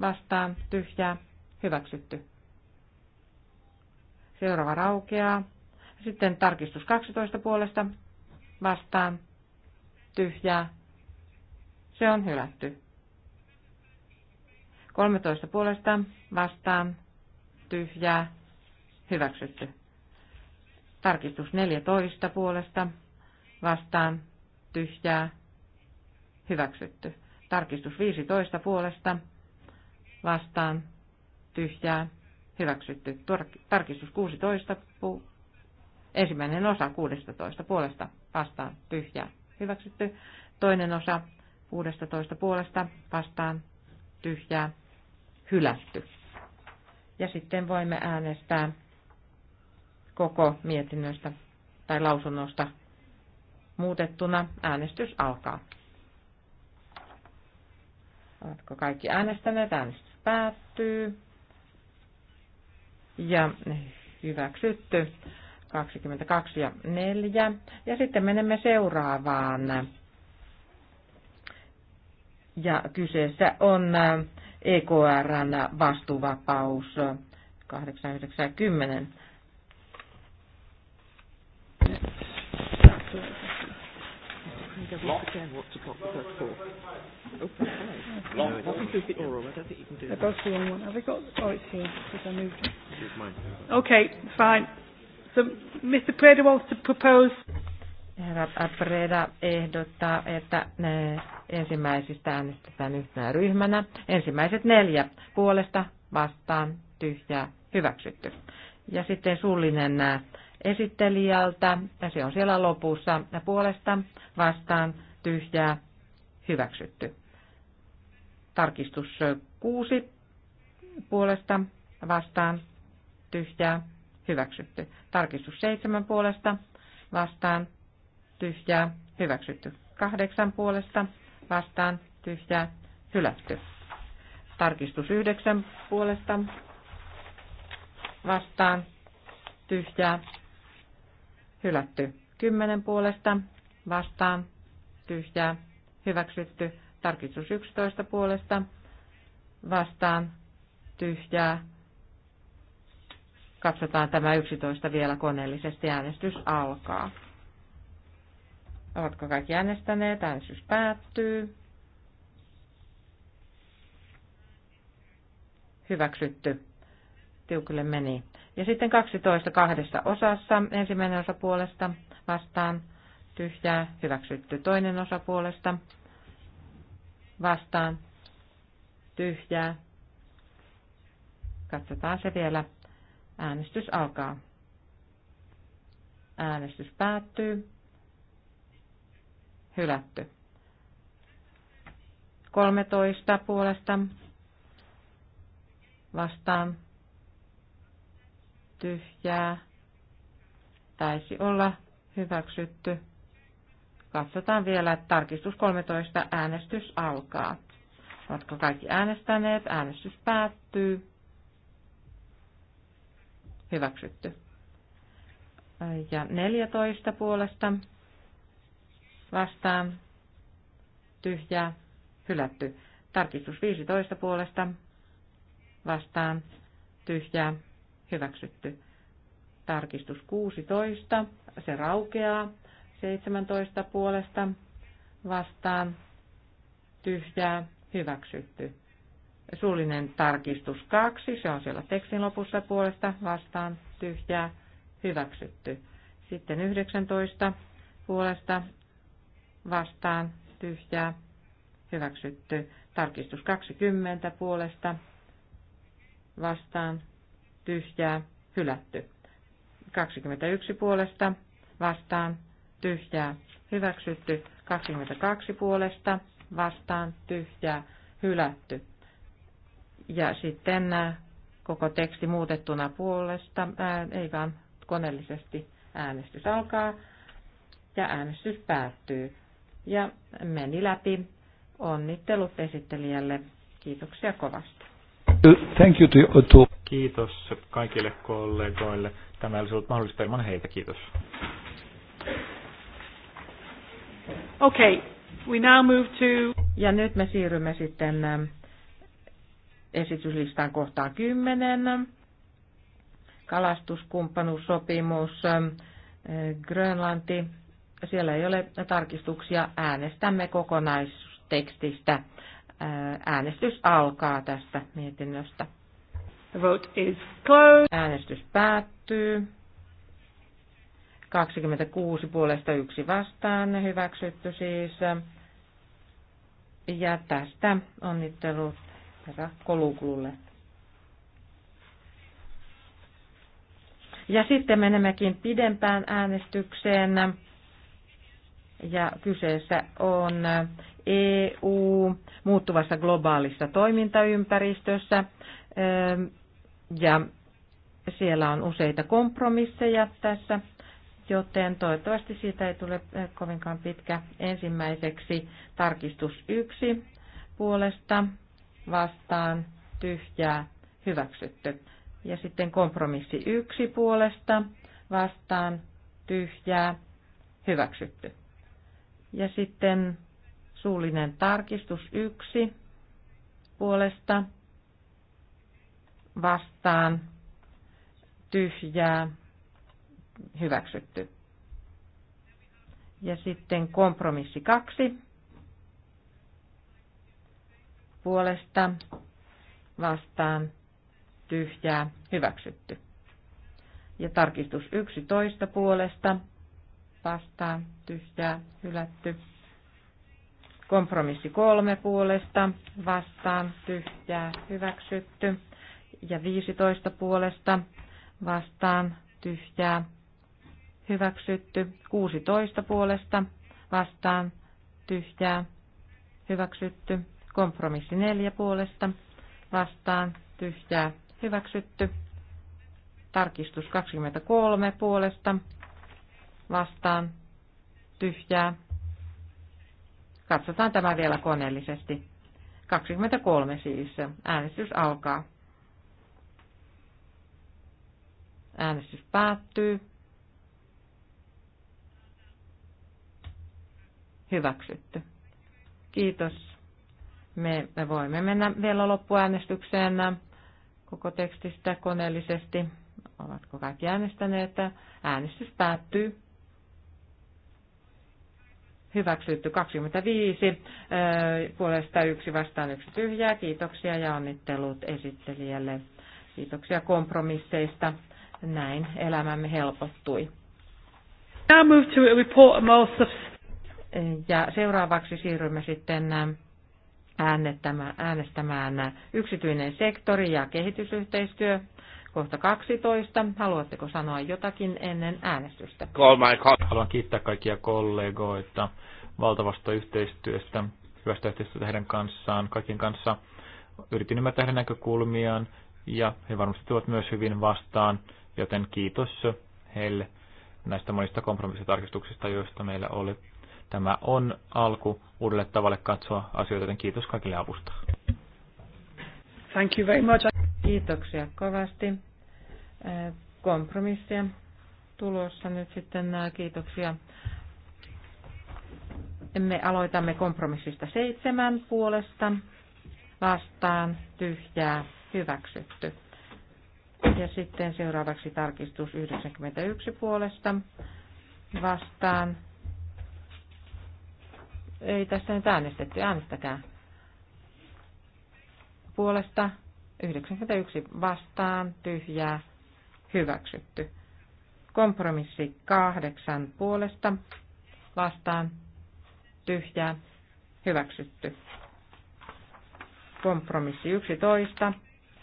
Vastaan. Tyhjää. Hyväksytty. Seuraava raukeaa. Sitten tarkistus 12 puolesta. Vastaan. Tyhjää. Se on hylätty. 13 puolesta. Vastaan. Tyhjää Hyväksytty. Tarkistus 14 puolesta vastaan tyhjää. Hyväksytty. Tarkistus 15 puolesta vastaan tyhjää. Hyväksytty. Tarkistus 16 pu- ensimmäinen osa 16 puolesta vastaan tyhjää. Hyväksytty. Toinen osa 16 puolesta vastaan tyhjää. Hylätty. Ja sitten voimme äänestää koko mietinnöstä tai lausunnosta muutettuna. Äänestys alkaa. Oletko kaikki äänestäneet? Äänestys päättyy. Ja hyväksytty. 22 ja 4. Ja sitten menemme seuraavaan. Ja kyseessä on EKRn vastuuvapaus 890 block. Again, what's block was that for? Open five. Block. No, oral? I don't think you can do that. the wrong one. Have we got? Oh, it's here because I moved. Okay, fine. So Mr. Preda wants to propose. Herra Preda ehdottaa, että ne eh, ensimmäisistä äänestetään yhtenä ryhmänä. Ensimmäiset neljä puolesta vastaan tyhjää hyväksytty. Ja sitten suullinen eh, esittelijältä. Se on siellä lopussa puolesta vastaan tyhjää hyväksytty. Tarkistus 6 puolesta vastaan tyhjää hyväksytty. Tarkistus 7 puolesta vastaan tyhjää hyväksytty. 8 puolesta vastaan tyhjää hylätty. Tarkistus 9 puolesta vastaan tyhjää hylätty. kymmenen puolesta vastaan tyhjää hyväksytty. Tarkistus 11 puolesta vastaan tyhjää. Katsotaan tämä 11 vielä koneellisesti. Äänestys alkaa. Ovatko kaikki äänestäneet? Äänestys päättyy. Hyväksytty. Tiukille meni. Ja sitten 12 kahdessa osassa. Ensimmäinen osa puolesta vastaan tyhjää hyväksytty. Toinen osa puolesta vastaan tyhjää. Katsotaan se vielä. Äänestys alkaa. Äänestys päättyy. Hylätty. 13 puolesta vastaan tyhjää. Taisi olla hyväksytty. Katsotaan vielä, että tarkistus 13 äänestys alkaa. Oletko kaikki äänestäneet? Äänestys päättyy. Hyväksytty. Ja 14 puolesta vastaan tyhjää, hylätty. Tarkistus 15 puolesta vastaan tyhjää, hyväksytty. Tarkistus 16, se raukeaa 17 puolesta vastaan tyhjää hyväksytty. Suullinen tarkistus 2, se on siellä tekstin lopussa puolesta vastaan tyhjää hyväksytty. Sitten 19 puolesta vastaan tyhjää hyväksytty. Tarkistus 20 puolesta vastaan tyhjää, hylätty. 21 puolesta vastaan, tyhjää, hyväksytty. 22 puolesta vastaan, tyhjää, hylätty. Ja sitten äh, koko teksti muutettuna puolesta, ää, äh, ei vaan koneellisesti äänestys alkaa ja äänestys päättyy. Ja meni läpi. Onnittelut esittelijälle. Kiitoksia kovasti. Thank you to, to. Kiitos kaikille kollegoille. Tämä olisi ollut mahdollista ilman heitä. Kiitos. Okay, we now move to... Ja nyt me siirrymme sitten ähm, esityslistan kohtaan 10. Kalastuskumppanuussopimus ähm, Grönlanti. Siellä ei ole tarkistuksia. Äänestämme kokonaistekstistä. Äh, äänestys alkaa tästä mietinnöstä. The vote is closed. Äänestys päättyy. 26 puolesta yksi vastaan hyväksytty siis. Ja tästä onnittelut herra Koluklulle. Ja sitten menemmekin pidempään äänestykseen. Ja kyseessä on EU muuttuvassa globaalissa toimintaympäristössä ja siellä on useita kompromisseja tässä, joten toivottavasti siitä ei tule eh, kovinkaan pitkä. Ensimmäiseksi tarkistus yksi puolesta vastaan tyhjää hyväksytty. Ja sitten kompromissi yksi puolesta vastaan tyhjää hyväksytty. Ja sitten suullinen tarkistus yksi puolesta vastaan tyhjää hyväksytty. Ja sitten kompromissi kaksi puolesta vastaan tyhjää hyväksytty. Ja tarkistus 11 puolesta vastaan tyhjää hylätty. Kompromissi kolme puolesta vastaan tyhjää hyväksytty ja 15 puolesta vastaan tyhjää hyväksytty. 16 puolesta vastaan tyhjää hyväksytty. Kompromissi 4 puolesta vastaan tyhjää hyväksytty. Tarkistus 23 puolesta vastaan tyhjää. Katsotaan tämä vielä koneellisesti. 23 siis. Äänestys alkaa. Äänestys päättyy. Hyväksytty. Kiitos. Me, me voimme mennä vielä loppuäänestykseen koko tekstistä koneellisesti. Ovatko kaikki äänestäneet? Äänestys päättyy. Hyväksytty 25, puolesta yksi vastaan yksi tyhjää. Kiitoksia ja onnittelut esittelijälle. Kiitoksia kompromisseista näin elämämme helpottui. Now move to a report of ja seuraavaksi siirrymme sitten äh, äänestämään äh, yksityinen sektori ja kehitysyhteistyö. Kohta 12. Haluatteko sanoa jotakin ennen äänestystä? Haluan kiittää kaikkia kollegoita valtavasta yhteistyöstä, hyvästä yhteistyöstä heidän kanssaan, kaikkien kanssa. Yritin ymmärtää heidän näkökulmiaan ja he varmasti tuovat myös hyvin vastaan Joten kiitos heille näistä monista kompromissitarkistuksista, joista meillä oli. Tämä on alku uudelle tavalle katsoa asioita, joten kiitos kaikille avusta. Thank you very much. Kiitoksia kovasti. Äh, kompromissia tulossa nyt sitten. Äh, kiitoksia. Me aloitamme kompromissista seitsemän puolesta vastaan tyhjää hyväksytty. Ja sitten seuraavaksi tarkistus 91 puolesta vastaan. Ei tässä nyt äänestetty, äänestäkää. Puolesta 91 vastaan, tyhjää, hyväksytty. Kompromissi 8 puolesta vastaan, tyhjää, hyväksytty. Kompromissi 11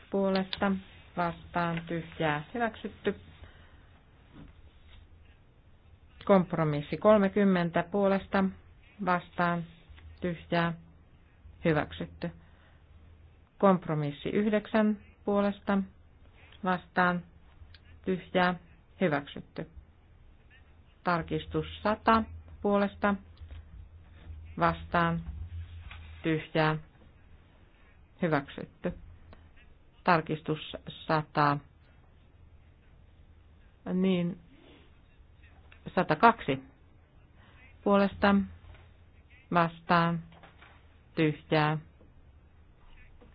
puolesta vastaan tyhjää hyväksytty. Kompromissi 30 puolesta vastaan tyhjää hyväksytty. Kompromissi 9 puolesta vastaan tyhjää hyväksytty. Tarkistus 100 puolesta vastaan tyhjää hyväksytty tarkistus 100, niin 102 puolesta vastaan tyhjää.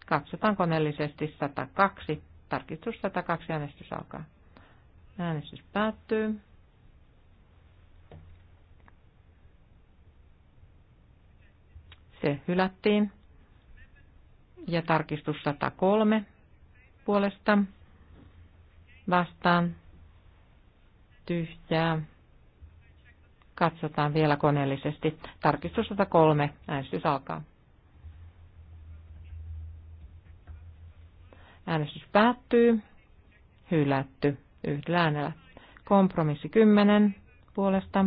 Katsotaan koneellisesti 102. Tarkistus 102 äänestys alkaa. Äänestys päättyy. Se hylättiin. Ja tarkistus 103 puolesta vastaan tyhjää. Katsotaan vielä koneellisesti. Tarkistus 103. Äänestys alkaa. Äänestys päättyy. Hylätty yhdellä äänellä. Kompromissi 10 puolesta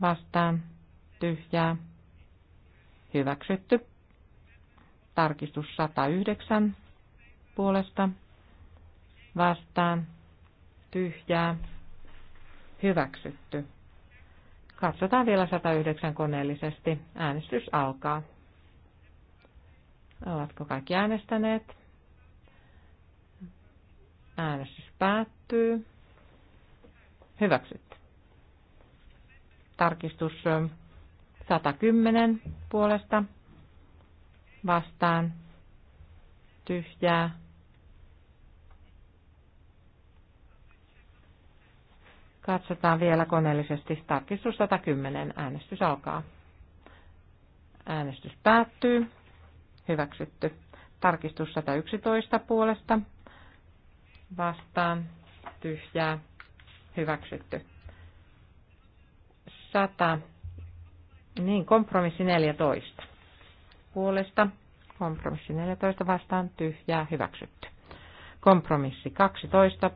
vastaan tyhjää. Hyväksytty. Tarkistus 109 puolesta vastaan tyhjää hyväksytty. Katsotaan vielä 109 koneellisesti. Äänestys alkaa. Ovatko kaikki äänestäneet? Äänestys päättyy. Hyväksytty. Tarkistus 110 puolesta vastaan tyhjää Katsotaan vielä koneellisesti. Tarkistus 110. Äänestys alkaa. Äänestys päättyy. Hyväksytty. Tarkistus 111 puolesta. Vastaan. Tyhjää. Hyväksytty. 100. Niin, kompromissi 14. Puolesta. Kompromissi 14 vastaan. Tyhjää. Hyväksytty. Kompromissi 12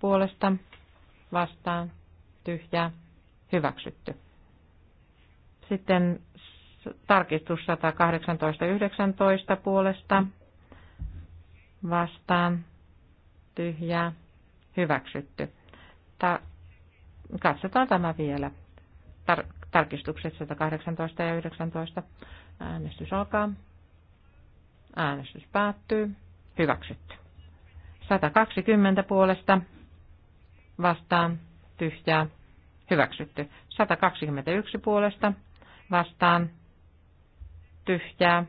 puolesta vastaan, tyhjää, hyväksytty. Sitten tarkistus 118.19 puolesta vastaan, tyhjää, hyväksytty. Ta- katsotaan tämä vielä. Tar- tarkistukset 118 ja 19. Äänestys alkaa. Äänestys päättyy. Hyväksytty. 120 puolesta vastaan tyhjää hyväksytty. 121 puolesta vastaan tyhjää.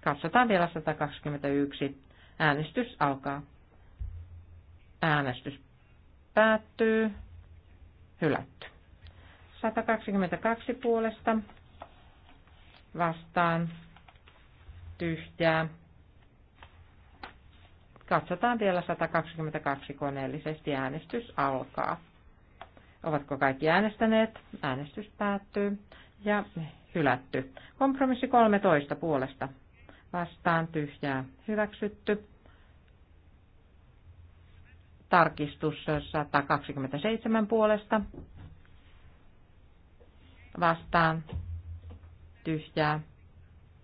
Katsotaan vielä 121. Äänestys alkaa. Äänestys päättyy. Hylätty. 122 puolesta vastaan tyhjää Katsotaan vielä 122 koneellisesti. Äänestys alkaa. Ovatko kaikki äänestäneet? Äänestys päättyy ja hylätty. Kompromissi 13 puolesta. Vastaan tyhjää. Hyväksytty. Tarkistus 127 puolesta. Vastaan tyhjää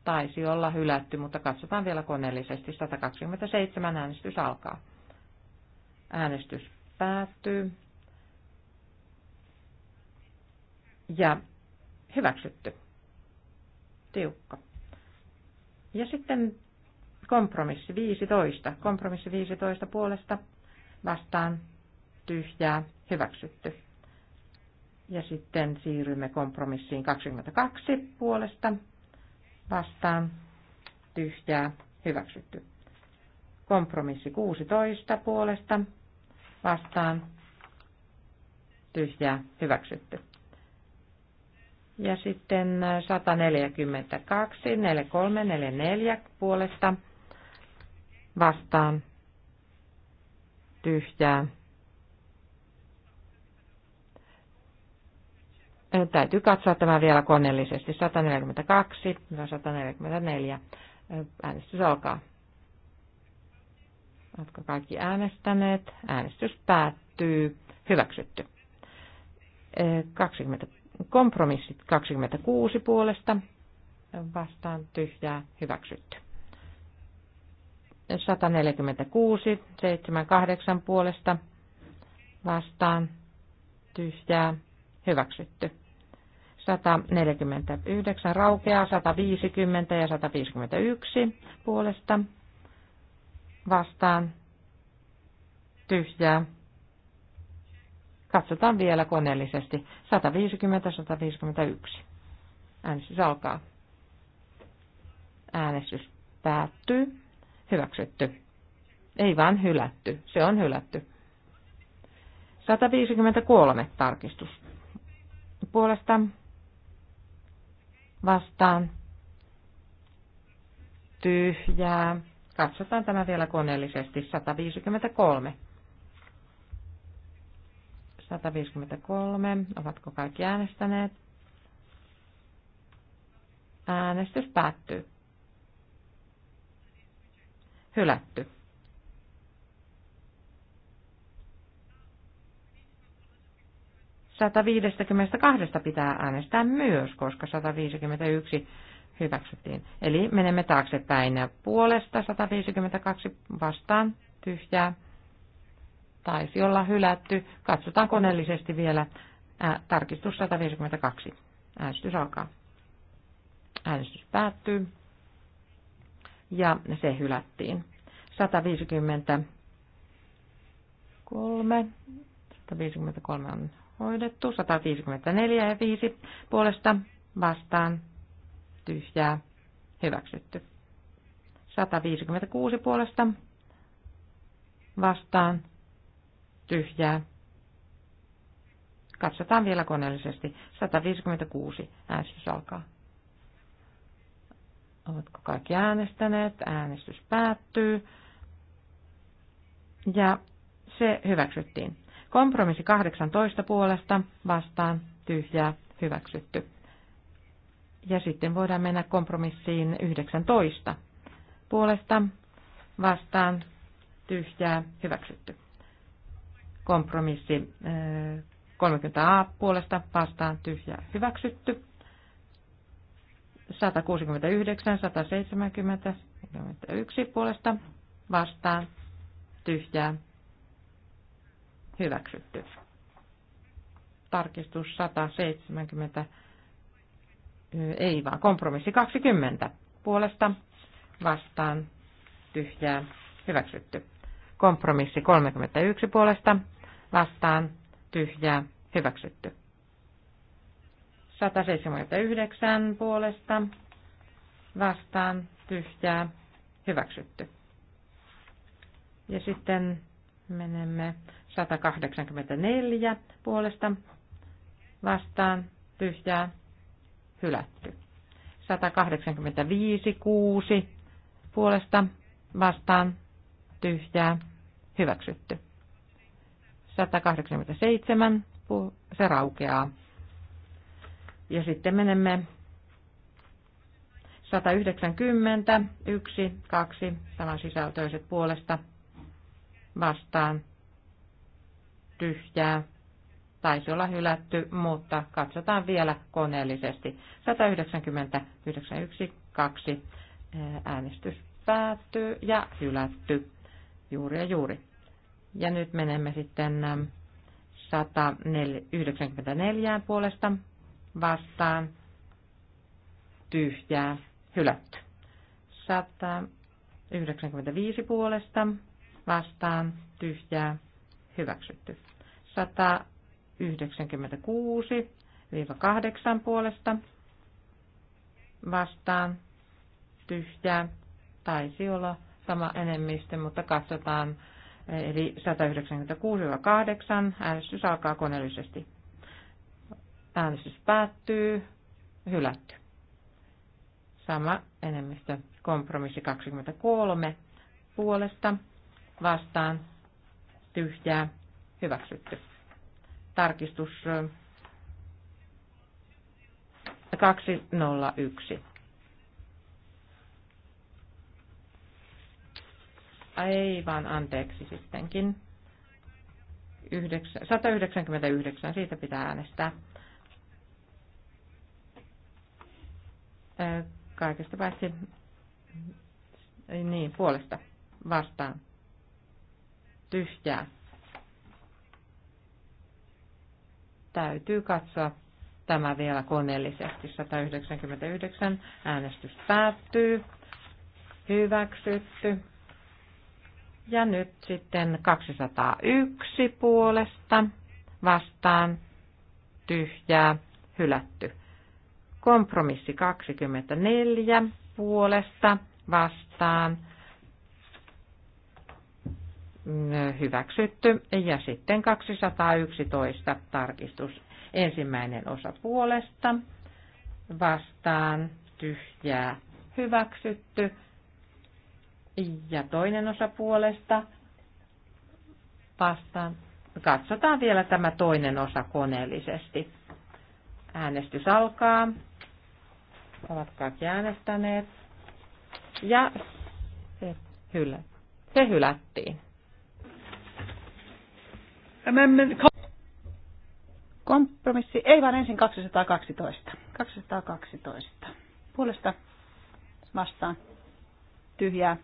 taisi olla hylätty, mutta katsotaan vielä koneellisesti. 127 äänestys alkaa. Äänestys päättyy. Ja hyväksytty. Tiukka. Ja sitten kompromissi 15. Kompromissi 15 puolesta vastaan tyhjää hyväksytty. Ja sitten siirrymme kompromissiin 22 puolesta vastaan tyhjää hyväksytty. Kompromissi 16 puolesta vastaan tyhjää hyväksytty. Ja sitten 142, 43, 44 puolesta vastaan tyhjää Täytyy katsoa tämä vielä koneellisesti. 142 144. Äänestys alkaa. Oletko kaikki äänestäneet? Äänestys päättyy. Hyväksytty. 20, kompromissit 26 puolesta vastaan tyhjää hyväksytty. 146, 78 puolesta vastaan tyhjää hyväksytty. 149 raukeaa, 150 ja 151 puolesta vastaan tyhjää. Katsotaan vielä koneellisesti. 150-151. Äänestys alkaa. Äänestys päättyy. Hyväksytty. Ei vaan hylätty. Se on hylätty. 153 tarkistus. Puolesta vastaan tyhjää. Katsotaan tämä vielä koneellisesti. 153. 153. Ovatko kaikki äänestäneet? Äänestys päättyy. Hylätty. 152 pitää äänestää myös, koska 151 hyväksyttiin. Eli menemme taaksepäin puolesta 152 vastaan tyhjää. Taisi olla hylätty. Katsotaan koneellisesti vielä. Ää, tarkistus 152. Äänestys alkaa. Äänestys päättyy. Ja se hylättiin. 153. 153 on hoidettu. 154 ja 5 puolesta vastaan tyhjää hyväksytty. 156 puolesta vastaan tyhjää. Katsotaan vielä koneellisesti. 156 äänestys alkaa. Ovatko kaikki äänestäneet? Äänestys päättyy. Ja se hyväksyttiin. Kompromissi 18 puolesta vastaan tyhjää hyväksytty. Ja sitten voidaan mennä kompromissiin 19 puolesta vastaan tyhjää hyväksytty. Kompromissi 30a äh, puolesta vastaan tyhjää hyväksytty. 169, 170, 41 puolesta vastaan tyhjää Hyväksytty. Tarkistus 170. Eh, ei vaan. Kompromissi 20. Puolesta vastaan tyhjää. Hyväksytty. Kompromissi 31 puolesta vastaan tyhjää. Hyväksytty. 179 puolesta vastaan tyhjää. Hyväksytty. Ja sitten menemme 184 puolesta vastaan tyhjää hylätty. 185 6 puolesta vastaan tyhjää hyväksytty. 187 se raukeaa. Ja sitten menemme 190, 1, 2, tämän sisältöiset puolesta vastaan tyhjää. Taisi olla hylätty, mutta katsotaan vielä koneellisesti. 199.12 äänestys päättyy ja hylätty juuri ja juuri. Ja nyt menemme sitten 194 ähm, puolesta vastaan tyhjää hylätty. 195 puolesta vastaan tyhjää hyväksytty. 196-8 puolesta vastaan tyhjää. Taisi olla sama enemmistö, mutta katsotaan. Eli 196-8 äänestys alkaa koneellisesti. Äänestys päättyy. Hylätty. Sama enemmistö. Kompromissi 23 puolesta vastaan tyhjää hyväksytty. Tarkistus 201. Ei vaan anteeksi sittenkin. 199, siitä pitää äänestää. Kaikesta paitsi niin, puolesta vastaan. Tyhjää täytyy katsoa tämä vielä koneellisesti. 199 äänestys päättyy. Hyväksytty. Ja nyt sitten 201 puolesta vastaan tyhjää hylätty. Kompromissi 24 puolesta vastaan hyväksytty. Ja sitten 211 tarkistus. Ensimmäinen osa puolesta vastaan tyhjää hyväksytty. Ja toinen osa puolesta vastaan. Katsotaan vielä tämä toinen osa koneellisesti. Äänestys alkaa. Ovat kaikki äänestäneet. Ja se, hylä, se hylättiin. Kompromissi, ei vaan ensin 212. 212. Puolesta vastaan tyhjää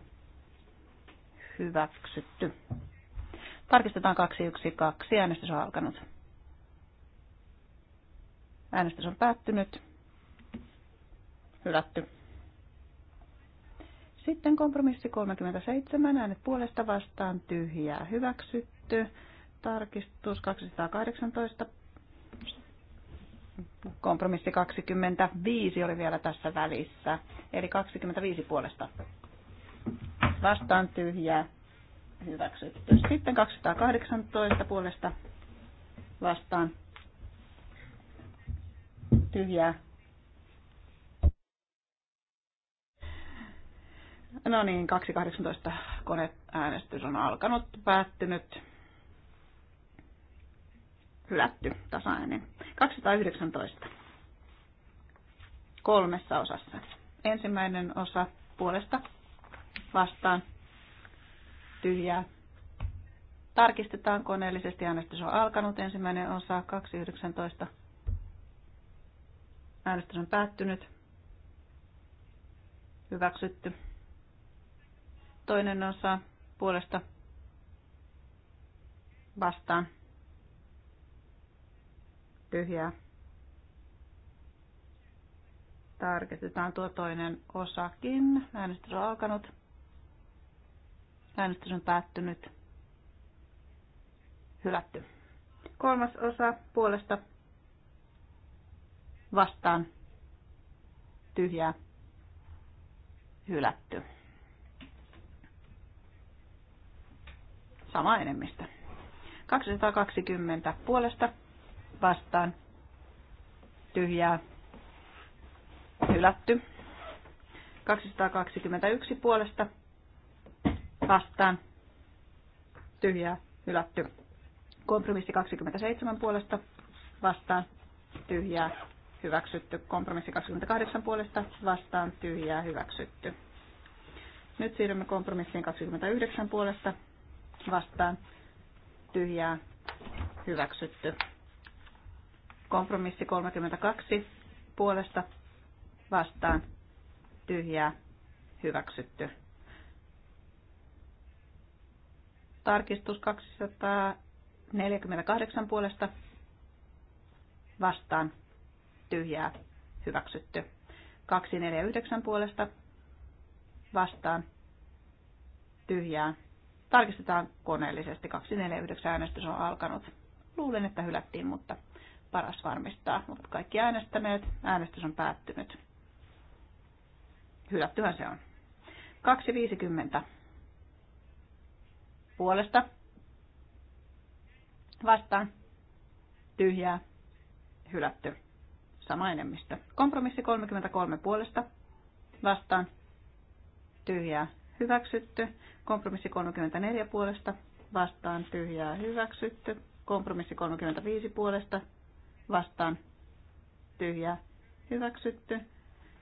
hyväksytty. Tarkistetaan 212. Äänestys on alkanut. Äänestys on päättynyt. Hylätty. Sitten kompromissi 37. Äänet puolesta vastaan tyhjää hyväksytty. Tarkistus 218. Kompromissi 25 oli vielä tässä välissä. Eli 25 puolesta. Vastaan tyhjää. Hyväksytty. Sitten 218 puolesta vastaan tyhjää. No niin, 2.18 koneäänestys on alkanut, päättynyt hylätty tasainen. 219. Kolmessa osassa. Ensimmäinen osa puolesta vastaan tyhjää. Tarkistetaan koneellisesti. Äänestys on alkanut. Ensimmäinen osa 219. Äänestys on päättynyt. Hyväksytty. Toinen osa puolesta vastaan tyhjää. Tarkistetaan tuo toinen osakin. Äänestys on alkanut. Äänestys on päättynyt. Hylätty. Kolmas osa puolesta vastaan tyhjää. Hylätty. Sama enemmistö. 220 puolesta vastaan tyhjää hylätty. 221 puolesta vastaan tyhjää hylätty. Kompromissi 27 puolesta vastaan tyhjää hyväksytty. Kompromissi 28 puolesta vastaan tyhjää hyväksytty. Nyt siirrymme kompromissiin 29 puolesta vastaan tyhjää hyväksytty. Kompromissi 32 puolesta vastaan tyhjää hyväksytty. Tarkistus 248 puolesta vastaan tyhjää hyväksytty. 249 puolesta vastaan tyhjää. Tarkistetaan koneellisesti. 249 äänestys on alkanut. Luulen, että hylättiin, mutta paras varmistaa. mutta kaikki äänestäneet. Äänestys on päättynyt. Hylättyhän se on. 2.50 puolesta. Vastaan. Tyhjää. Hylätty. Sama enemmistö. Kompromissi 33 puolesta. Vastaan. Tyhjää. Hyväksytty. Kompromissi 34 puolesta. Vastaan. Tyhjää. Hyväksytty. Kompromissi 35 puolesta vastaan tyhjää hyväksytty.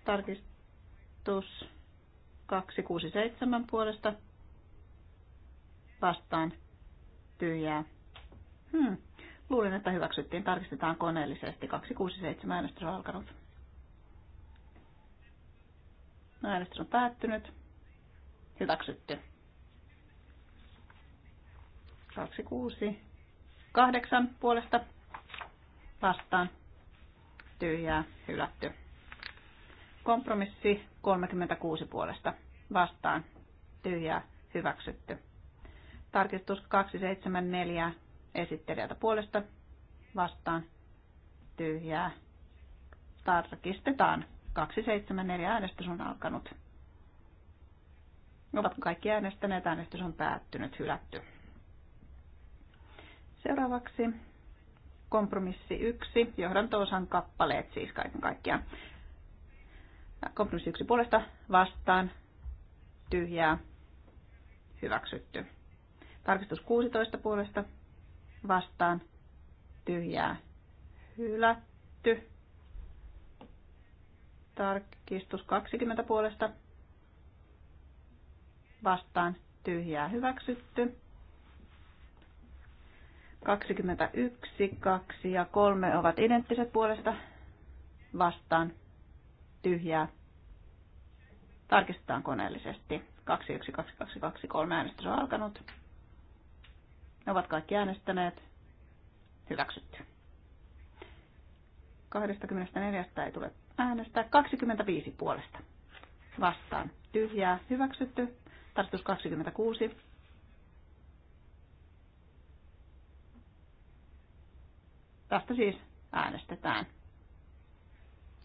Tarkistus 267 puolesta vastaan tyhjää. Hmm. Luulin, että hyväksyttiin. Tarkistetaan koneellisesti. 267 äänestys on alkanut. No, äänestys on päättynyt. Hyväksytty. 268 puolesta vastaan tyhjää hylätty. Kompromissi 36 puolesta vastaan tyhjää hyväksytty. Tarkistus 274 esittelijältä puolesta vastaan tyhjää. Tarkistetaan. 274 äänestys on alkanut. Ovatko kaikki äänestäneet? Äänestys on päättynyt, hylätty. Seuraavaksi kompromissi 1, johdantoosan kappaleet siis kaiken kaikkiaan. Kompromissi 1 puolesta vastaan, tyhjää, hyväksytty. Tarkistus 16 puolesta vastaan, tyhjää, hylätty. Tarkistus 20 puolesta vastaan, tyhjää, hyväksytty. 21, 2 ja 3 ovat identtiset puolesta vastaan tyhjää. Tarkistetaan koneellisesti. 2, 1, 2, 2, 2, 3 äänestys on alkanut. Ne ovat kaikki äänestäneet. Hyväksytty. 24 ei tule äänestää. 25 puolesta vastaan. Tyhjää. Hyväksytty. Tarkistus 26 Tästä siis äänestetään.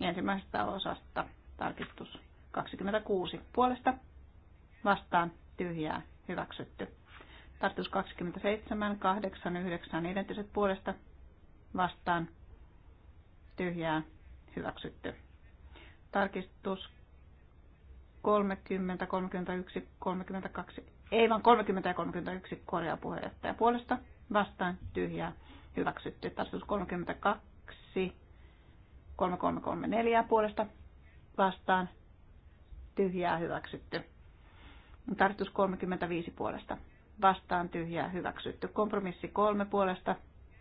Ensimmäisestä osasta tarkistus 26 puolesta vastaan tyhjää hyväksytty. Tarkistus 27, 8, 9 identtiset puolesta vastaan tyhjää hyväksytty. Tarkistus 30, 31, 32, ei vaan 30 ja 31 korjaa puheenjohtaja puolesta vastaan tyhjää hyväksytty. Tarkistus 32, 3334 puolesta vastaan, tyhjää hyväksytty. Tarkistus 35 puolesta vastaan, tyhjää hyväksytty. Kompromissi 3 puolesta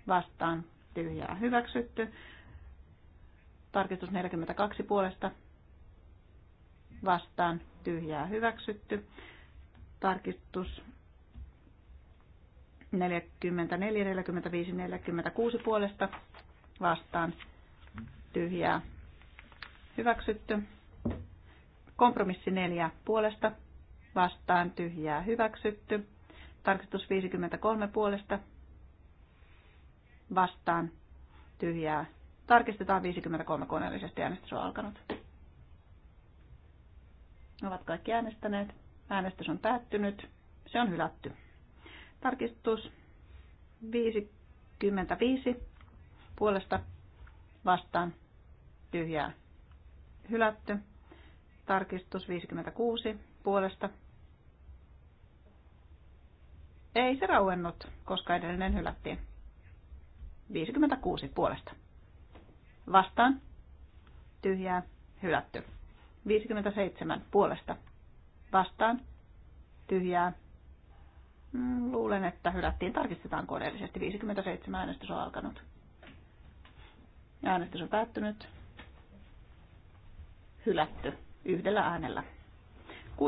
vastaan, tyhjää hyväksytty. Tarkistus 42 puolesta vastaan, tyhjää hyväksytty. Tarkistus 44, 45, 46 puolesta vastaan tyhjää hyväksytty. Kompromissi 4 puolesta vastaan tyhjää hyväksytty. Tarkistus 53 puolesta vastaan tyhjää. Tarkistetaan 53 koneellisesti äänestys on alkanut. Ovat kaikki äänestäneet. Äänestys on päättynyt. Se on hylätty. Tarkistus 55 puolesta vastaan tyhjää hylätty. Tarkistus 56 puolesta. Ei se rauennut, koska edellinen hylättiin. 56 puolesta. Vastaan tyhjää hylätty. 57 puolesta. Vastaan tyhjää Mm, luulen, että hylättiin. Tarkistetaan koneellisesti. 57 äänestys on alkanut. Äänestys on päättynyt. Hylätty. Yhdellä äänellä. 61-63.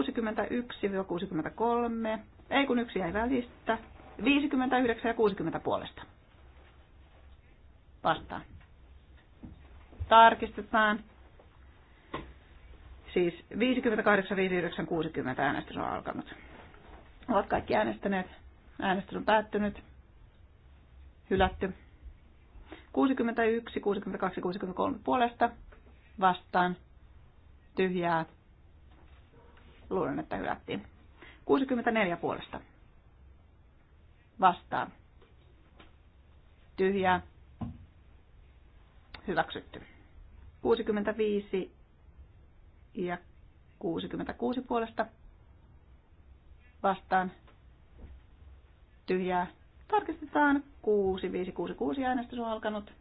Ei kun yksi jäi välistä. 59 ja 60 puolesta. Vastaan. Tarkistetaan. Siis 58, 59, 60 äänestys on alkanut. Ovat kaikki äänestäneet. Äänestys on päättynyt. Hylätty. 61, 62, 63 puolesta vastaan. Tyhjää. Luulen, että hylättiin. 64 puolesta vastaan. Tyhjää. Hyväksytty. 65 ja 66 puolesta vastaan tyhjää. Tarkistetaan 6 äänestys on alkanut.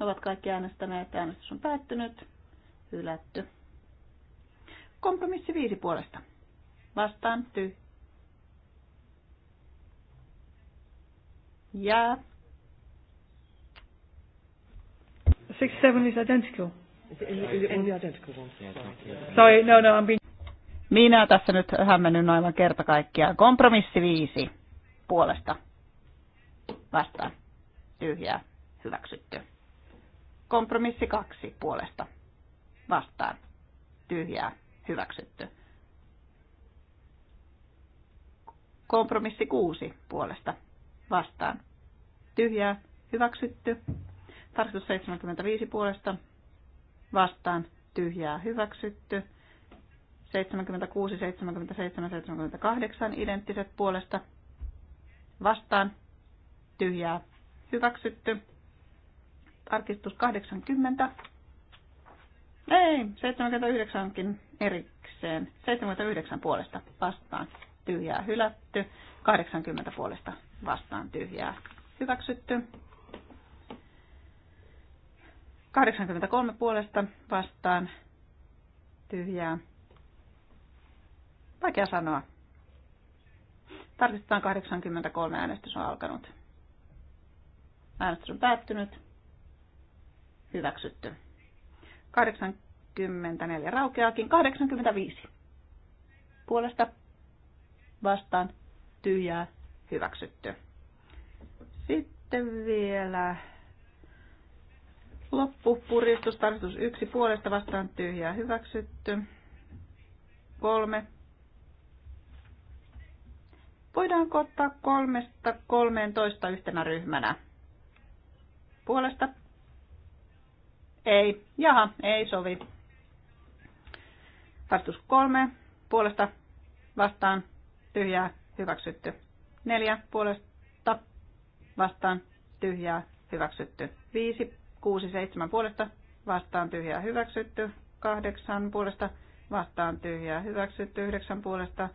Ovat kaikki äänestäneet, äänestys on päättynyt, hylätty. Kompromissi viisi puolesta. Vastaan ty. Ja. Six seven is identical. Sorry, no, no, I'm being... Minä tässä nyt hämmennyn aivan kerta kaikkiaan. Kompromissi viisi puolesta vastaan. Tyhjää hyväksytty. Kompromissi kaksi puolesta vastaan. Tyhjää hyväksytty. Kompromissi kuusi puolesta vastaan. Tyhjää hyväksytty. Tarkoitus 75 puolesta vastaan. Tyhjää hyväksytty. 76, 77, 78 identtiset puolesta vastaan tyhjää hyväksytty. Tarkistus 80. Ei, 79kin erikseen. 79 puolesta vastaan tyhjää hylätty. 80 puolesta vastaan tyhjää hyväksytty. 83 puolesta vastaan tyhjää Vaikea sanoa. Tarkistetaan 83 äänestys on alkanut. Äänestys on päättynyt. Hyväksytty. 84 raukeakin. 85. Puolesta vastaan tyhjää hyväksytty. Sitten vielä loppu puristus, tarkistus 1 puolesta vastaan tyhjää hyväksytty. 3 Voidaanko ottaa kolmesta kolmeen toista yhtenä ryhmänä? Puolesta? Ei. Jaha, ei sovi. Vastus kolme. Puolesta vastaan. Tyhjää. Hyväksytty. Neljä. Puolesta vastaan. Tyhjää. Hyväksytty. Viisi. Kuusi. Seitsemän. Puolesta vastaan. Tyhjää. Hyväksytty. Kahdeksan. Puolesta vastaan. Tyhjää. Hyväksytty. Yhdeksän. Puolesta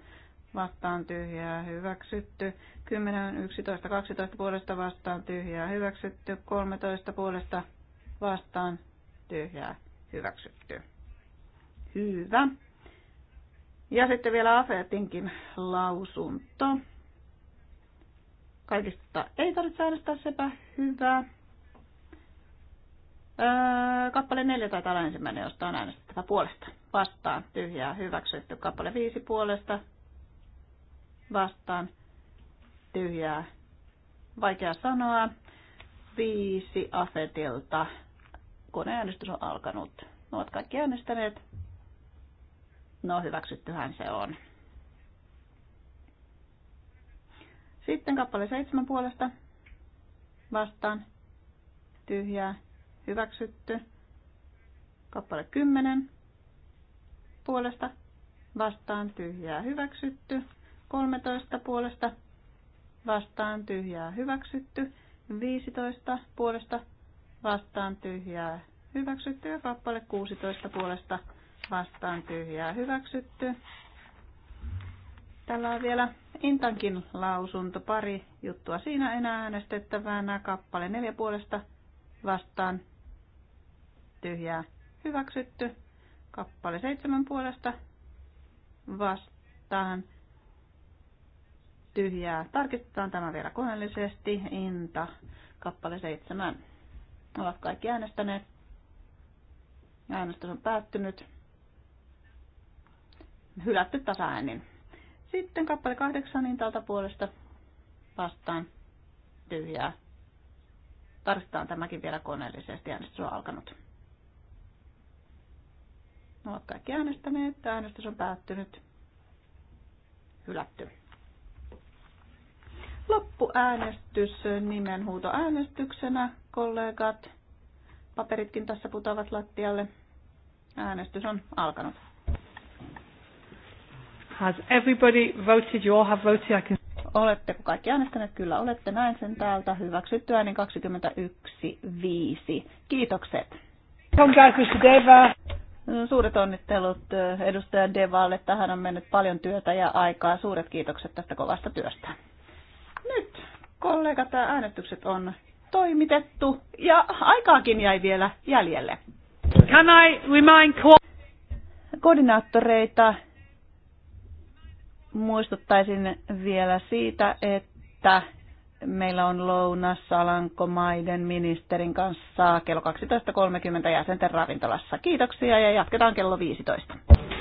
vastaan tyhjää hyväksytty. 10, 11, 12 puolesta vastaan tyhjää hyväksytty. 13 puolesta vastaan tyhjää hyväksytty. Hyvä. Ja sitten vielä Afetinkin lausunto. Kaikista ei tarvitse äänestää sepä hyvää. Öö, kappale 4 tai olla ensimmäinen, josta on äänestettävä puolesta. Vastaan tyhjää hyväksytty. Kappale 5 puolesta vastaan tyhjää. Vaikea sanoa. Viisi afetilta. Koneäänestys on alkanut. Ovat kaikki äänestäneet. No hyväksyttyhän se on. Sitten kappale seitsemän puolesta. Vastaan. Tyhjää. Hyväksytty. Kappale kymmenen Puolesta. Vastaan. Tyhjää. Hyväksytty. 13 puolesta vastaan tyhjää hyväksytty. 15 puolesta vastaan tyhjää hyväksytty ja kappale 16 puolesta vastaan tyhjää hyväksytty. Tällä on vielä Intankin lausunto, pari juttua siinä enää Nämä kappale 4 puolesta vastaan tyhjää hyväksytty, kappale 7 puolesta vastaan tyhjää. Tarkistetaan tämä vielä koneellisesti. Inta, kappale 7. Ovat kaikki äänestäneet. Äänestys on päättynyt. Hylätty tasaäänin. Sitten kappale 8 Intalta puolesta vastaan tyhjää. Tarkistetaan tämäkin vielä koneellisesti. Äänestys on alkanut. Ovat kaikki äänestäneet. Äänestys on päättynyt. Hylätty. Loppuäänestys nimenhuutoäänestyksenä, kollegat. Paperitkin tässä putoavat lattialle. Äänestys on alkanut. Has everybody voted? You all have voted. I can... Oletteko kaikki äänestäneet? Kyllä olette. Näin sen täältä. Hyväksytty Niin 21.5. Kiitokset. Suuret onnittelut eh, edustaja Devalle. Tähän on mennyt paljon työtä ja aikaa. Suuret kiitokset tästä kovasta työstä kollegat, äänestykset on toimitettu ja aikaakin jäi vielä jäljelle. Can I remind koordinaattoreita muistuttaisin vielä siitä, että meillä on lounas Alankomaiden ministerin kanssa kello 12.30 jäsenten ravintolassa. Kiitoksia ja jatketaan kello 15.